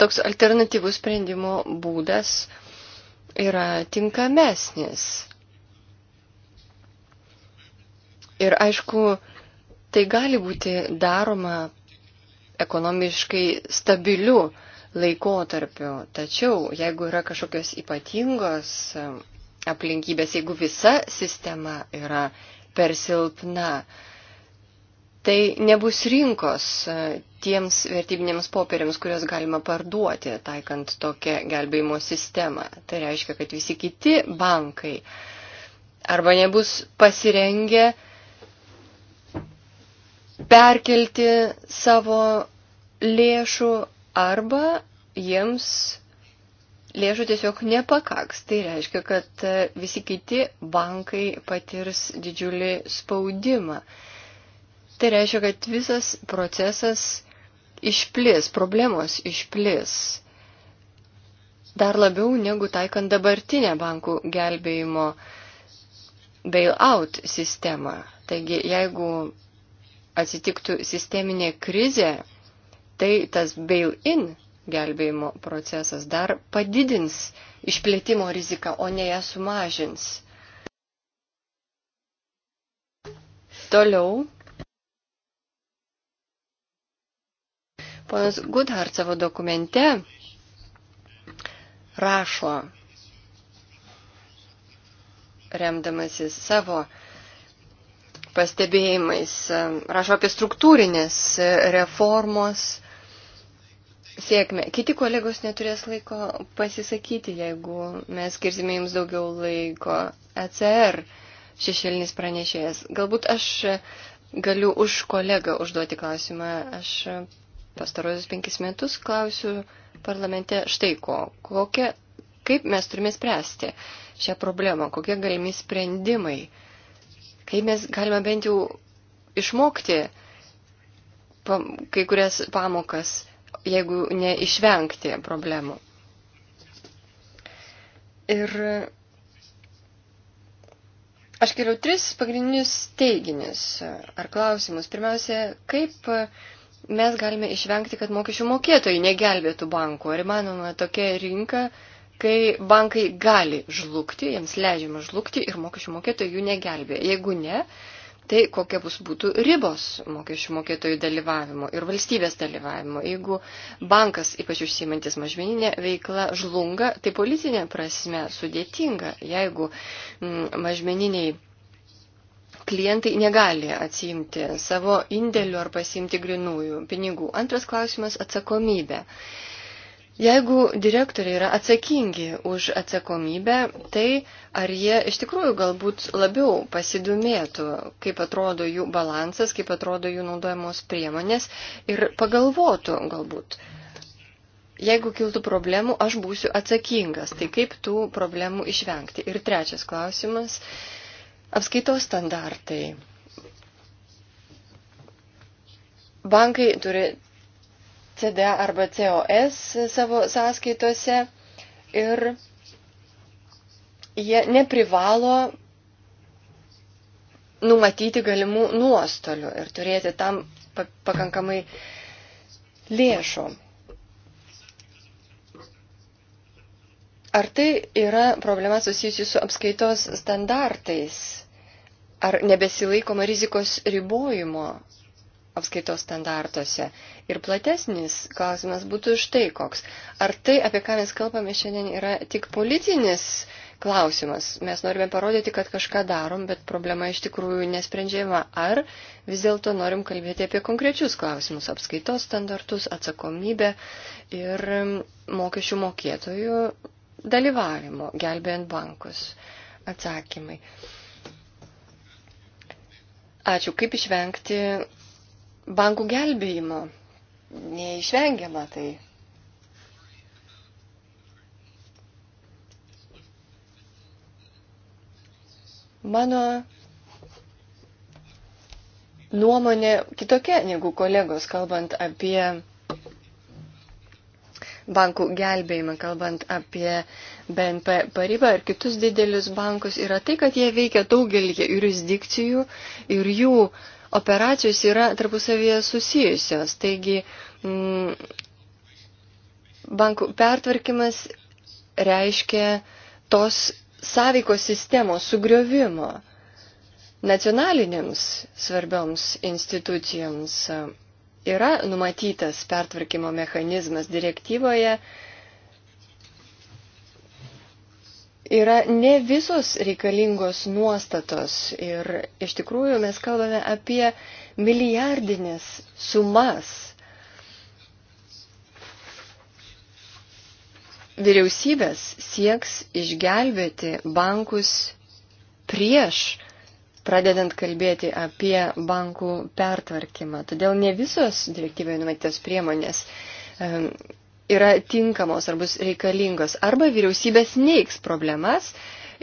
toks alternatyvus sprendimo būdas yra tinkamesnis. Ir aišku, tai gali būti daroma ekonomiškai stabiliu laikotarpiu. Tačiau, jeigu yra kažkokios ypatingos e, aplinkybės, jeigu visa sistema yra persilpna, silpna, tai nebus rinkos e, tiems vertybinėms popieriams, kuriuos galima parduoti, taikant tokią gelbėjimo sistemą. Tai reiškia, kad visi kiti bankai arba nebus pasirengę perkelti savo lėšų arba jiems lėšų tiesiog nepakaks. Tai reiškia, kad e, visi kiti bankai patirs didžiulį spaudimą. Tai reiškia, kad visas procesas išplis, problemos išplis dar labiau negu taikant dabartinę bankų gelbėjimo bail-out sistemą. Taigi, jeigu atsitiktų sisteminė krizė, tai tas bail-in gelbėjimo procesas dar padidins išplėtimo riziką, o ne ją sumažins. Toliau Ponas Gudhart savo dokumente rašo, remdamasis savo pastebėjimais, rašo apie struktūrinės reformos sėkmę. Kiti kolegos neturės laiko pasisakyti, jeigu mes skirsime jums daugiau laiko. ECR šešėlinis pranešėjas. Galbūt aš galiu už kolegą užduoti klausimą. Aš pastarosius penkis metus klausiu parlamente štai ko, kokia, kaip mes turime spręsti šią problemą, kokie galimi sprendimai, kaip mes galime bent jau išmokti kai kurias pamokas, jeigu neišvengti problemų. Ir aš keliau tris pagrindinius teiginius ar klausimus. Pirmiausia, kaip mes galime išvengti, kad mokesčių mokėtojai negelbėtų bankų? Ar įmanoma tokia rinka, kai bankai gali žlugti, jiems leidžiama žlugti ir mokesčių mokėtojai jų negelbė? Jeigu ne, tai kokia bus būtų ribos mokesčių mokėtojų dalyvavimo ir valstybės dalyvavimo. Jeigu bankas, ypač užsimantis mažmeninė veikla, žlunga, tai politinė prasme sudėtinga, jeigu mm, mažmeniniai klientai negali atsimti savo indėlių ar pasimti grinųjų pinigų. Antras klausimas - atsakomybė. Jeigu direktoriai yra atsakingi už atsakomybę, tai ar jie iš tikrųjų galbūt labiau pasidomėtų, kaip atrodo jų balansas, kaip atrodo jų naudojamos priemonės ir pagalvotų galbūt, jeigu kiltų problemų, aš būsiu atsakingas, tai kaip tų problemų išvengti. Ir trečias klausimas Apskaitos standartai. Bankai turi CDA arba COS savo sąskaitose ir jie neprivalo numatyti galimų nuostolių ir turėti tam pakankamai lėšų. Ar tai yra problema susijusi su apskaitos standartais? Ar nebesilaikoma rizikos ribojimo apskaitos standartuose? Ir platesnis klausimas būtų štai koks. Ar tai, apie ką mes kalbame šiandien, yra tik politinis klausimas? Mes norime parodyti, kad kažką darom, bet problema iš tikrųjų nesprendžiama. Ar vis dėlto norim kalbėti apie konkrečius klausimus - apskaitos standartus, atsakomybę ir mokesčių mokėtojų dalyvavimo gelbėjant bankus? Atsakymai. Ačiū. Kaip išvengti bankų gelbėjimo? Neišvengiama tai. Mano nuomonė kitokia negu kolegos, kalbant apie bankų gelbėjimą, kalbant apie BNP Paribą ir kitus didelius bankus, yra tai, kad jie veikia daugelį jurisdikcijų ir jų operacijos yra tarpusavėje susijusios. Taigi, m, mm, bankų pertvarkimas reiškia tos sąveikos sistemos sugriovimo nacionalinėms svarbioms institucijoms yra numatytas pertvarkymo mechanizmas direktyvoje, yra ne visos reikalingos nuostatos ir iš tikrųjų mes kalbame apie milijardinės sumas. Vyriausybės sieks išgelbėti bankus prieš pradedant kalbėti apie bankų pertvarkymą. Todėl ne visos direktyvoje numatytos priemonės yra tinkamos ar bus reikalingos. Arba vyriausybės neiks problemas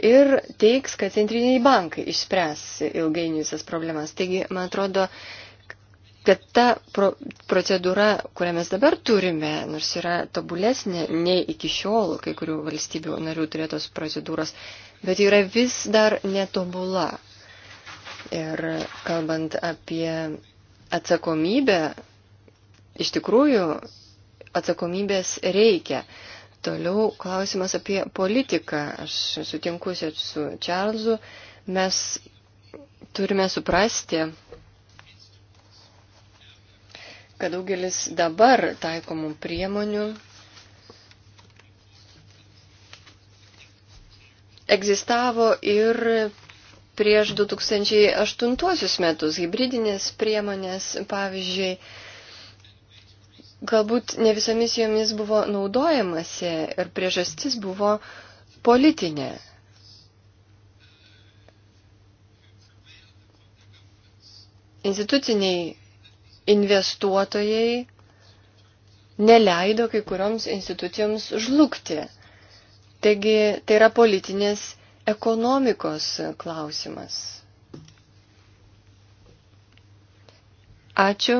ir teiks, kad centriniai bankai išspręs ilgainiui visas problemas. Taigi, man atrodo, kad ta pro procedūra, kurią mes dabar turime, nors yra tobulesnė nei iki šiol kai kurių valstybių narių turėtos procedūros, bet yra vis dar netobula. Ir kalbant apie atsakomybę, iš tikrųjų atsakomybės reikia. Toliau klausimas apie politiką. Aš sutinku su Čarlzu. Mes turime suprasti, kad daugelis dabar taikomų priemonių egzistavo ir prieš 2008 metus, hybridinės priemonės, pavyzdžiui, galbūt ne visomis jomis buvo naudojamasi ir priežastis buvo politinė. Instituciniai investuotojai neleido kai kurioms institucijoms žlugti. Taigi tai yra politinės ekonomikos klausimas. Ačiū.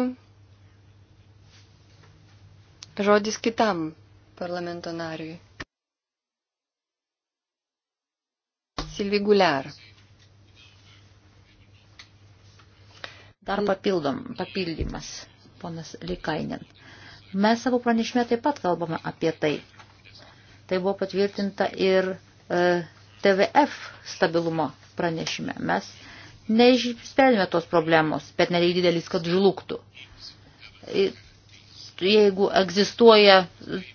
Žodis kitam parlamento nariui. Silvi Guliar. Dar papildom, papildymas, ponas Likainen. Mes savo pranešime taip pat kalbame apie tai. Tai buvo patvirtinta ir e, TVF stabilumo pranešime. Mes neišsprendėme tos problemos, bet nereik didelis, kad žlugtų. Jeigu egzistuoja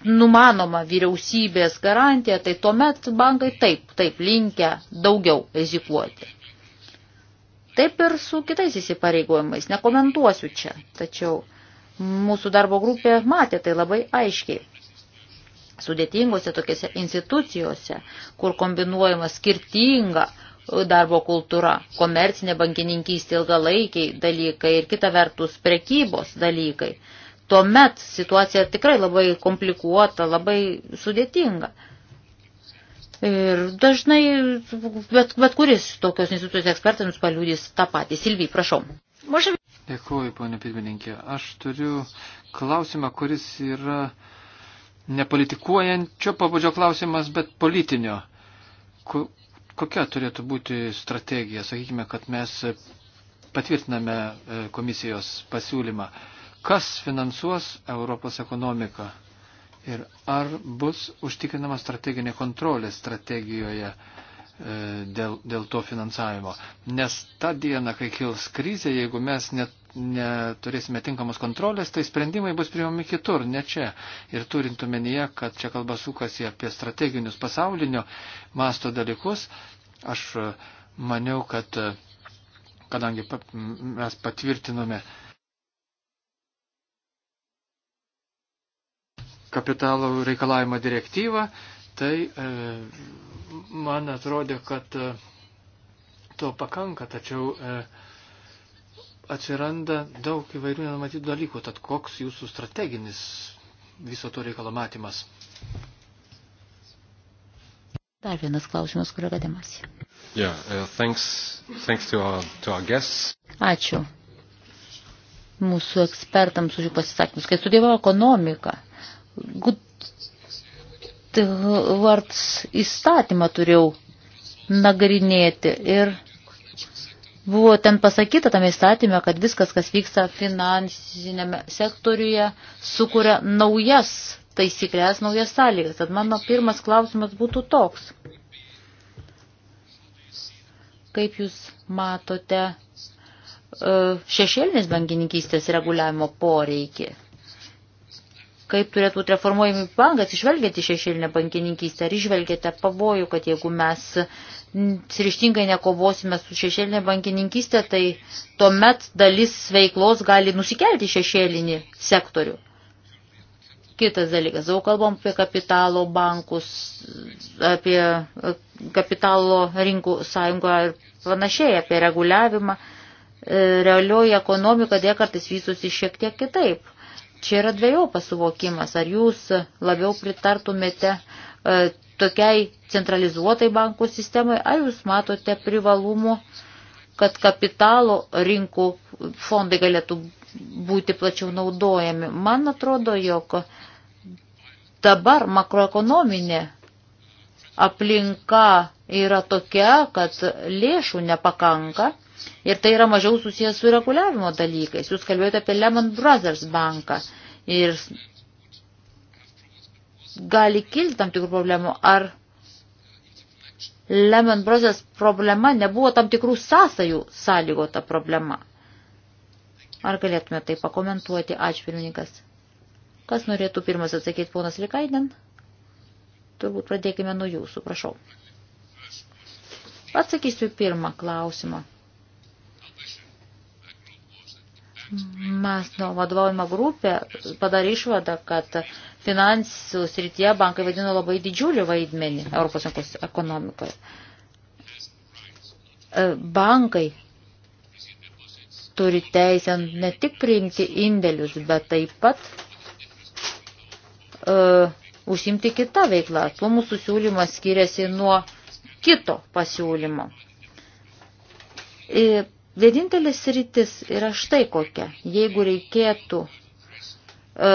numanoma vyriausybės garantija, tai tuomet bankai taip, taip linkia daugiau rizikuoti. Taip ir su kitais įsipareigojimais, nekomentuosiu čia, tačiau mūsų darbo grupė matė tai labai aiškiai sudėtingose tokiose institucijose, kur kombinuojama skirtinga e, darbo kultūra, komercinė bankininkystė ilgalaikiai dalykai ir kita vertus prekybos dalykai. Tuomet situacija tikrai labai komplikuota, labai sudėtinga. Ir dažnai bet, bet kuris tokios institucijos ekspertai jums paliūdys tą patį. Silvijai, prašau. Dėkuoju, ponė pirmininkė. Aš turiu klausimą, kuris yra uh, nepolitikuojančio pabudžio klausimas, bet politinio. Ko, kokia turėtų būti strategija? Sakykime, kad mes patvirtiname e, komisijos pasiūlymą. Kas finansuos Europos ekonomiką? Ir ar bus užtikrinama strateginė kontrolė strategijoje e, dėl, dėl to finansavimo? Nes tą dieną, kai kils krizė, jeigu mes net neturėsime tinkamos kontrolės, tai sprendimai bus priimami kitur, ne čia. Ir turint omenyje, kad čia kalba sukasi apie strateginius pasaulinio masto dalykus, aš e, maniau, kad e, kadangi mes patvirtinome kapitalo reikalavimo direktyvą, tai e, man atrodė, kad e, to pakanka, tačiau e, atsiranda daug įvairių nenumatytų dalykų. Tad koks jūsų strateginis viso to reikalo matymas? Dar vienas klausimas, kurio vedimas. Yeah, uh, thanks, thanks to our, to our guests. Ačiū mūsų ekspertams už jų pasisakymus. Kai studijavau ekonomiką, Gutvarts įstatymą turėjau nagrinėti ir Buvo ten pasakyta tame įstatymė, kad viskas, kas vyksta finansinėme sektoriuje, sukuria naujas taisyklės, naujas sąlygas. Tad mano pirmas klausimas būtų toks. Kaip jūs matote e, šešėlinės bankininkystės reguliavimo poreikį? Kaip turėtų būti reformuojami bankas, išvelgėte šešėlinę bankininkystę, ar išvelgėte pavojų, kad jeigu mes srištingai nekovosime su šešėlinė bankininkystė, tai tuomet dalis veiklos gali nusikelti šešėlinį sektorių. Kitas dalykas, jau kalbam apie kapitalo bankus, apie kapitalo rinkų sąjungą ir panašiai, apie reguliavimą. E, realioji ekonomika dėja kartais vystosi šiek tiek kitaip. Čia yra dviejopas suvokimas. Ar jūs labiau pritartumėte e, tokiai centralizuotai bankų sistemai, ar jūs matote privalumų, kad kapitalo rinkų fondai galėtų būti plačiau naudojami. Man atrodo, jog dabar makroekonominė aplinka yra tokia, kad lėšų nepakanka ir tai yra mažiau susijęs su reguliavimo dalykais. Jūs kalbėjote apie Lehman Brothers banką ir gali kilti tam tikrų problemų. Ar Lehman Brothers problema nebuvo tam tikrų sąsajų sąlygota problema? Ar galėtume tai pakomentuoti? Ačiū, pirmininkas. Kas norėtų pirmas atsakyti, ponas Likaiden? Turbūt pradėkime nuo jūsų, prašau. Atsakysiu pirmą klausimą. Masno vadovaujama grupė padarė išvadą, kad finansų srityje bankai vaidino labai didžiulį vaidmenį Europos Sąjungos ekonomikoje. E, bankai turi teisę ne tik priimti indėlius, bet taip pat uh, užsimti kitą veiklą. Tuo mūsų siūlymas skiriasi nuo kito pasiūlymo. Ir e, Vienintelis rytis yra štai kokia. Jeigu reikėtų, e,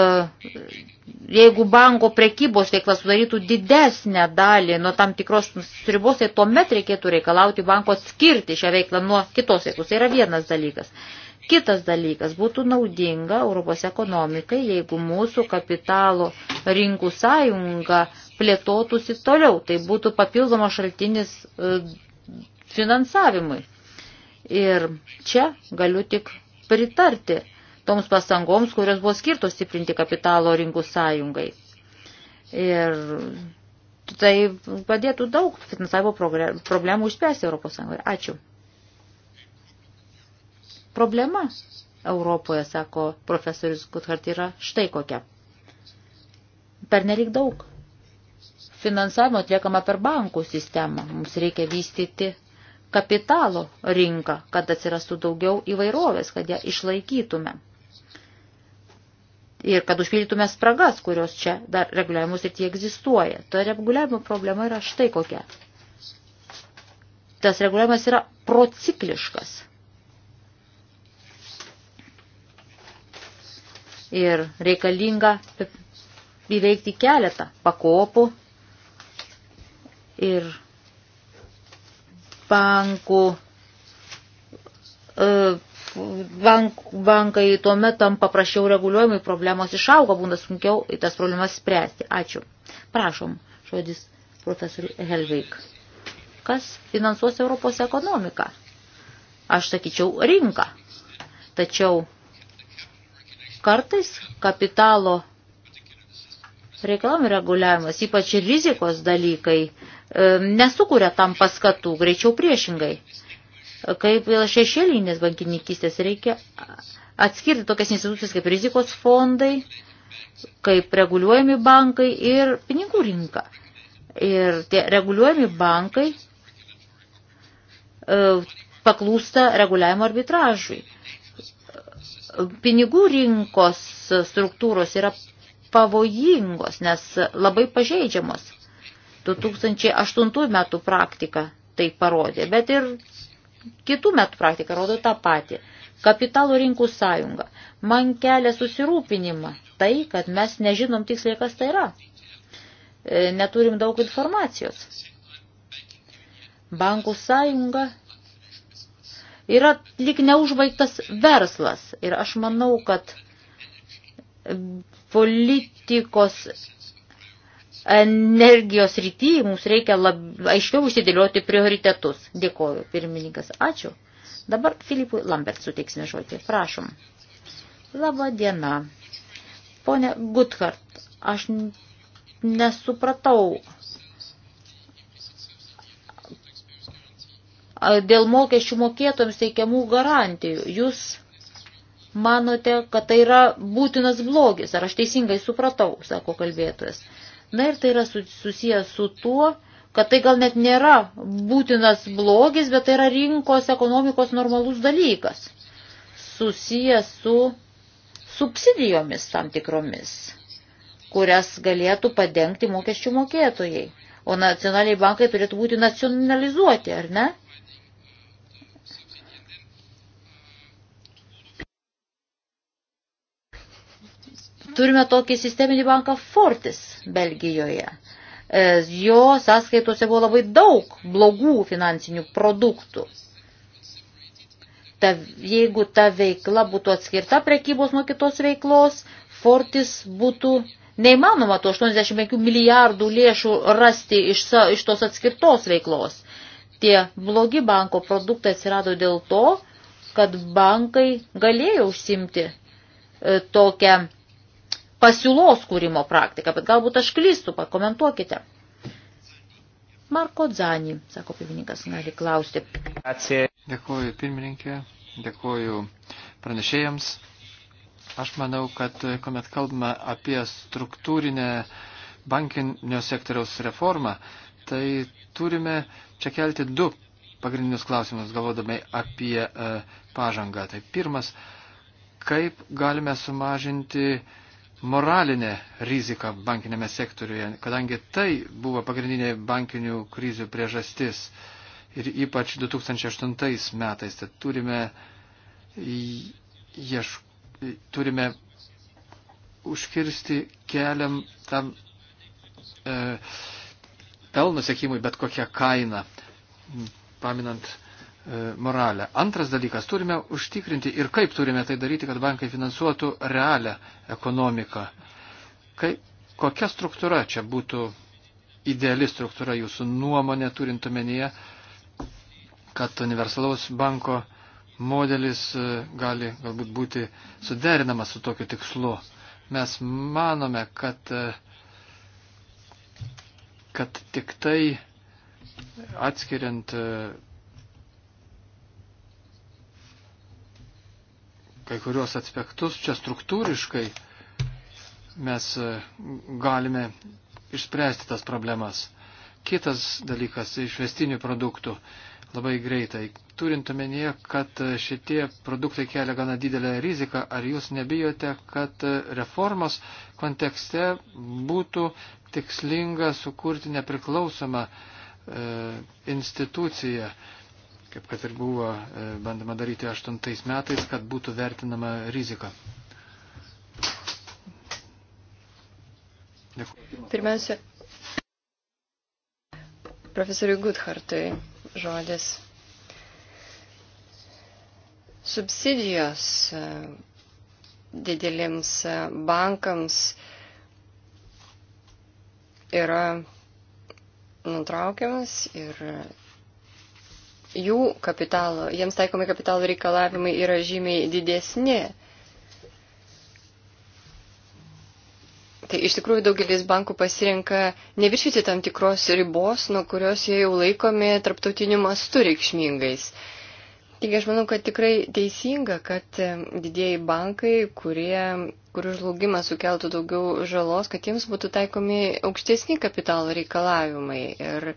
jeigu banko prekybos veikla sudarytų didesnę dalį nuo tam tikros ribos, tai tuomet reikėtų reikalauti banko atskirti šią veiklą nuo kitos veiklos. Tai yra vienas dalykas. Kitas dalykas būtų naudinga Europos ekonomikai, jeigu mūsų kapitalo rinkų sąjunga plėtotųsi toliau. Tai būtų papildomas šaltinis e, finansavimui. Ir čia galiu tik pritarti toms pastangoms, kurios buvo skirtos stiprinti kapitalo rinkų sąjungai. Ir tai padėtų daug finansavimo problemų išspręsti Europos Sąjungoje. Ačiū. Problema Europoje, sako profesorius Guthart, yra štai kokia. Per nelik daug. Finansavimo atliekama per bankų sistemą. Mums reikia vystyti kapitalo rinką, kad atsirastų daugiau įvairovės, kad ją išlaikytume. Ir kad užpildytume spragas, kurios čia dar reguliavimus ir tie egzistuoja. Ta reguliavimo problema yra štai kokia. Tas reguliavimas yra procikliškas. Ir reikalinga įveikti keletą pakopų ir bankų, e, bank, bankai tuo metu tam paprasčiau reguliuojami, problemos išaugo, būna sunkiau tas problemas spręsti. Ačiū. Prašom, žodis profesoriui Helveik. Kas finansuos Europos ekonomiką? Aš sakyčiau rinką. Tačiau kartais kapitalo reikalavimų reguliavimas, ypač rizikos dalykai, E, nesukuria tam paskatų, greičiau priešingai. Kaip šešėlinės bankininkystės reikia atskirti tokias institucijas kaip rizikos fondai, kaip reguliuojami bankai ir pinigų rinka. Ir tie reguliuojami bankai e, paklūsta reguliavimo arbitražui. Pinigų rinkos struktūros yra pavojingos, nes labai pažeidžiamos. 2008 metų praktika tai parodė, bet ir kitų metų praktika rodo tą patį. Kapitalo rinkų sąjunga. Man kelia susirūpinimą tai, kad mes nežinom tiksliai, kas tai yra. E, neturim daug informacijos. Bankų sąjunga yra lik neužbaigtas verslas. Ir aš manau, kad politikos energijos rytyje mums reikia lab, aiškiau užsidėlioti prioritetus. Dėkoju, pirmininkas. Ačiū. Dabar Filipui Lambert suteiksime žodį. Prašom. Labą dieną. Pone Guthart, aš nesupratau. Dėl mokesčių mokėtojams teikiamų garantijų. Jūs manote, kad tai yra būtinas blogis. Ar aš teisingai supratau, sako kalbėtojas. Na ir tai yra susijęs su tuo, kad tai gal net nėra būtinas blogis, bet tai yra rinkos ekonomikos normalus dalykas, susijęs su subsidijomis tam tikromis, kurias galėtų padengti mokesčių mokėtojai. O nacionaliai bankai turėtų būti nacionalizuoti, ar ne? Turime tokį sisteminį banką Fortis Belgijoje. E, jo sąskaitose buvo labai daug blogų finansinių produktų. Ta, jeigu ta veikla būtų atskirta prekybos nuo kitos veiklos, Fortis būtų neįmanoma tų 85 milijardų lėšų rasti iš, sa, iš tos atskirtos veiklos. Tie blogi banko produktai atsirado dėl to, kad bankai galėjo užsimti e, tokią pasiūlos kūrimo praktiką, bet galbūt aš klystu, pakomentuokite. Marko Dzani, sako pirmininkas, gali klausti. Atsė. Dėkuoju pirmininkė, dėkuoju pranešėjams. Aš manau, kad kuomet kalbame apie struktūrinę bankinio sektoriaus reformą, tai turime čia kelti du pagrindinius klausimus, galvodami apie e, pažangą. Tai pirmas, kaip galime sumažinti uh, moralinė rizika bankinėme sektoriuje, kadangi tai buvo pagrindinė bankinių krizių priežastis ir ypač 2008 metais. Tad turime, ieš, turime užkirsti keliam tam e, pelno sėkimui bet kokią kainą, paminant E, moralę. Antras dalykas, turime užtikrinti ir kaip turime tai daryti, kad bankai finansuotų realią ekonomiką. Kai, kokia struktūra čia būtų ideali struktūra jūsų nuomonė, turint omenyje, kad universalaus banko modelis e, gali galbūt būti suderinamas su tokiu tikslu. Mes manome, kad, e, kad tik tai atskiriant kai kurios aspektus čia struktūriškai mes e, galime išspręsti tas problemas. Kitas dalykas - išvestinių produktų labai greitai. Turint omenyje, kad e, šitie produktai kelia gana didelę riziką, ar jūs nebijote, kad e, reformos kontekste būtų tikslinga sukurti nepriklausomą e, instituciją, kaip kad ir buvo e, bandama daryti 8 metais, kad būtų vertinama rizika. Pirmiausia, profesoriui Guthartui žodis. Subsidijos e, didelėms e, bankams yra nutraukiamas ir jų kapitalo, jiems taikomi kapitalo reikalavimai yra žymiai didesni. Tai iš tikrųjų daugelis bankų pasirenka neviršyti tam tikros ribos, nuo kurios jie jau laikomi tarptautiniu mastu reikšmingais. Taigi aš manau, kad tikrai teisinga, kad e, didieji bankai, kurie, kurių žlugimas sukeltų daugiau žalos, kad jiems būtų taikomi aukštesni kapitalo reikalavimai. Ir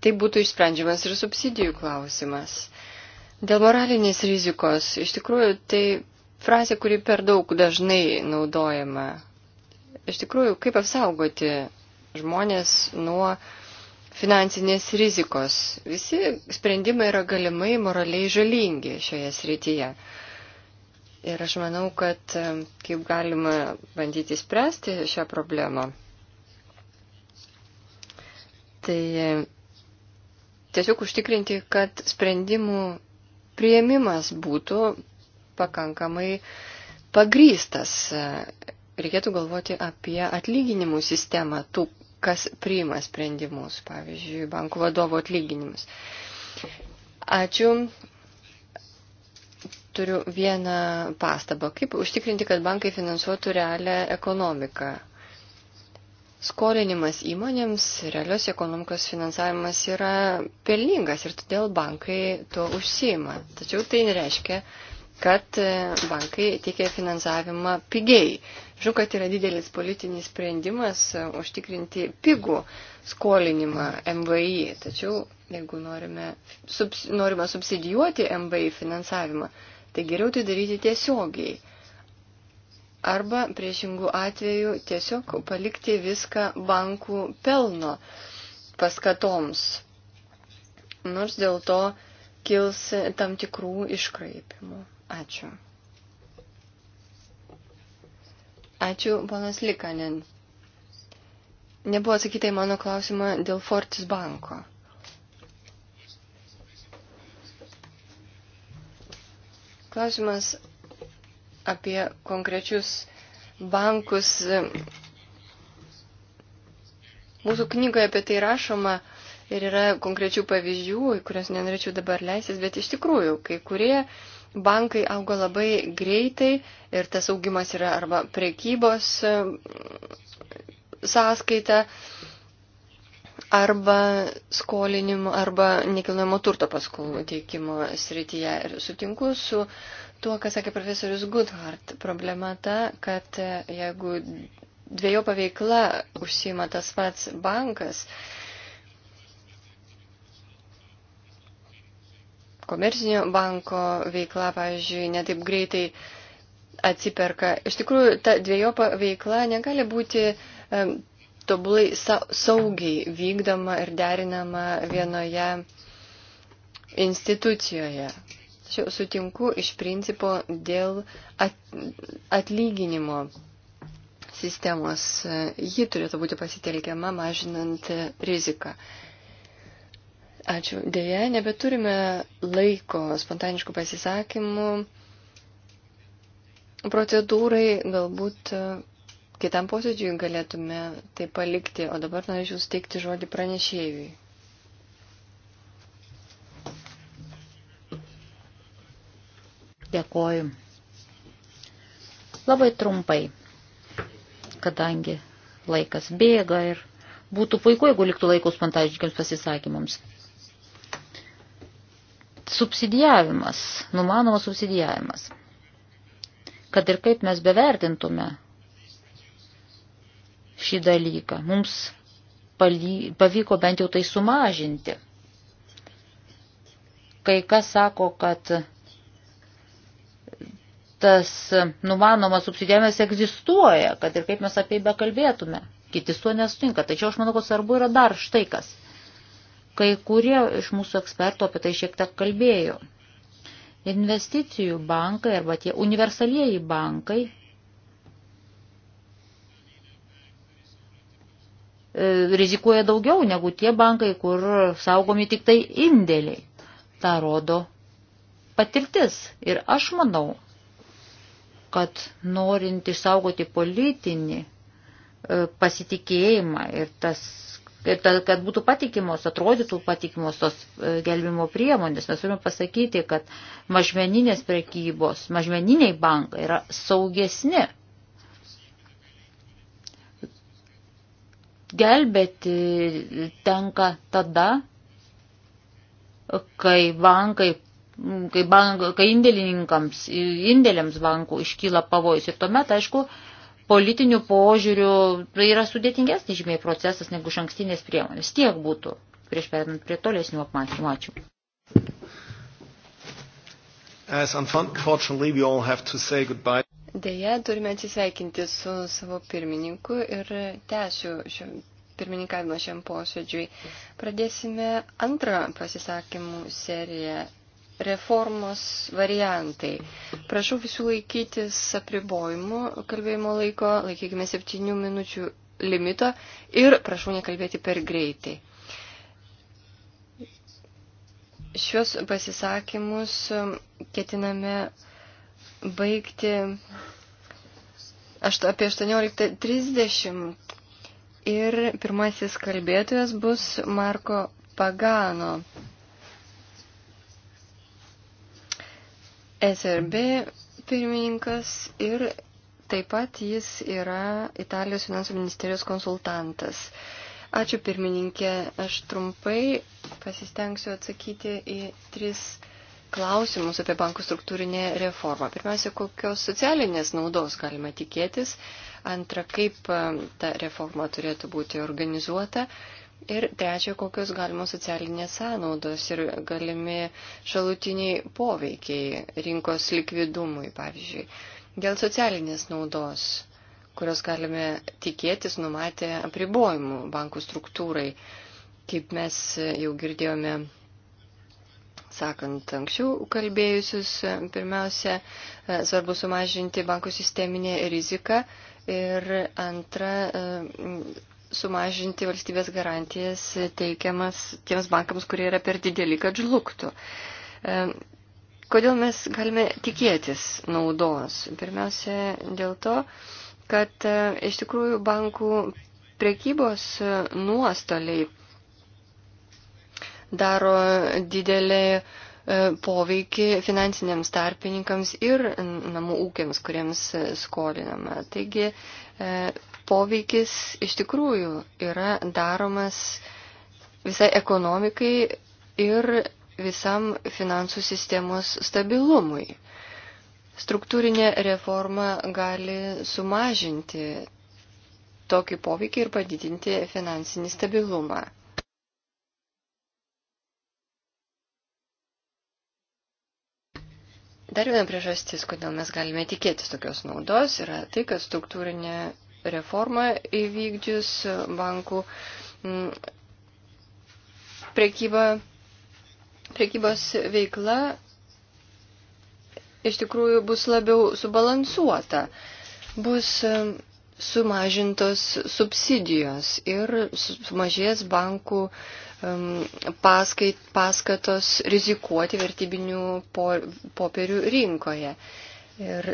Tai būtų išsprendžiamas ir subsidijų klausimas. Dėl moralinės rizikos, iš tikrųjų, tai frazė, kuri per daug dažnai naudojama. Iš tikrųjų, kaip apsaugoti žmonės nuo finansinės rizikos. Visi sprendimai yra galimai moraliai žalingi šioje srityje. Ir aš manau, kad kaip galima bandyti spręsti šią problemą, tai tiesiog užtikrinti, kad sprendimų prieimimas būtų pakankamai pagrystas. Reikėtų galvoti apie atlyginimų sistemą tų, kas priima sprendimus, pavyzdžiui, bankų vadovo atlyginimus. Ačiū. Turiu vieną pastabą. Kaip užtikrinti, kad bankai finansuotų realią ekonomiką? skolinimas įmonėms, realios ekonomikos finansavimas yra pelningas ir todėl bankai tuo užsima. Tačiau tai nereiškia, kad e, bankai teikia finansavimą pigiai. Žinau, kad yra didelis politinis sprendimas e, užtikrinti pigų skolinimą MVI, tačiau jeigu norime, subs, norime subsidijuoti MVI finansavimą, tai geriau tai daryti tiesiogiai arba priešingų atvejų tiesiog palikti viską bankų pelno paskatoms. Nors dėl to kils tam tikrų iškraipimų. Ačiū. Ačiū, ponas Likanin. Nebuvo atsakyta į mano klausimą dėl Fortis banko. Klausimas apie konkrečius bankus. Mūsų knygoje apie tai rašoma ir yra konkrečių pavyzdžių, į kuriuos nenorėčiau dabar leistis, bet iš tikrųjų, kai kurie bankai auga labai greitai ir tas augimas yra arba prekybos sąskaita, arba skolinimo, arba nekilnojamo turto paskolų teikimo srityje. Ir sutinku su tuo, ką sakė profesorius Goodhart. Problema ta, kad e, jeigu dviejų paveikla užsima tas pats bankas, komercinio banko veikla, pavyzdžiui, netaip greitai atsiperka. Iš tikrųjų, ta dviejopa veikla negali būti e, tobulai saugiai vykdoma ir derinama vienoje institucijoje. Tačiau sutinku iš principo dėl atlyginimo sistemos. Ji turėtų būti pasitelkiama mažinant riziką. Ačiū. Deja, nebeturime laiko spontaniškų pasisakymų. Procedūrai galbūt e, kitam posėdžiui galėtume tai palikti, o dabar norėčiau steikti žodį pranešėjui. Dėkoju. Labai trumpai, kadangi laikas bėga ir būtų puiku, jeigu liktų laiko spontažiškiams pasisakymams. Subsidijavimas, numanomas subsidijavimas. Kad ir kaip mes bevertintume šį dalyką, mums pavyko bent jau tai sumažinti. Kai kas sako, kad tas numanomas subsidijavimas egzistuoja, kad ir kaip mes apie jį bekalbėtume. Kiti su tuo nesutinka. Tačiau aš manau, kad svarbu yra dar štai kas. Kai kurie iš mūsų ekspertų apie tai šiek tiek kalbėjo. Investicijų bankai arba tie universalieji bankai e, rizikuoja daugiau negu tie bankai, kur saugomi tik tai indėliai. Ta rodo patirtis. Ir aš manau, kad norint išsaugoti politinį e, pasitikėjimą ir tas kad būtų patikimos, atrodytų patikimos tos e, gelbimo priemonės. Mes turime pasakyti, kad mažmeninės prekybos, mažmeniniai bankai yra saugesni. Gelbėti tenka tada, kai bankai kai, bank, kai indėlininkams, indėliams bankų iškyla pavojus. Ir tuomet, aišku, politinių požiūrių tai yra sudėtingesnis žymiai procesas negu šankstinės priemonės. Tiek būtų prieš perinant prie tolesnių apmąstymų. Ačiū. As unfortunately we all have to say goodbye. Deja, turime atsisveikinti su savo pirmininku ir tęsiu šio pirmininkavimą šiam posėdžiui. Pradėsime antrą pasisakymų seriją reformos variantai. Prašau visų laikytis apribojimų kalbėjimo laiko, laikykime septynių minučių limito ir prašau nekalbėti per greitai. Šios pasisakymus ketiname baigti apie 18.30 ir pirmasis kalbėtojas bus Marko Pagano. SRB pirmininkas ir taip pat jis yra Italijos finansų ministerijos konsultantas. Ačiū pirmininkė, aš trumpai pasistengsiu atsakyti į tris klausimus apie bankų struktūrinę reformą. Pirmiausia, kokios socialinės naudos galima tikėtis. Antra, kaip e, ta reforma turėtų būti organizuota. Uh, Ir trečia, kokios galimos socialinės sąnaudos ir galimi šalutiniai poveikiai rinkos likvidumui, pavyzdžiui, dėl socialinės naudos, kurios galime tikėtis numatę apribojimų bankų struktūrai, kaip mes jau girdėjome, sakant anksčiau kalbėjusius, pirmiausia, svarbu sumažinti bankų sisteminę riziką ir antra, sumažinti valstybės garantijas teikiamas tiems bankams, kurie yra per dideli, kad žlugtų. E, kodėl mes galime tikėtis naudos? Pirmiausia, dėl to, kad e, iš tikrųjų bankų prekybos nuostoliai daro didelį e, poveikį finansiniams tarpininkams ir namų ūkiams, kuriems skolinama. Taigi poveikis iš tikrųjų yra daromas visai ekonomikai ir visam finansų sistemos stabilumui. Struktūrinė reforma gali sumažinti tokį poveikį ir padidinti finansinį stabilumą. Dar viena priežastis, kodėl mes galime tikėtis tokios naudos, yra tai, kad struktūrinė reformą įvykdžius bankų mm, prekyba, prekybos veikla iš tikrųjų bus labiau subalansuota, bus mm, sumažintos subsidijos ir sumažės bankų mm, paskait, paskatos rizikuoti vertybinių popierių rinkoje. Ir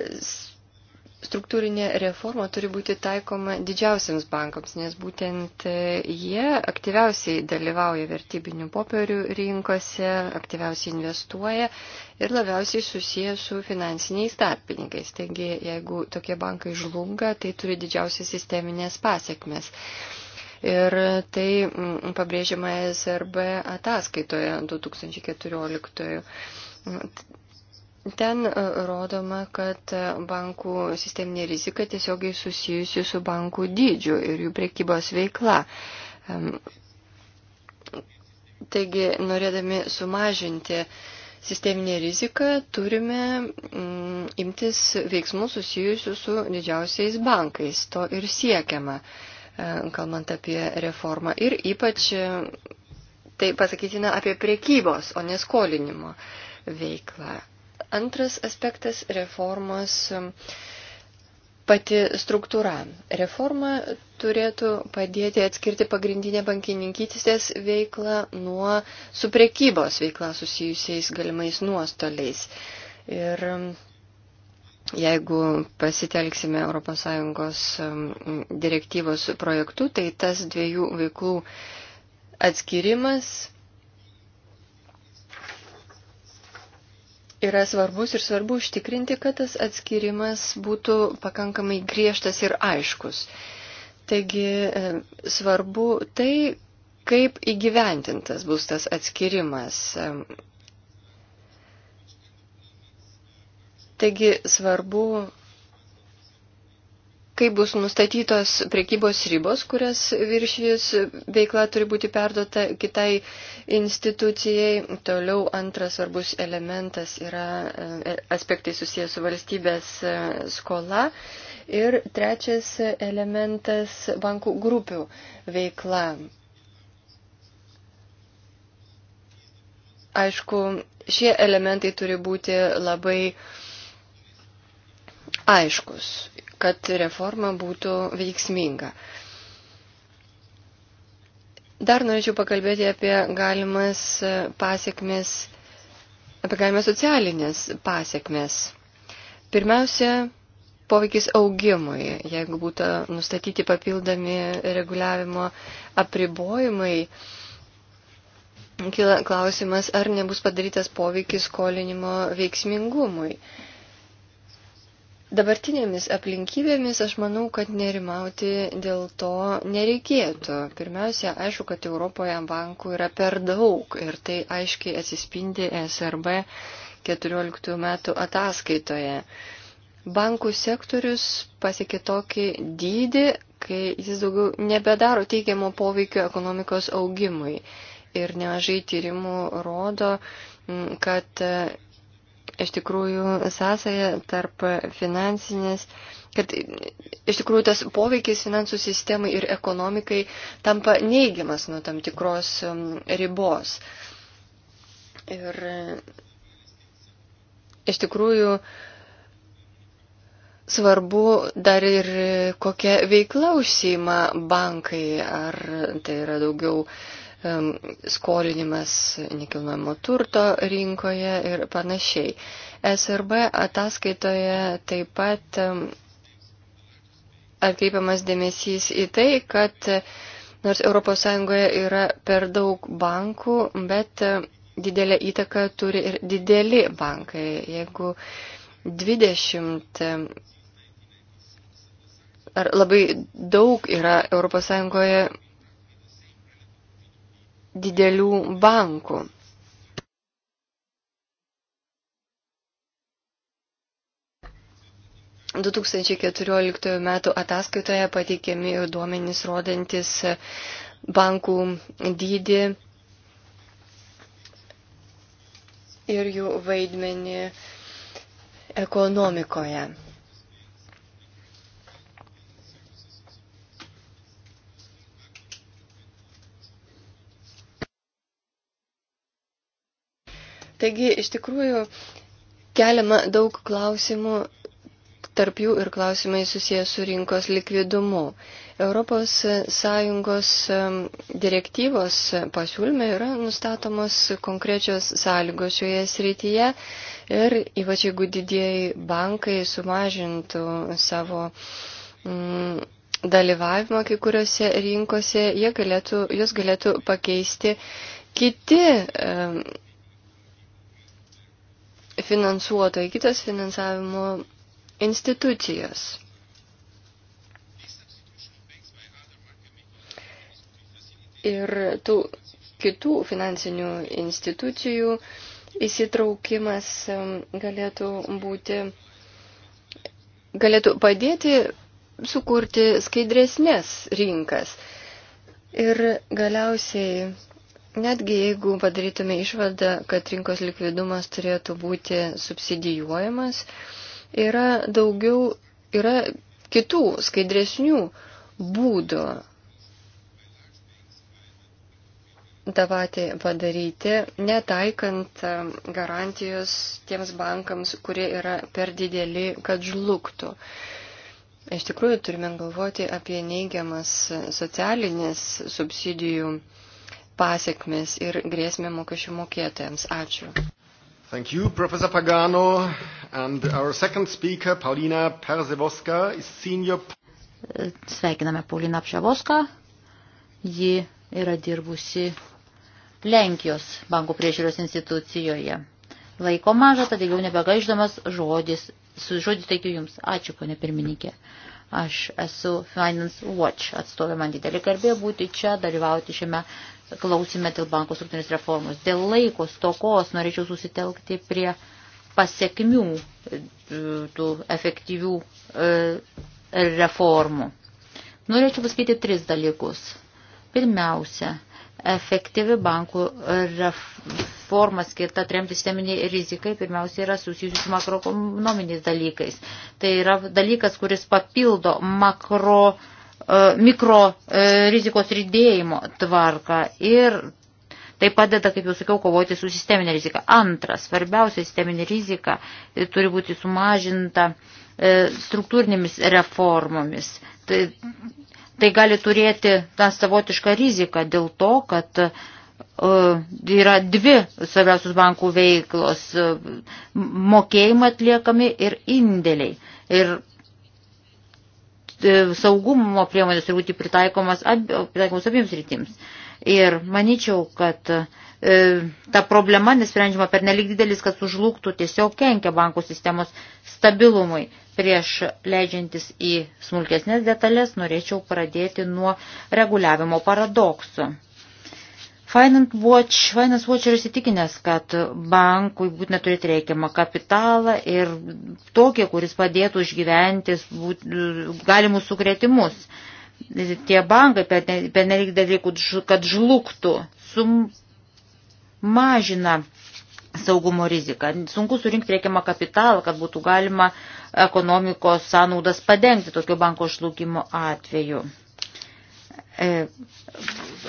struktūrinė reforma turi būti taikoma didžiausiams bankams, nes būtent e, jie aktyviausiai dalyvauja vertybinių popierių rinkose, aktyviausiai investuoja ir labiausiai susiję su finansiniais tarpininkais. Taigi, jeigu tokie bankai žlunga, tai turi didžiausias sisteminės pasiekmes. Ir tai mm, pabrėžiama SRB ataskaitoje 2014. Ten e, rodoma, kad e, bankų sisteminė rizika tiesiogiai susijusi su bankų dydžiu ir jų priekybos veikla. Taigi, norėdami sumažinti sisteminė rizika, turime mm, imtis veiksmų susijusių su didžiausiais bankais. To ir siekiama, e, kalbant apie reformą. Ir ypač tai pasakytina apie priekybos, o neskolinimo veiklą. Antras aspektas - reformos um, pati struktūra. Reforma turėtų padėti atskirti pagrindinę bankininkytės veiklą nuo su prekybos veikla susijusiais galimais nuostoliais. Ir um, jeigu pasitelksime ES um, direktyvos projektų, tai tas dviejų veiklų atskirimas yra svarbus ir svarbu užtikrinti, kad tas atskirimas būtų pakankamai griežtas ir aiškus. Taigi e, svarbu tai, kaip įgyventintas bus tas atskirimas. E, taigi svarbu kaip bus nustatytos prekybos ribos, kurias viršijus veikla turi būti perduota kitai institucijai. Toliau antras svarbus elementas yra e, aspektai susijęs su valstybės e, skola. Ir trečias elementas - bankų grupių veikla. Aišku, šie elementai turi būti labai aiškus kad reforma būtų veiksminga. Dar norėčiau pakalbėti apie galimas pasiekmes, apie galimas socialinės pasiekmes. Pirmiausia, poveikis augimui, jeigu būtų nustatyti papildomi reguliavimo apribojimai. Kila klausimas, ar nebus padarytas poveikis skolinimo veiksmingumui. Dabartinėmis aplinkybėmis aš manau, kad nerimauti dėl to nereikėtų. Pirmiausia, aišku, kad Europoje bankų yra per daug ir tai aiškiai atsispindi SRB 14 metų ataskaitoje. Bankų sektorius pasiekė tokį dydį, kai jis daugiau nebedaro teigiamo poveikio ekonomikos augimui. Ir nemažai tyrimų rodo, mm, kad iš tikrųjų sąsaja tarp finansinės, kad iš tikrųjų tas poveikis finansų sistemai ir ekonomikai tampa neigiamas nuo tam tikros um, ribos. Ir e, iš tikrųjų svarbu dar ir kokia veikla užsima bankai, ar tai yra daugiau skolinimas nekilnojamo turto rinkoje ir panašiai. SRB ataskaitoje taip pat atkreipiamas dėmesys į tai, kad nors ES yra per daug bankų, bet didelę įtaką turi ir dideli bankai. Jeigu 20 ar labai daug yra ES didelių bankų. Du 2014 m. ataskaitoje pateikiami duomenys rodantis bankų dydį ir jų vaidmenį ekonomikoje. Taigi, iš tikrųjų, keliama daug klausimų, tarp jų ir klausimai susijęs su rinkos likvidumu. ES direktyvos pasiūlyme yra nustatomos konkrečios sąlygos šioje srityje ir ypač jeigu didieji bankai sumažintų savo mm, dalyvavimą kai kuriuose rinkose, galėtų, jos galėtų pakeisti kiti. Mm, finansuotojai, kitos finansavimo institucijos. Ir tų kitų finansinių institucijų įsitraukimas galėtų būti, galėtų padėti sukurti skaidresnės rinkas. Ir galiausiai Netgi jeigu padarytume išvadą, kad rinkos likvidumas turėtų būti subsidijuojamas, yra daugiau, yra kitų skaidresnių būdų tą patį padaryti, netaikant garantijos tiems bankams, kurie yra per dideli, kad žlugtų. Iš tikrųjų turime galvoti apie neigiamas socialinės subsidijų pasiekmes ir grėsmė mokesčių mokėtojams. Ačiū. Thank you, Professor Pagano. And our second speaker, Paulina Perzevoska, is senior... Sveikiname Pauliną Apševoską. Ji yra dirbusi Lenkijos bankų priežiūros institucijoje. Laiko maža, tad jau nebegaiždamas žodis, su žodis teikiu Jums. Ačiū, ponė pirmininkė. Aš esu Finance Watch atstovė, man didelį garbė būti čia, dalyvauti šiame klausime dėl banko struktūrinės reformos. Dėl laiko stokos norėčiau susitelkti prie pasiekmių e, tų efektyvių e, reformų. Norėčiau pasakyti tris dalykus. Pirmiausia, efektyvi bankų reforma skirta tremti sisteminiai rizikai pirmiausia yra susijusi su makroekonominiais dalykais. Tai yra dalykas, kuris papildo makro uh, E, mikro e, rizikos rydėjimo tvarką ir tai padeda, kaip jau sakiau, kovoti su sisteminė rizika. Antra, svarbiausia sisteminė rizika e, turi būti sumažinta struktūrinėmis reformomis. Tai, tai gali turėti tą savotišką riziką dėl to, kad yra dvi svarbiausios bankų veiklos – mokėjimai atliekami ir indėliai. Ir E, saugumo priemonės turi būti pritaikomas, pritaikomas abiems rytims. Ir manyčiau, kad e, ta problema nesprendžiama per nelik didelis, kad sužlugtų tiesiog kenkia bankų sistemos stabilumui. Prieš leidžiantis į smulkesnės detalės norėčiau pradėti nuo reguliavimo paradoksų. Finance, Watch, Finance Watcher įsitikinęs, kad bankui būtina turėti reikiamą kapitalą ir tokį, kuris padėtų išgyventi galimus sukretimus. Tie bankai, per nelik dalykų, kad žlugtų, sumažina saugumo riziką. Sunku surinkti reikiamą kapitalą, kad būtų galima ekonomikos sąnaudas padengti tokio banko žlugimo atveju. E,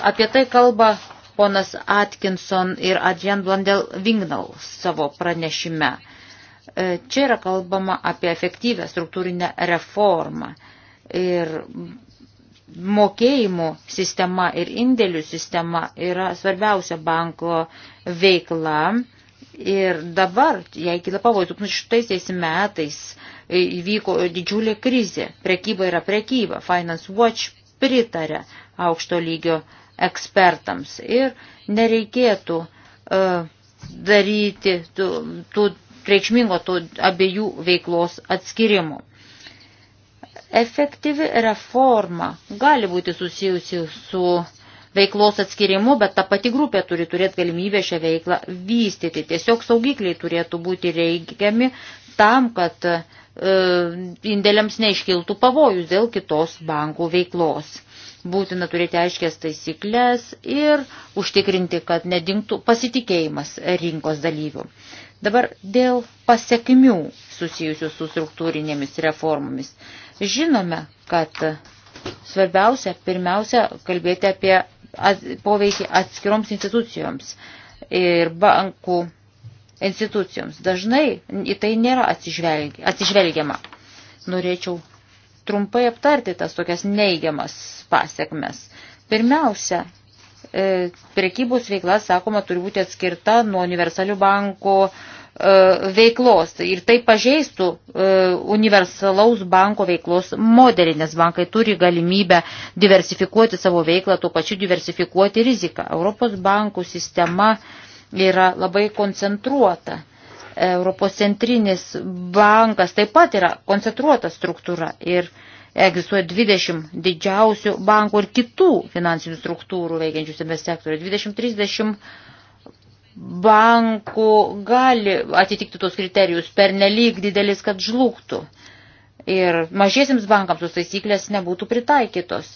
apie tai kalba ponas Atkinson ir Adrian Blondel Vignal savo pranešime. E, čia yra kalbama apie efektyvę struktūrinę reformą ir mokėjimų sistema ir indėlių sistema yra svarbiausia banko veikla. Ir dabar, jei kita pavojus, 2006 metais įvyko didžiulė krizė. Prekyba yra prekyba. Finance Watch pritarė aukšto lygio ekspertams ir nereikėtų uh, daryti tų, tų reikšmingo tų abiejų veiklos atskirimų. Efektyvi reforma gali būti susijusi su veiklos atskirimu, bet ta pati grupė turi turėti galimybę šią veiklą vystyti. Tiesiog saugikliai turėtų būti reikiami tam, kad e, indėliams neiškiltų pavojus dėl kitos bankų veiklos būtina turėti aiškės taisyklės ir užtikrinti, kad nedingtų pasitikėjimas rinkos dalyvių. Dabar dėl pasiekmių susijusių su struktūrinėmis reformomis. Žinome, kad svarbiausia pirmiausia kalbėti apie poveikį atskiroms institucijoms ir bankų institucijoms. Dažnai į tai nėra atsižvelgiama. Norėčiau trumpai aptarti tas tokias neigiamas pasiekmes. Pirmiausia, e, prekybos veikla, sakoma, turi būti atskirta nuo universalių bankų e, veiklos ir tai pažeistų e, universalaus banko veiklos modelį, nes bankai turi galimybę diversifikuoti savo veiklą, tuo pačiu diversifikuoti riziką. Europos bankų sistema yra labai koncentruota Europos centrinis bankas taip pat yra koncentruota struktūra ir egzistuoja 20 didžiausių bankų ir kitų finansinių struktūrų veikiančių tame sektoriuje. 20-30 bankų gali atitikti tos kriterijus per nelik didelis, kad žlugtų. Ir mažiesiams bankams tos taisyklės nebūtų pritaikytos.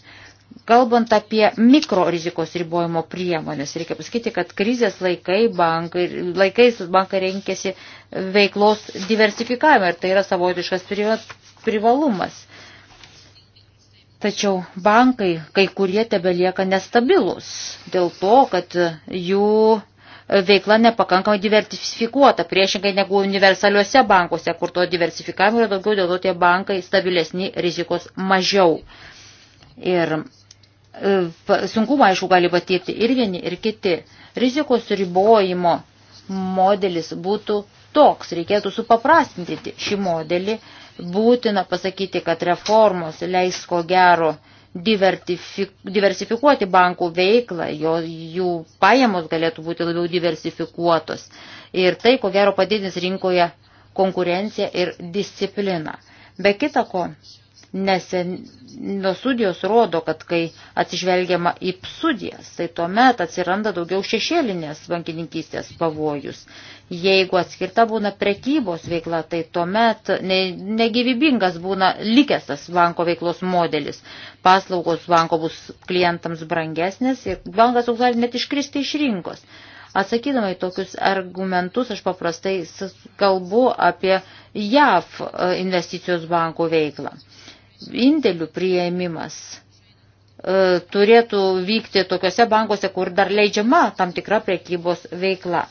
Kalbant apie mikro rizikos ribojimo priemonės, reikia pasakyti, kad krizės laikai bankai, laikais bankai renkėsi veiklos diversifikavimą ir tai yra savotiškas privalumas. Tačiau bankai, kai kurie tebelieka nestabilus dėl to, kad jų veikla nepakankamai diversifikuota, priešingai negu universaliuose bankuose, kur to diversifikavimo yra daugiau, dėl to tie bankai stabilesni, rizikos mažiau. Ir E, sunkumą, aišku, gali patirti ir vieni, ir kiti. Rizikos ribojimo modelis būtų toks, reikėtų supaprastinti šį modelį, būtina pasakyti, kad reformos leis ko gero diversifikuoti bankų veiklą, jo, jų pajamos galėtų būti labiau diversifikuotos ir tai ko gero padidins rinkoje konkurenciją ir discipliną. Be kita ko, Nesenios studijos rodo, kad kai atsižvelgiama į studijas, tai tuomet atsiranda daugiau šešėlinės bankininkystės pavojus. Jeigu atskirta būna prekybos veikla, tai tuomet negyvybingas būna likęs tas banko veiklos modelis. Paslaugos banko bus klientams brangesnės ir bankas jau gali net iškristi iš rinkos. Atsakydama į tokius argumentus, aš paprastai kalbu apie JAV e, investicijos bankų veiklą indėlių prieimimas e, turėtų vykti tokiuose bankuose, kur dar leidžiama tam tikra prekybos veikla.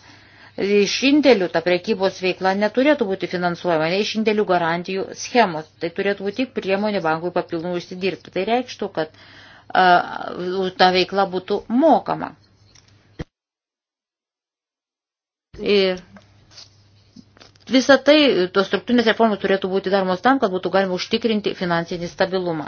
Iš indėlių ta prekybos veikla neturėtų būti finansuojama, ne iš indėlių garantijų schemos. Tai turėtų būti tik priemonė bankui papildomai užsidirbti. Tai reikštų, kad uh, ta veikla būtų mokama. Ir Visą tai, tos struktūrinės reformos turėtų būti daromos tam, kad būtų galima užtikrinti finansinį stabilumą.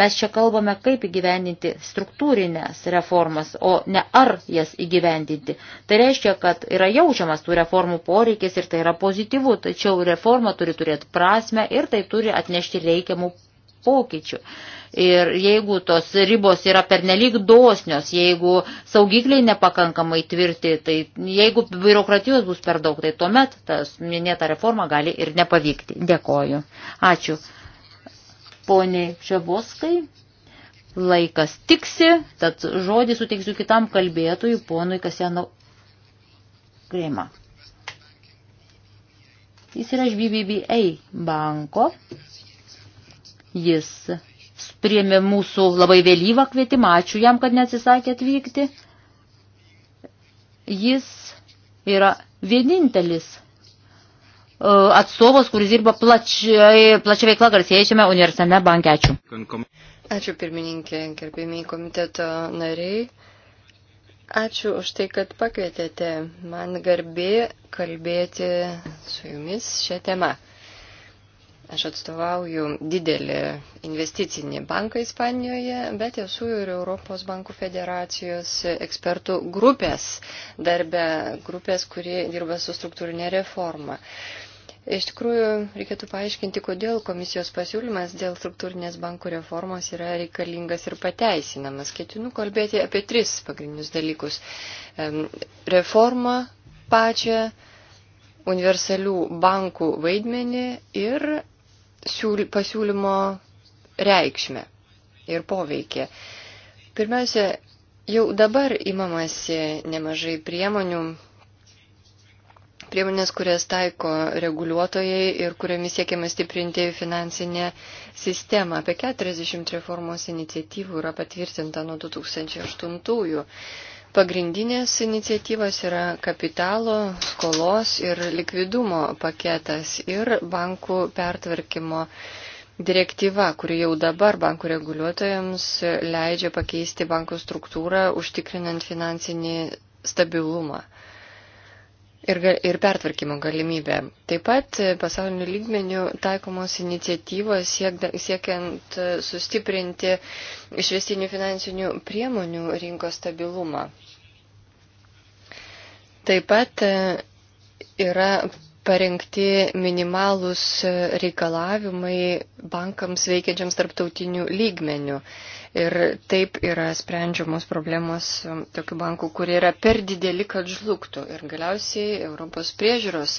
Mes čia kalbame, kaip įgyvendinti struktūrinės reformas, o ne ar jas įgyvendinti. Tai reiškia, kad yra jaučiamas tų reformų poreikis ir tai yra pozityvu, tačiau reforma turi turėti prasme ir tai turi atnešti reikiamų pokyčių. Ir jeigu tos ribos yra pernelyg dosnios, jeigu saugikliai nepakankamai tvirti, tai jeigu biurokratijos bus per daug, tai tuomet tas minėta reforma gali ir nepavykti. Dėkoju. Ačiū. Poniai Šeboskai, laikas tiksi, tad žodį suteiksiu kitam kalbėtojui, ponui Kaseno Krema. Jis yra iš BBBA banko Jis priėmė mūsų labai vėlyvą kvietimą, ačiū jam, kad neatsisakė atvykti. Jis yra vienintelis e, atstovas, kuris dirba plačiai, plačia veikla garsėjusiame universitame banke. Ačiū. Ačiū pirmininkė, gerbėmiai komiteto nariai. Ačiū už tai, kad pakvietėte man garbė kalbėti su jumis šią temą. Aš atstovauju didelį investicinį banką Ispanijoje, bet esu ir Europos bankų federacijos ekspertų grupės darbę, grupės, kurie dirba su struktūrinė reforma. Iš tikrųjų, reikėtų paaiškinti, kodėl komisijos pasiūlymas dėl struktūrinės bankų reformos yra reikalingas ir pateisinamas. Ketinu kalbėti apie tris pagrindinius dalykus. Reformą pačią, universalių bankų vaidmenį ir siūly, pasiūlymo reikšmę ir poveikį. Pirmiausia, jau dabar imamasi nemažai priemonių, priemonės, kurias taiko reguliuotojai ir kuriamis siekiama stiprinti finansinę sistemą. Apie 40 reformos iniciatyvų yra patvirtinta nuo 2008. -ųjų. Pagrindinės iniciatyvos yra kapitalo, skolos ir likvidumo paketas ir bankų pertvarkymo direktyva, kuri jau dabar bankų reguliuotojams leidžia pakeisti bankų struktūrą, užtikrinant finansinį stabilumą ir, ir pertvarkymo galimybė. Taip pat e, pasaulinių lygmenių taikomos iniciatyvos siek, siekiant e, sustiprinti išvestinių finansinių priemonių rinkos stabilumą. Taip pat e, yra parengti minimalūs reikalavimai bankams veikiančiams tarptautinių lygmenių. Ir taip yra sprendžiamos problemos um, tokių bankų, kurie yra per dideli, kad žlugtų. Ir galiausiai Europos priežiūros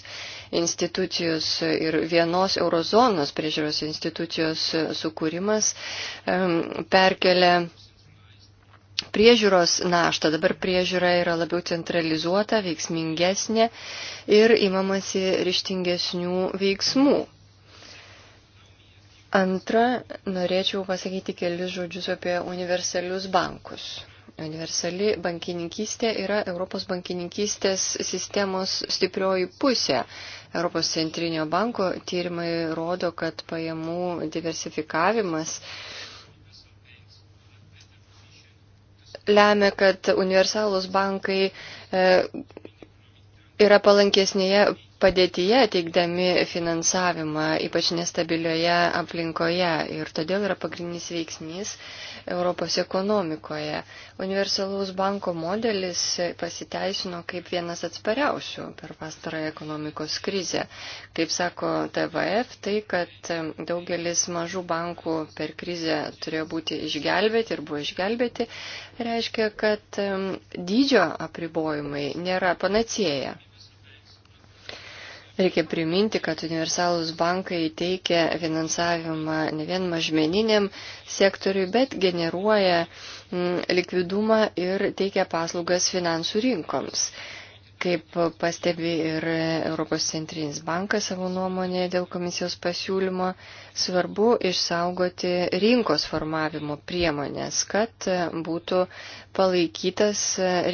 institucijos ir vienos eurozonos priežiūros institucijos uh, sukūrimas um, perkelia priežiūros naštą. Dabar priežiūra yra labiau centralizuota, veiksmingesnė ir imamasi ryštingesnių veiksmų. Antra, norėčiau pasakyti kelius žodžius apie universalius bankus. Universali bankininkystė yra Europos bankininkystės sistemos stiprioji pusė. Europos centrinio banko tyrimai rodo, kad pajamų diversifikavimas lemia, kad universalus bankai e, yra palankesnėje padėtyje teikdami finansavimą, ypač nestabilioje aplinkoje ir todėl yra pagrindinis veiksnys Europos ekonomikoje. Universalaus banko modelis pasiteisino kaip vienas atspariausių per pastarąją ekonomikos krizę. Kaip sako TVF, tai kad daugelis mažų bankų per krizę turėjo būti išgelbėti ir buvo išgelbėti, reiškia, kad dydžio apribojimai nėra panacėja. Reikia priminti, kad universalūs bankai teikia finansavimą ne vien mažmeniniam sektoriui, bet generuoja mm, likvidumą ir teikia paslaugas finansų rinkoms. Kaip pastebi ir Europos centrinis bankas savo nuomonė dėl komisijos pasiūlymo, svarbu išsaugoti rinkos formavimo priemonės, kad būtų palaikytas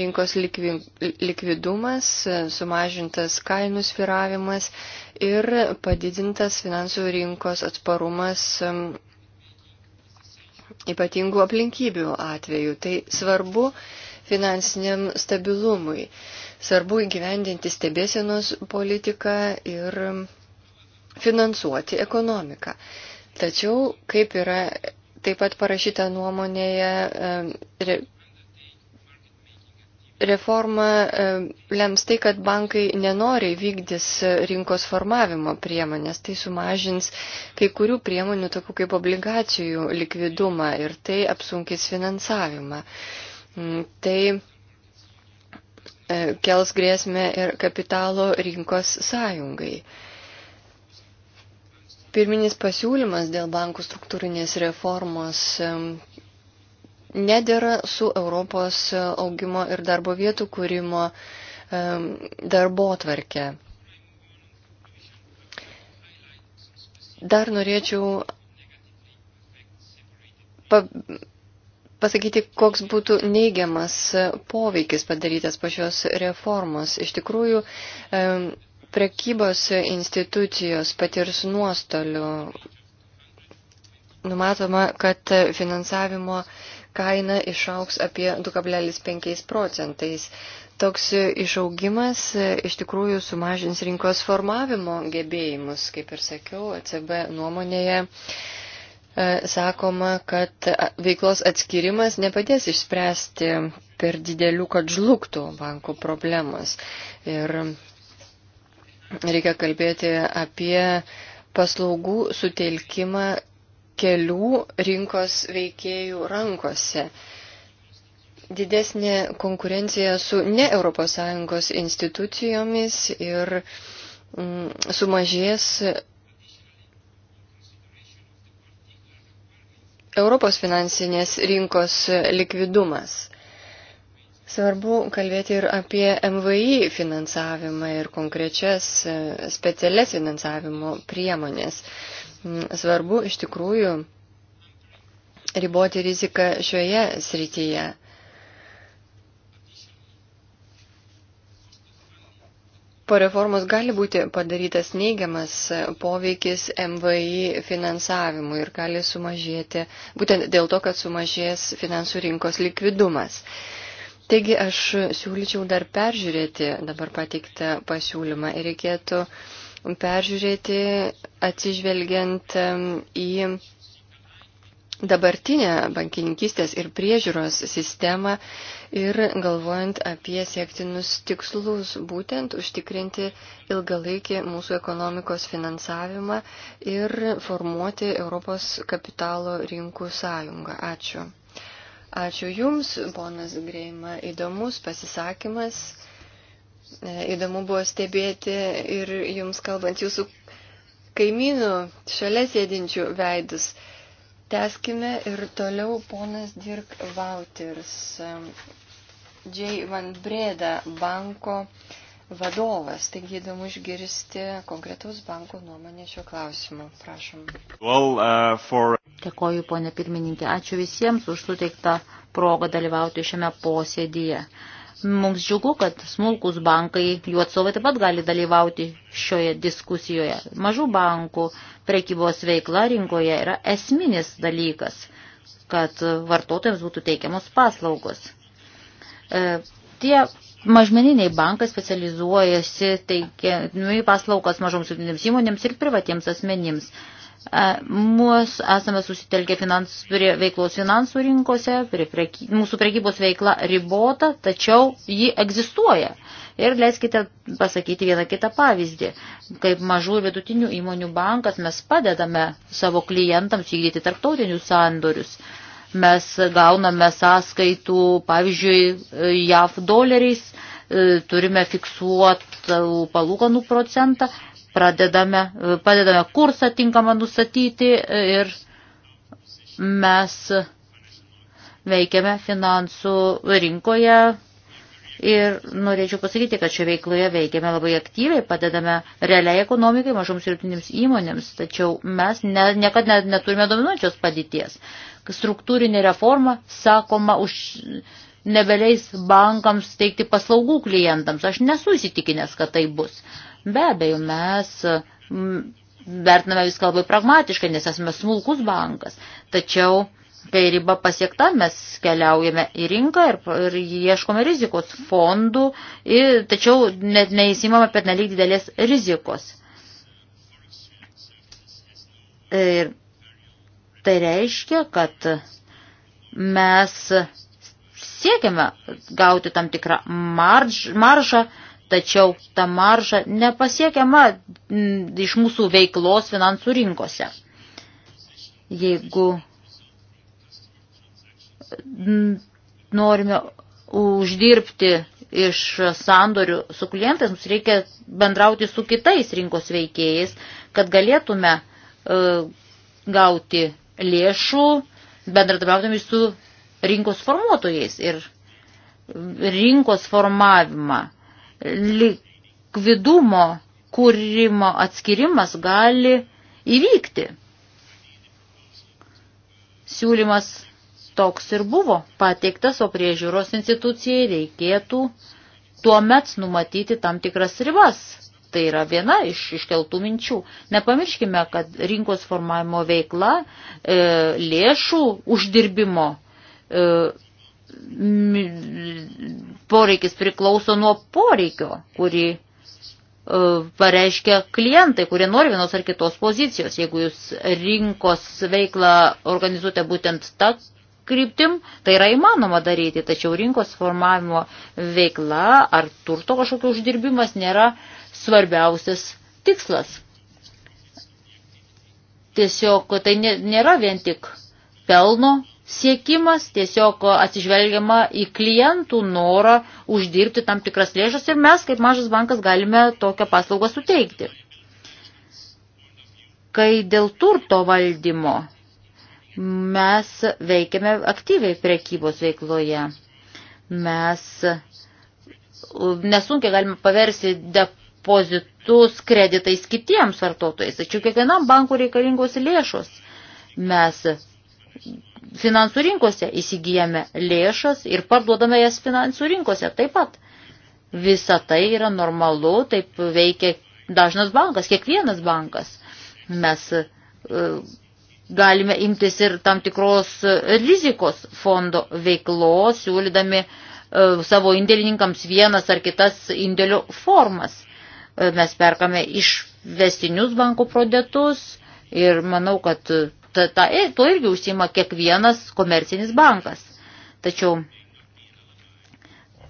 rinkos likvidumas, sumažintas kainų sviravimas ir padidintas finansų rinkos atsparumas um, ypatingų aplinkybių atveju. Tai svarbu finansiniam stabilumui. Svarbu įgyvendinti stebėsienos politiką ir finansuoti ekonomiką. Tačiau, kaip yra taip pat parašyta nuomonėje, reforma lems tai, kad bankai nenori vykdys rinkos formavimo priemonės. Tai sumažins kai kurių priemonių, tokių kaip obligacijų likvidumą ir tai apsunkis finansavimą. Mm, tai E, kels grėsmę ir kapitalo rinkos sąjungai. Pirminis pasiūlymas dėl bankų struktūrinės reformos e, nedėra su Europos augimo ir darbo vietų kūrimo e, darbo tvarkė. Dar norėčiau pasakyti, koks būtų neigiamas poveikis padarytas pačios reformos. Iš tikrųjų, prekybos institucijos patirs nuostolių. Numatoma, kad finansavimo kaina išauks apie 2,5 procentais. Toks išaugimas e, iš tikrųjų sumažins rinkos formavimo gebėjimus, kaip ir sakiau, ECB nuomonėje. Uh, E, sakoma, kad veiklos atskirimas nepadės išspręsti per didelių, kad žlugtų bankų problemos. Ir reikia kalbėti apie paslaugų sutelkimą kelių rinkos veikėjų rankose. Didesnė konkurencija su ne ES institucijomis ir mm, sumažės Europos finansinės rinkos likvidumas. Svarbu kalbėti ir apie MVI finansavimą ir konkrečias e, specialias finansavimo priemonės. Mm, svarbu iš tikrųjų riboti riziką šioje srityje. po reformos gali būti padarytas neigiamas poveikis MVI finansavimui ir gali sumažėti, būtent dėl to, kad sumažės finansų rinkos likvidumas. Taigi aš siūlyčiau dar peržiūrėti dabar pateiktą pasiūlymą ir reikėtų peržiūrėti atsižvelgiant į dabartinę bankininkystės ir priežiūros sistemą ir galvojant apie siektinus tikslus, būtent užtikrinti ilgalaikį mūsų ekonomikos finansavimą ir formuoti Europos kapitalo rinkų sąjungą. Ačiū. Ačiū Jums, ponas Greima, įdomus pasisakymas. E, įdomu buvo stebėti ir Jums kalbant jūsų kaimynų šalia sėdinčių veidus. Teskime ir toliau ponas Dirk Vauters, um, J. Van Breda banko vadovas. Taigi įdomu išgirsti konkretaus banko nuomonę šio klausimu. Prašom. Well, uh, for... Dėkoju, ponė pirmininkė. Ačiū visiems už suteiktą progą dalyvauti šiame posėdyje. Uh, Mums džiugu, kad smulkus bankai, jų atstovai taip pat gali dalyvauti šioje diskusijoje. Mažų bankų prekybos veikla rinkoje yra esminis dalykas, kad vartotojams būtų teikiamos paslaugos. E, tie mažmeniniai bankai specializuojasi teikiami paslaugas mažoms įmonėms ir privatiems asmenims. Mūs esame susitelkę finans, prie veiklos finansų rinkose, prie preky, mūsų prekybos veikla ribota, tačiau ji egzistuoja. Ir leiskite pasakyti vieną kitą pavyzdį. Kaip mažų ir vidutinių įmonių bankas mes padedame savo klientams vykdyti tarptautinius sandorius. Mes gauname sąskaitų, pavyzdžiui, JAV doleriais, e, turime fiksuotų palūkanų procentą pradedame, padedame kursą tinkamą nustatyti ir mes veikiame finansų rinkoje ir norėčiau pasakyti, kad šio veikloje veikiame labai aktyviai, padedame realiai ekonomikai, mažoms ir rytinėms įmonėms, tačiau mes ne, niekad net neturime dominuojančios padėties. Struktūrinė reforma, sakoma, už nebeleis bankams teikti paslaugų klientams. Aš nesu įsitikinęs, kad tai bus. Uh, Be abejo, mes vertiname viską labai pragmatiškai, nes esame smulkus bankas. Tačiau, kai riba pasiekta, mes keliaujame į rinką ir, ir ieškome rizikos fondų, ir, tačiau net neįsimame per nelik didelės rizikos. Ir tai reiškia, kad mes siekiame gauti tam tikrą marž, maržą, tačiau ta marža nepasiekiama mm, iš mūsų veiklos finansų rinkose. Jeigu mm, norime uždirbti iš sandorių su klientais, mums reikia bendrauti su kitais rinkos veikėjais, kad galėtume e, gauti lėšų bendradarbiaudami su rinkos formuotojais ir rinkos formavimą likvidumo kūrimo atskirimas gali įvykti. Siūlymas toks ir buvo pateiktas, o priežiūros institucijai reikėtų tuomet numatyti tam tikras ribas. Tai yra viena iš iškeltų minčių. Nepamirškime, kad rinkos formavimo veikla, e, lėšų uždirbimo e, poreikis priklauso nuo poreikio, kurį e, pareiškia klientai, kurie nori vienos ar kitos pozicijos. Jeigu jūs rinkos veiklą organizuote būtent tą kryptim, tai yra įmanoma daryti, tačiau rinkos formavimo veikla ar turto kažkokio uždirbimas nėra svarbiausias tikslas. Tiesiog tai nėra vien tik pelno siekimas, tiesiog atsižvelgiama į klientų norą uždirbti tam tikras lėšas ir mes kaip mažas bankas galime tokią paslaugą suteikti. Kai dėl turto valdymo mes veikiame aktyviai prekybos veikloje, mes nesunkiai galime paversi depozitus kreditais kitiems vartotojais, tačiau kiekvienam bankų reikalingos lėšos. Mes finansų rinkose įsigijame lėšas ir parduodame jas finansų rinkose taip pat. Visa tai yra normalu, taip veikia dažnas bankas, kiekvienas bankas. Mes e, galime imtis ir tam tikros e, rizikos fondo veiklos, siūlydami e, savo indėlininkams vienas ar kitas indėlių formas. Mes perkame išvestinius bankų prodėtus ir manau, kad Ta, ta, e, tuo irgi užsima kiekvienas komercinis bankas. Tačiau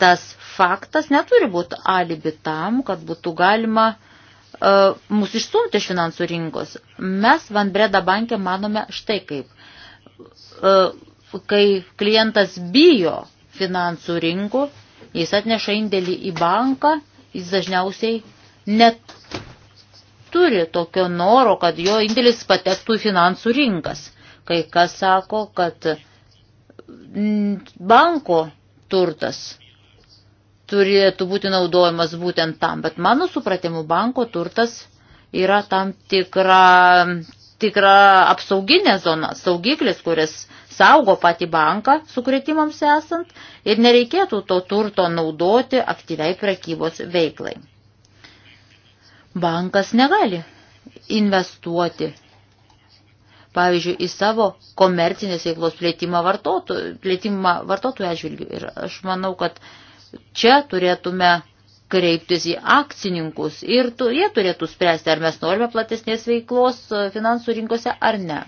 tas faktas neturi būti alibi tam, kad būtų galima uh, e, mūsų išstumti iš finansų rinkos. Mes Van Breda bankė manome štai kaip. Uh, kai klientas bijo finansų rinkų, jis atneša indėlį į banką, jis dažniausiai net neturi tokio noro, kad jo indėlis patektų į finansų rinkas. Kai kas sako, kad banko turtas turėtų būti naudojamas būtent tam, bet mano supratimu banko turtas yra tam tikra, tikra apsauginė zona, saugiklis, kuris saugo patį banką sukretimams esant ir nereikėtų to turto naudoti aktyviai prekybos veiklai bankas negali investuoti, pavyzdžiui, į savo komercinės veiklos plėtimą vartotojų, plėtimą vartotojų atžvilgių. Ir aš manau, kad čia turėtume kreiptis į akcininkus ir tu, jie turėtų spręsti, ar mes norime platesnės veiklos e, finansų rinkose ar ne.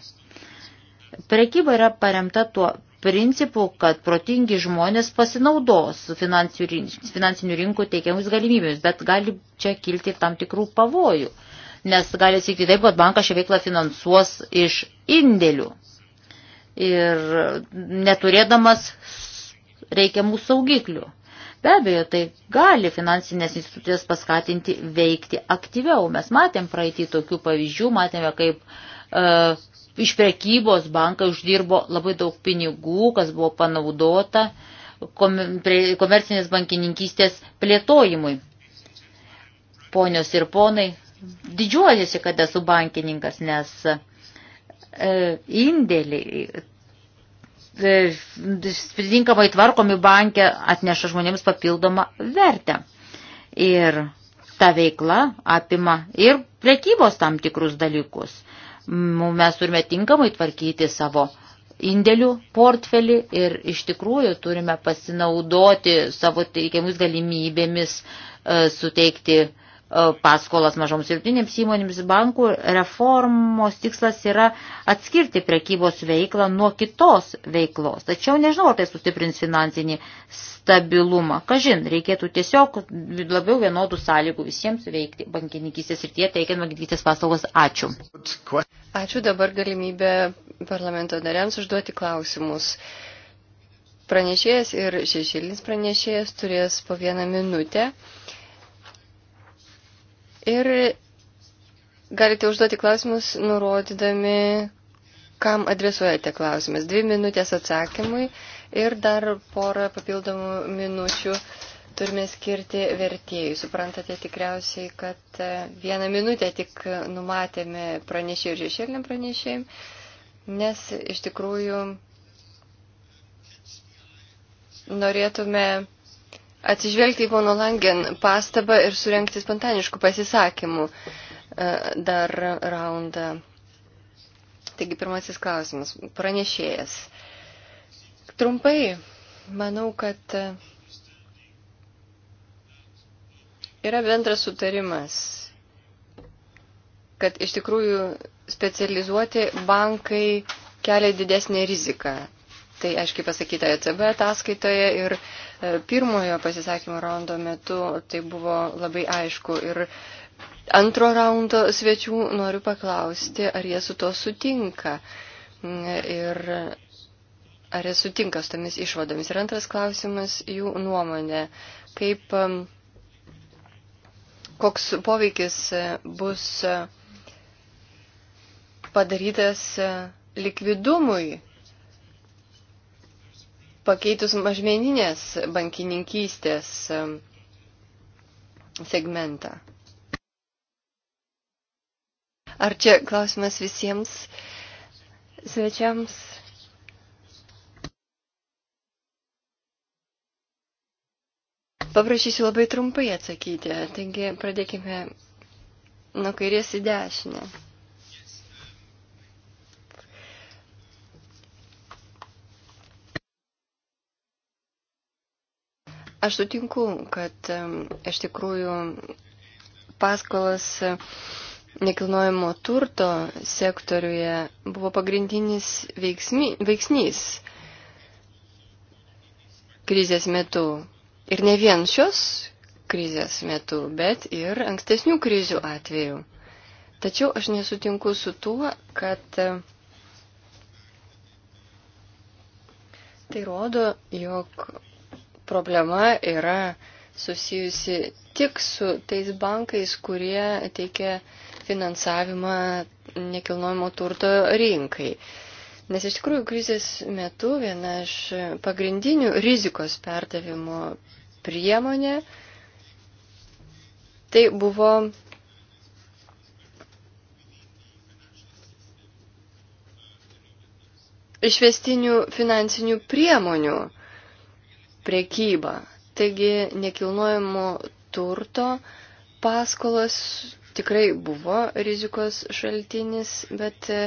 Prekyba yra paremta tuo principu, kad protingi žmonės pasinaudos finansinių rinkų teikiamus galimybėmis, bet gali čia kilti ir tam tikrų pavojų, nes gali atsitikti taip, kad bankas šią veiklą finansuos iš indėlių ir neturėdamas reikiamų saugiklių. Be abejo, tai gali finansinės institucijas paskatinti veikti aktyviau. Mes matėm praeitį tokių pavyzdžių, matėme, kaip uh, iš prekybos bankai uždirbo labai daug pinigų, kas buvo panaudota komercinės bankininkystės plėtojimui. Ponios ir ponai, didžiuojasi, kad esu bankininkas, nes e, indėliai e, tinkamai tvarkomi bankė atneša žmonėms papildomą vertę. Ir ta veikla apima ir prekybos tam tikrus dalykus mes turime tinkamai tvarkyti savo indėlių portfelį ir iš tikrųjų turime pasinaudoti savo teikiamus galimybėmis e, suteikti E, paskolas mažoms ir tinėms įmonėms bankų reformos tikslas yra atskirti prekybos veiklą nuo kitos veiklos. Tačiau nežinau, ar tai sustiprins finansinį stabilumą. Kažin, reikėtų tiesiog labiau vienodų sąlygų visiems veikti bankininkystės ir tie teikiant bankininkystės paslaugos. Ačiū. Ačiū dabar galimybę parlamento nariams užduoti klausimus. Pranešėjas ir šešėlis pranešėjas turės po vieną minutę. Ir galite užduoti klausimus, nurodydami, kam adresuojate klausimas. Dvi minutės atsakymui ir dar porą papildomų minučių turime skirti vertėjui. Suprantate tikriausiai, kad e, vieną minutę tik numatėme pranešėjų ir šešėliniam pranešėjim, nes iš tikrųjų norėtume atsižvelgti į pono Langen pastabą ir surenkti spontaniškų pasisakymų e, dar raundą. Taigi pirmasis klausimas. Pranešėjas. Trumpai, manau, kad e, yra bendras sutarimas, kad iš tikrųjų specializuoti bankai kelia didesnį riziką Tai aiškiai pasakyta ECB ataskaitoje ir e, pirmojo pasisakymo raundo metu tai buvo labai aišku. Ir antro raundo svečių noriu paklausti, ar jie su to sutinka. Ir ar jie sutinka su tomis išvadomis. Ir antras klausimas jų nuomonė. Kaip, koks poveikis e, bus e, padarytas likvidumui pakeitus mažmeninės bankininkystės segmentą. Ar čia klausimas visiems svečiams? Paprašysiu labai trumpai atsakyti, taigi pradėkime nuo kairės į dešinę. Aš sutinku, kad iš tikrųjų paskolas e, nekilnojamo turto sektoriuje buvo pagrindinis veiksmi, veiksnys krizės metu. Ir ne vien šios krizės metu, bet ir ankstesnių krizių atveju. Tačiau aš nesutinku su tuo, kad e, tai rodo, jog problema yra susijusi tik su tais bankais, kurie teikia finansavimą nekilnojimo turto rinkai. Nes iš tikrųjų krizės metu viena iš pagrindinių rizikos perdavimo priemonė tai buvo išvestinių finansinių priemonių priekybą. Taigi nekilnojamo turto paskolas tikrai buvo rizikos šaltinis, bet e,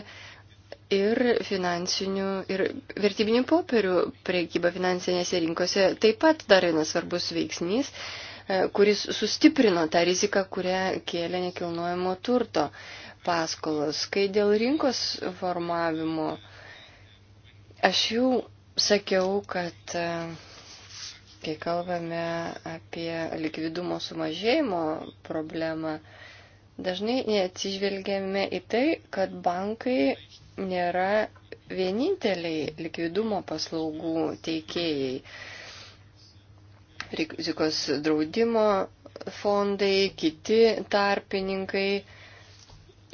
ir finansinių, ir vertybinių popierių priekyba finansinėse rinkose taip pat dar vienas svarbus veiksnys, e, kuris sustiprino tą riziką, kurią kėlė nekilnojamo turto paskolos. Kai dėl rinkos formavimo, aš jau sakiau, kad e, kai kalbame apie likvidumo sumažėjimo problemą, dažnai neatsižvelgiame į tai, kad bankai nėra vieninteliai likvidumo paslaugų teikėjai. Rizikos draudimo fondai, kiti tarpininkai,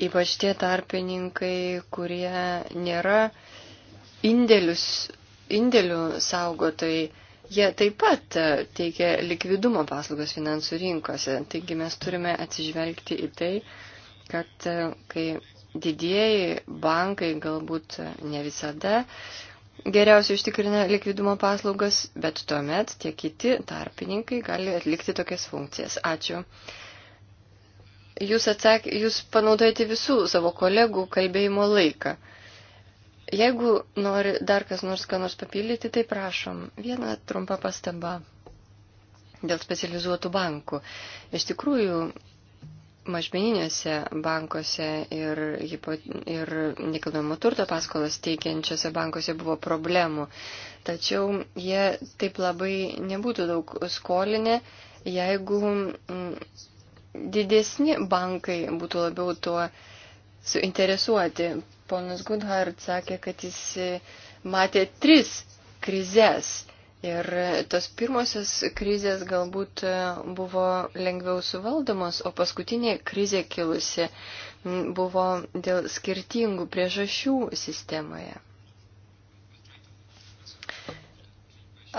ypač tie tarpininkai, kurie nėra indėlius, indėlių saugotojai Jie taip pat e, teikia likvidumo paslaugas finansų rinkose. Taigi mes turime atsižvelgti į tai, kad e, kai didieji bankai galbūt e, ne visada geriausiai užtikrina likvidumo paslaugas, bet tuomet tie kiti tarpininkai gali atlikti tokias funkcijas. Ačiū. Jūs, atsakė, jūs panaudojate visų savo kolegų kalbėjimo laiką. Jeigu nori dar kas nors ką nors papildyti, tai prašom. Viena trumpa pastaba dėl specializuotų bankų. Iš tikrųjų, mažmeniniuose bankuose ir, ir nekilnojamo turto paskolas teikiančiose bankuose buvo problemų. Tačiau jie taip labai nebūtų daug skolinę, jeigu mm, didesni bankai būtų labiau tuo suinteresuoti Ponas Gudhard sakė, kad jis e, matė tris krizės. Ir e, tos pirmosios krizės galbūt e, buvo lengviau suvaldomos, o paskutinė krizė kilusi buvo dėl skirtingų priežasčių sistemoje.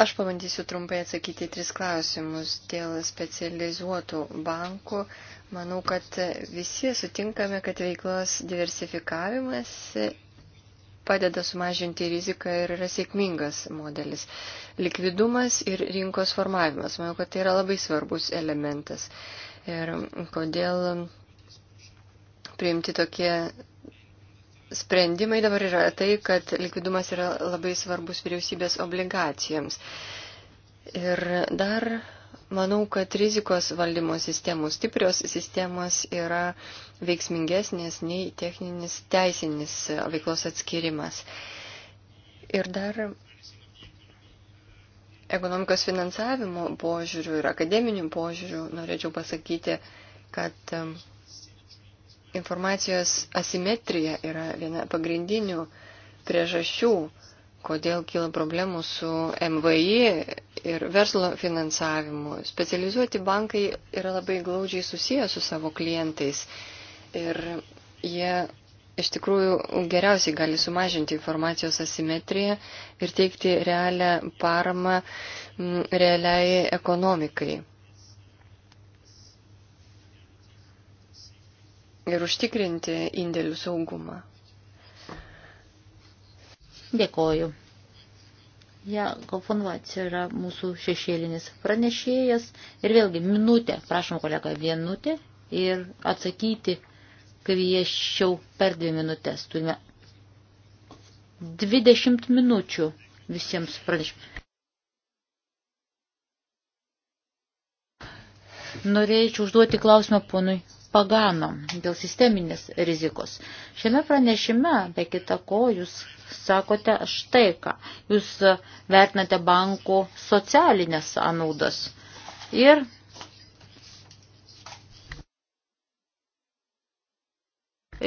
Aš pabandysiu trumpai atsakyti tris klausimus dėl specializuotų bankų, Manau, kad visi sutinkame, kad veiklos diversifikavimas padeda sumažinti riziką ir yra sėkmingas modelis. Likvidumas ir rinkos formavimas, manau, kad tai yra labai svarbus elementas. Ir kodėl priimti tokie sprendimai dabar yra tai, kad likvidumas yra labai svarbus vyriausybės obligacijams. Ir dar Manau, kad rizikos valdymo sistemų stiprios sistemos yra veiksmingesnės nei techninis teisinis veiklos atskirimas. Ir dar ekonomikos finansavimo požiūrių ir akademinių požiūrių norėčiau pasakyti, kad um, informacijos asimetrija yra viena pagrindinių priežasčių kodėl kyla problemų su MVI ir verslo finansavimu. Specializuoti bankai yra labai glaudžiai susiję su savo klientais ir jie iš tikrųjų geriausiai gali sumažinti informacijos asimetriją ir teikti realią paramą mm, realiai ekonomikai. Ir užtikrinti indėlių saugumą. Dėkoju. Jakob von Vats yra mūsų šešėlinis pranešėjas. Ir vėlgi, minutė, prašom kolega, vienutė ir atsakyti kvieščiau per dvi minutės. Turime 20 minučių visiems pranešimams. Norėčiau užduoti klausimą ponui Pagano dėl sisteminės rizikos. Šiame pranešime, be kita ko, jūs sakote štai ką. Jūs vertinate bankų socialinės sąnaudas. Ir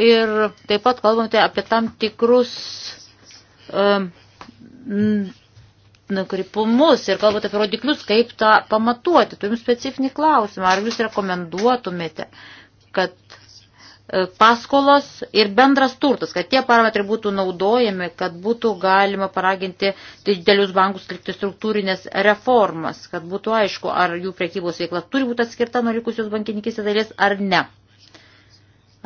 Ir taip pat kalbate apie tam tikrus um, nukrypumus ir kalbate apie rodiklius, kaip tą pamatuoti. Turim specifinį klausimą, ar jūs rekomenduotumėte, kad e, paskolos ir bendras turtas, kad tie parametrai būtų naudojami, kad būtų galima paraginti didelius bankus atlikti struktūrinės reformas, kad būtų aišku, ar jų prekybos veikla turi būti atskirta nuo likusios bankininkistės dalies ar ne.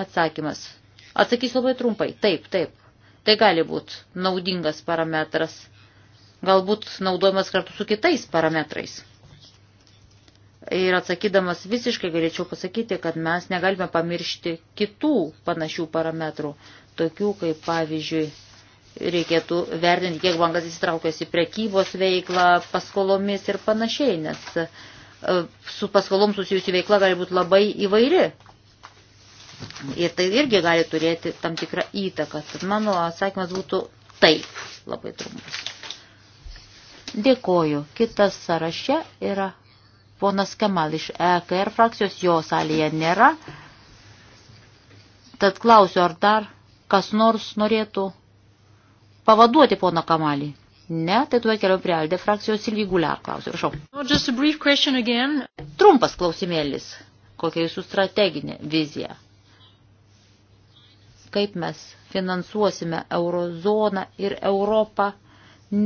Atsakymas. Atsakysiu labai trumpai. Taip, taip. Tai gali būti naudingas parametras. Galbūt naudojamas kartu su kitais parametrais. Ir atsakydamas visiškai galėčiau pasakyti, kad mes negalime pamiršti kitų panašių parametrų, tokių kaip pavyzdžiui reikėtų vertinti, kiek bankas įsitraukęs į prekybos veiklą, paskolomis ir panašiai, nes e, su paskolom susijusi veikla gali būti labai įvairi. Ir tai irgi gali turėti tam tikrą įtaką. Tad mano atsakymas būtų taip, labai trumpas. Dėkoju. Kitas sąraše yra Ponas Kemal iš EKR frakcijos jo salėje nėra. Tad klausiu, ar dar kas nors norėtų pavaduoti poną Kamalį. Ne, tai tuo keliau prie Alde frakcijos ir Lyguliar klausiu. Prašau. No, Trumpas klausimėlis. Kokia jūsų strateginė vizija? Kaip mes finansuosime eurozoną ir Europą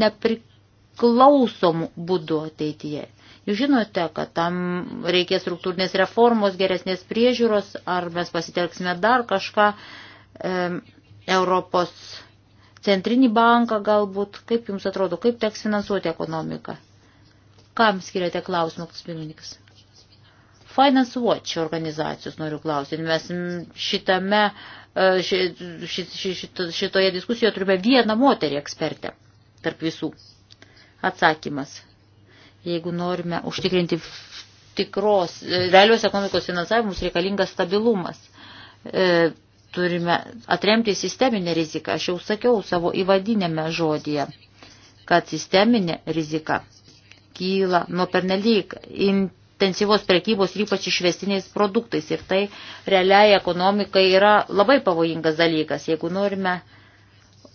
nepriklausomų būdų ateityje? Jūs žinote, kad tam reikės struktūrinės reformos, geresnės priežiūros, ar mes pasitelksime dar kažką, e, Europos centrinį banką galbūt, kaip jums atrodo, kaip teks finansuoti ekonomiką? Kam skiriate klausimą, koks pirmininkas? Finance Watch organizacijos noriu klausyti. Mes šitame, e, ši, ši, ši, šitoje diskusijoje turime vieną moterį ekspertę tarp visų. Atsakymas Jeigu norime užtikrinti tikros, e, realios ekonomikos finansavimus reikalingas stabilumas. E, turime atremti sisteminę riziką. Aš jau sakiau savo įvadinėme žodyje, kad sisteminė rizika kyla nuo pernelyg intensyvos prekybos ir ypač išvestiniais produktais. Ir tai realiai ekonomikai yra labai pavojingas dalykas, jeigu norime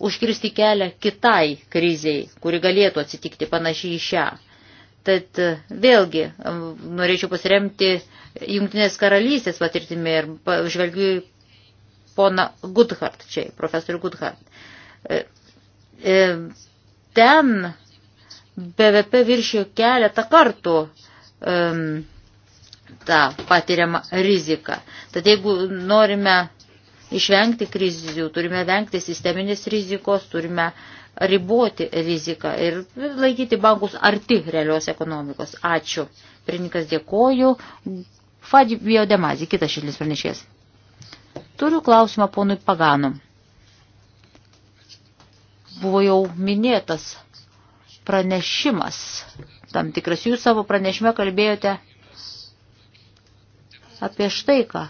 užkirsti kelią kitai kriziai, kuri galėtų atsitikti panašiai į šią Tad e, vėlgi norėčiau pasiremti Jungtinės karalystės patirtimi ir žvelgiu į poną Goodhart, čia profesorių Goodhart. E, e, ten BVP viršijo keletą kartų um, tą patiriamą riziką. Tad jeigu norime išvengti krizių, turime vengti sisteminės rizikos, turime uh, riboti riziką ir laikyti bankus arti realios ekonomikos. Ačiū. Pirmininkas dėkoju. Fadibio Demazi, kitas šilis pranešės. Turiu klausimą ponui Paganum. Buvo jau minėtas pranešimas. Tam tikras jūs savo pranešime kalbėjote apie štai ką.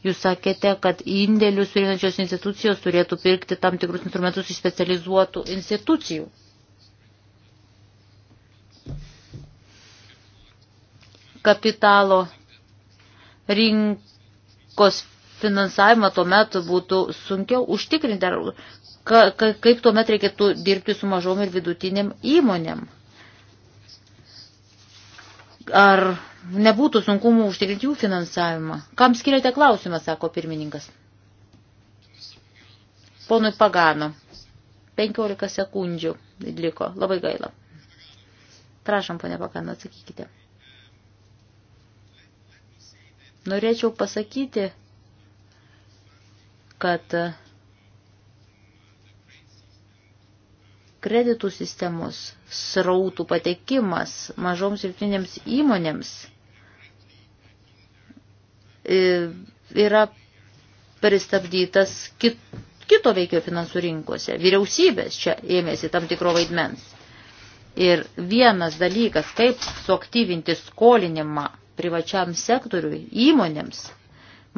Jūs sakėte, kad indėlius surinančios institucijos turėtų pirkti tam tikrus instrumentus iš specializuotų institucijų. Kapitalo rinkos finansavimą tuo metu būtų sunkiau užtikrinti, ar ka, ka, kaip tuo metu reikėtų dirbti su mažom ir vidutiniam įmonėm. Ar nebūtų sunkumų užtikrinti jų finansavimą. Kam skiriate klausimą, sako pirmininkas. Ponui Pagano. 15 sekundžių liko. Labai gaila. Prašom, ponė Pagano, atsakykite. Norėčiau pasakyti, kad e, kreditų sistemos srautų patekimas mažoms ir vidutinėms įmonėms yra pristabdytas kit, kito veikio finansų rinkose. Vyriausybės čia ėmėsi tam tikro vaidmens. Ir vienas dalykas, kaip suaktyvinti skolinimą privačiam sektoriui, įmonėms,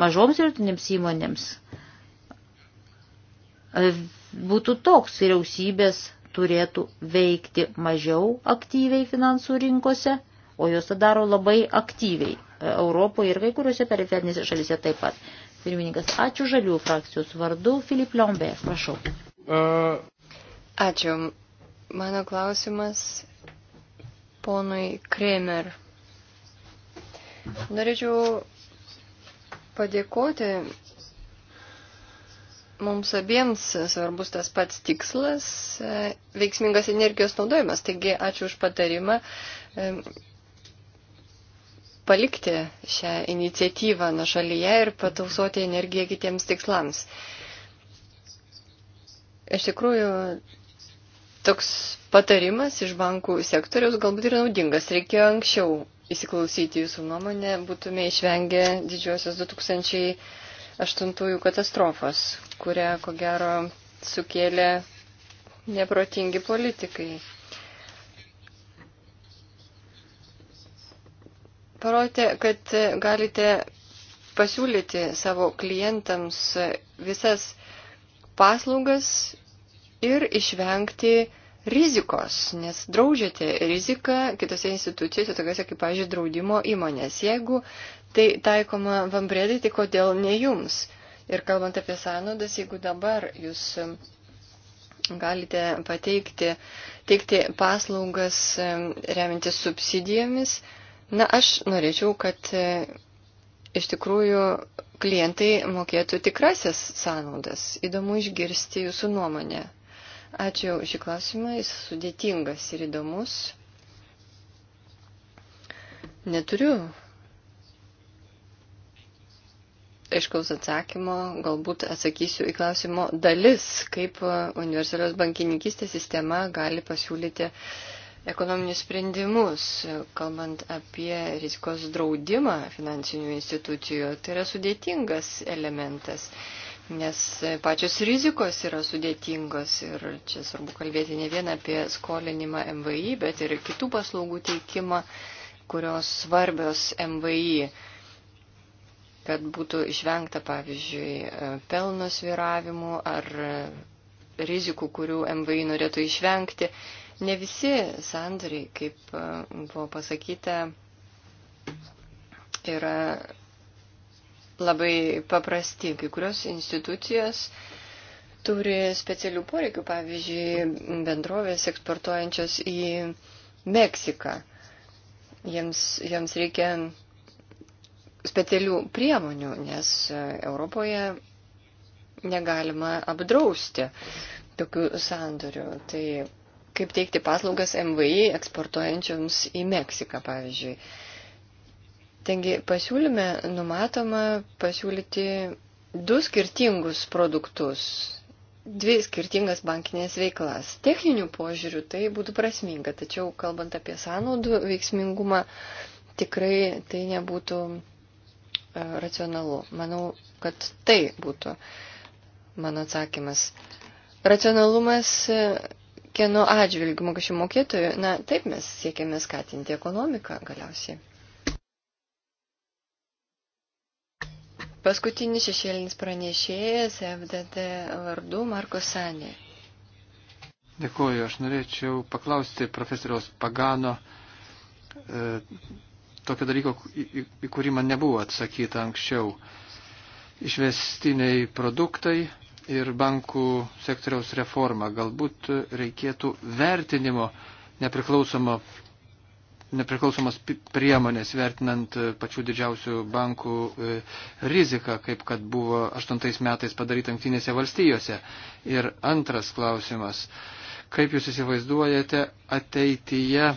mažoms ir tinėms įmonėms, e, būtų toks vyriausybės turėtų veikti mažiau aktyviai finansų rinkose – o jos tą daro labai aktyviai e, Europoje ir kai kuriuose periferinėse šalyse taip pat. Pirmininkas, ačiū žalių frakcijos vardu, Filip Lombe, prašau. Ačiū. Mano klausimas ponui Kremer. Norėčiau padėkoti mums abiems svarbus tas pats tikslas e, - veiksmingas energijos naudojimas. Taigi, ačiū už patarimą. E, palikti šią iniciatyvą nuo šalyje ir patausoti energiją kitiems tikslams. Iš tikrųjų, toks patarimas iš bankų sektoriaus galbūt yra naudingas. Reikėjo anksčiau įsiklausyti jūsų nuomonę, būtume išvengę didžiosios 2008 katastrofos, kurią, ko gero, sukėlė neprotingi politikai. Parodė, kad galite pasiūlyti savo klientams visas paslaugas ir išvengti rizikos, nes draudžiate riziką kitose institucijose, tokiuose kaip, pavyzdžiui, draudimo įmonės. Jeigu tai taikoma vambrėdai, tai kodėl ne jums? Ir kalbant apie sąnaudas, jeigu dabar jūs galite pateikti, teikti paslaugas e, remintis subsidijomis, Na, aš norėčiau, kad e, iš tikrųjų klientai mokėtų tikrasias sąnaudas. Įdomu išgirsti jūsų nuomonę. Ačiū už šį klausimą, jis sudėtingas ir įdomus. Neturiu aiškaus atsakymo, galbūt atsakysiu į klausimo dalis, kaip e, universalios bankininkistės sistema gali pasiūlyti ekonominius sprendimus, kalbant apie rizikos draudimą finansinių institucijų, tai yra sudėtingas elementas, nes pačios rizikos yra sudėtingos ir čia svarbu kalbėti ne vien apie skolinimą MVI, bet ir kitų paslaugų teikimą, kurios svarbios MVI kad būtų išvengta, pavyzdžiui, pelno sviravimų ar rizikų, kurių MVI norėtų išvengti. Ne visi sandoriai, kaip e, buvo pasakyta, yra labai paprasti. Kai kurios institucijos turi specialių poreikių, pavyzdžiui, bendrovės eksportuojančios į Meksiką. Jiems, jiems reikia specialių priemonių, nes e, Europoje negalima apdrausti tokių sandorių. Tai kaip teikti paslaugas MVI eksportuojančioms į Meksiką, pavyzdžiui. Taigi pasiūlyme numatoma pasiūlyti du skirtingus produktus, dvi skirtingas bankinės veiklas. Techninių požiūrių tai būtų prasminga, tačiau kalbant apie sąnaudų veiksmingumą, tikrai tai nebūtų e, racionalu. Manau, kad tai būtų mano atsakymas. Racionalumas e, kieno atžvilgių mokesčių mokėtojų, na taip mes siekiame skatinti ekonomiką galiausiai. Paskutinis šešėlinis pranešėjas FDD vardu Marko Sanė. Dėkuoju, aš norėčiau paklausti profesoriaus Pagano e, tokio dalyko, į, į, į kurį man nebuvo atsakyta anksčiau. Išvestiniai produktai ir bankų sektoriaus reformą. Galbūt reikėtų vertinimo nepriklausomo, nepriklausomos priemonės, vertinant pačių didžiausių bankų e, riziką, kaip kad buvo 8 metais padaryta Anktinėse valstijose. Ir antras klausimas. Kaip jūs įsivaizduojate ateityje e,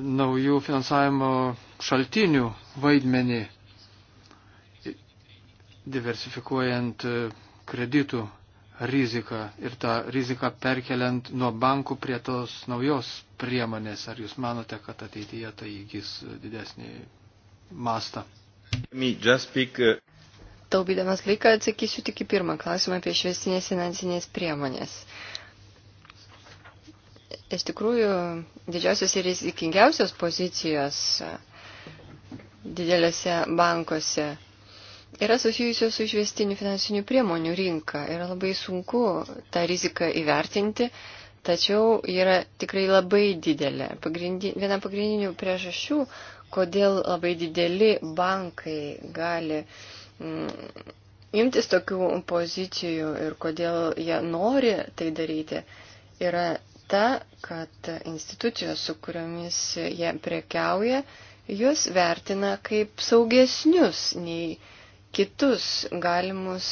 naujų finansavimo šaltinių vaidmenį diversifikuojant e, kreditų riziką ir tą riziką perkeliant nuo bankų prie tos naujos priemonės. Ar jūs manote, kad ateityje tai įgis didesnį mastą? E, Taupydamas laiką atsakysiu tik į pirmą klausimą apie švestinės finansinės priemonės. Iš tikrųjų, didžiausios ir rizikingiausios pozicijos e, didelėse bankuose yra susijusios su išvestinių finansinių priemonių rinka. Yra labai sunku tą riziką įvertinti, tačiau yra tikrai labai didelė. Pagrindi, viena pagrindinių priežasčių, kodėl labai dideli bankai gali mm, imtis tokių pozicijų ir kodėl jie nori tai daryti, yra ta, kad institucijos, su kuriomis jie prekiauja, juos vertina kaip saugesnius nei kitus galimus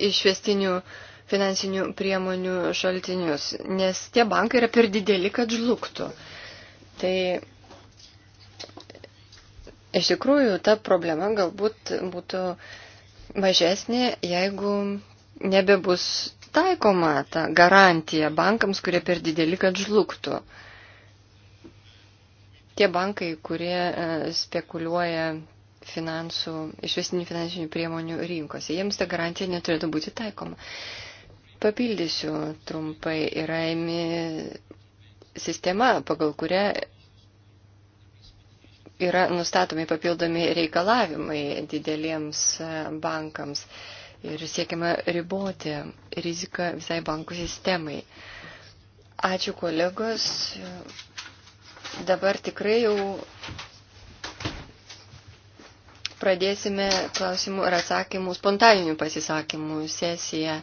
išvestinių finansinių priemonių šaltinius, nes tie bankai yra per dideli, kad žlugtų. Tai iš tikrųjų ta problema galbūt būtų mažesnė, jeigu nebebus taikoma ta garantija bankams, kurie per dideli, kad žlugtų. Tie bankai, kurie e, spekuliuoja finansų, išvesinių finansinių priemonių rinkose, jiems ta garantija neturėtų būti taikoma. Papildysiu trumpai, yra įmi sistema, pagal kurią yra nustatomi papildomi reikalavimai dideliems e, bankams ir siekiama riboti riziką visai bankų sistemai. Ačiū kolegos, dabar tikrai jau pradėsime klausimų ir atsakymų, spontaninių pasisakymų sesiją.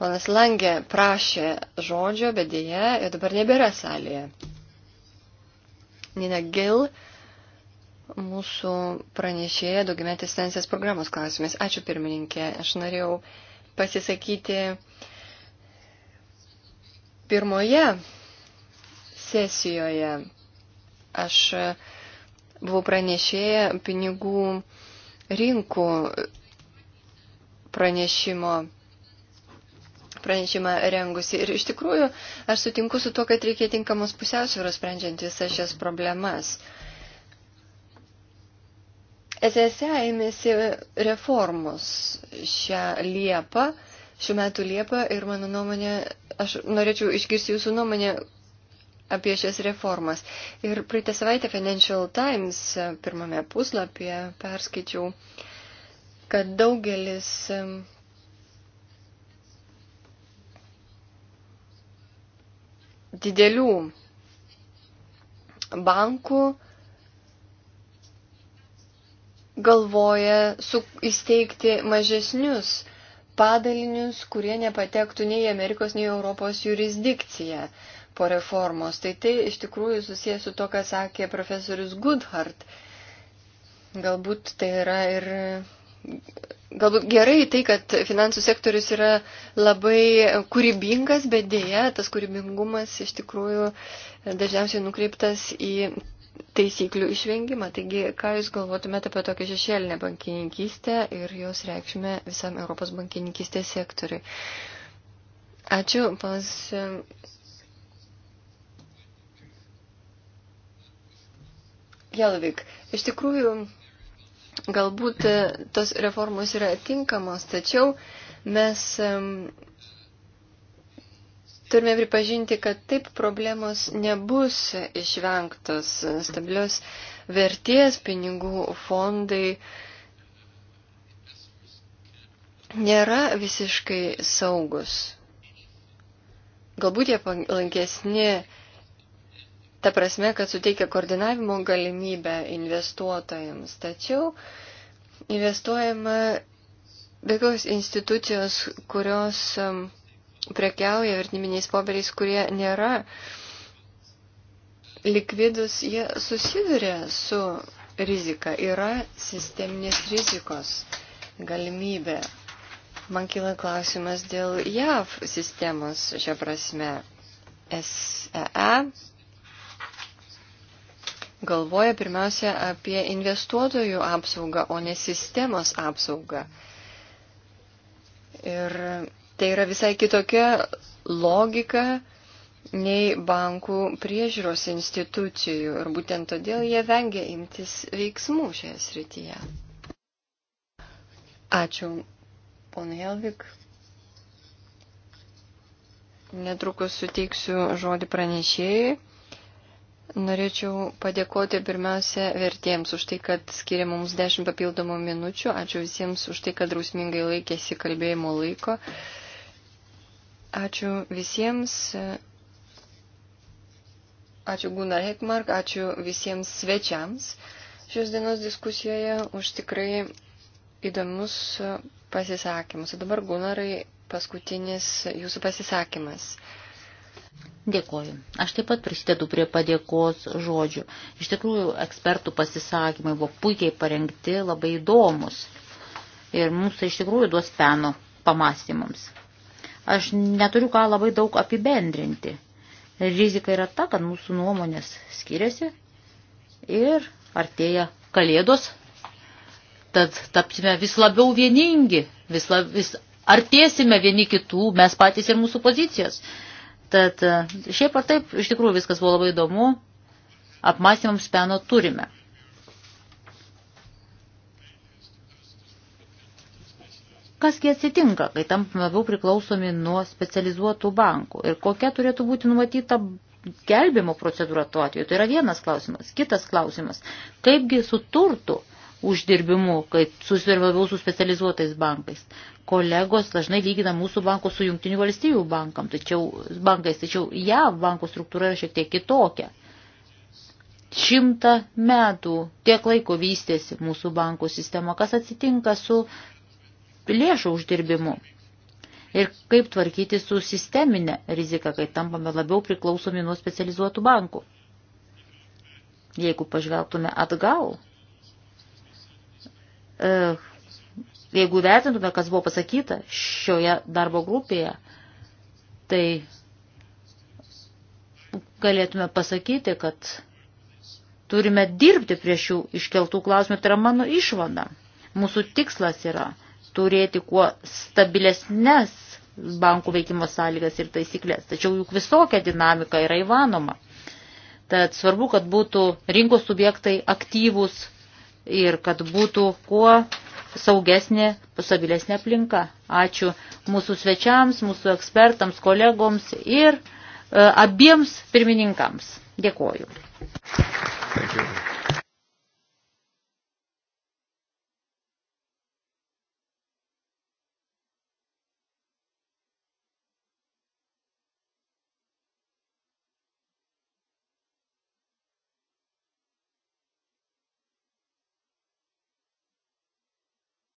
Ponas Langė prašė žodžio, bet dėja, ir dabar nebėra salėje. Nina Gil, mūsų pranešėja daugiametės tensės programos klausimės. Ačiū pirmininkė, aš norėjau pasisakyti pirmoje sesijoje. Aš e, buvau pranešėję pinigų rinkų pranešimo pranešimą rengusi. Ir iš tikrųjų, aš sutinku su to, kad reikia tinkamos pusiausvėros sprendžiant visas šias problemas. SSA ėmėsi reformos šią Liepą, šių metų Liepą ir mano nuomonė, aš norėčiau išgirsti jūsų nuomonę, apie šias reformas. Ir praeitą savaitę Financial Times pirmame puslapyje perskaičiau, kad daugelis didelių bankų galvoja su, įsteigti mažesnius padalinius, kurie nepatektų nei Amerikos, nei Europos jurisdikciją po reformos. Tai tai iš tikrųjų susijęs su to, ką sakė profesorius Goodhart. Galbūt tai yra ir. Galbūt gerai tai, kad finansų sektorius yra labai kūrybingas, bet dėja, tas kūrybingumas iš tikrųjų dažniausiai nukreiptas į taisyklių išvengimą. Taigi, ką Jūs galvotumėte apie tokią šešėlinę bankininkystę ir jos reikšmę visam Europos bankininkystės sektoriui? Ačiū, pas Jelvik. Iš tikrųjų, galbūt e, tos reformos yra tinkamos, tačiau mes turime pripažinti, kad taip problemos nebus išvengtos stabilios vertės pinigų fondai. Nėra visiškai saugus. Galbūt jie palankesni Ta prasme, kad suteikia koordinavimo galimybę investuotojams. Tačiau investuojama tokios institucijos, kurios prekiauja vertiminiais popieriais, kurie nėra likvidus, jie susiduria su rizika. Yra sisteminės rizikos galimybė. Man kyla klausimas dėl JAV sistemos šią prasme. SEE e galvoja pirmiausia apie investuotojų apsaugą, o ne sistemos apsaugą. Ir tai yra visai kitokia logika nei bankų priežiūros institucijų. Ir būtent todėl jie vengia imtis veiksmų šioje srityje. Ačiū, ponai Helvik. Netrukus suteiksiu žodį pranešėjai. Norėčiau padėkoti pirmiausia vertėjams už tai, kad skiria mums 10 papildomų minučių. Ačiū visiems už tai, kad drausmingai laikėsi kalbėjimo laiko. Ačiū visiems. Ačiū Gunnar Hekmark, ačiū visiems svečiams šios dienos diskusijoje už tikrai įdomus pasisakymus. O dabar Gunarai paskutinis jūsų pasisakymas. Dėkoju. Aš taip pat prisidedu prie padėkos žodžių. Iš tikrųjų, ekspertų pasisakymai buvo puikiai parengti, labai įdomus. Ir mums tai iš tikrųjų duos peno pamastymams. Aš neturiu ką labai daug apibendrinti. Rizika yra ta, kad mūsų nuomonės skiriasi ir artėja kalėdos, tad tapsime vis labiau vieningi, vis, lab, vis artėsime vieni kitų, mes patys ir mūsų pozicijos. Tad e, šiaip ar taip, iš tikrųjų viskas buvo labai įdomu, apmąstymams peno turime. Kasgi atsitinka, kai tam labiau priklausomi nuo specializuotų bankų ir kokia turėtų būti numatyta gelbimo procedūra tuo atveju. Tai yra vienas klausimas. Kitas klausimas. Kaipgi su turtu uždirbimu, kai susirvaviau su specializuotais bankais. Kolegos dažnai lygina mūsų bankus su jungtinių valstybių bankam, tačiau, bankais, tačiau JAV bankų struktūra yra šiek tiek kitokia. Šimtą metų tiek laiko vystėsi mūsų bankų sistema, kas atsitinka su lėšų uždirbimu. Ir kaip tvarkyti su sisteminė rizika, kai tampame labiau priklausomi nuo specializuotų bankų. Jeigu pažvelgtume atgal, E, jeigu vertintume, kas buvo pasakyta šioje darbo grupėje, tai galėtume pasakyti, kad turime dirbti prie šių iškeltų klausimų. Tai yra mano išvada. Mūsų tikslas yra turėti kuo stabilesnės bankų veikimo sąlygas ir taisyklės. Tačiau juk visokia dinamika yra įmanoma. Tad svarbu, kad būtų rinkos subjektai aktyvūs, ir kad būtų kuo saugesnė, stabilesnė aplinka. Ačiū mūsų svečiams, mūsų ekspertams, kolegoms ir e, abiems pirmininkams. Dėkuoju. Thank you.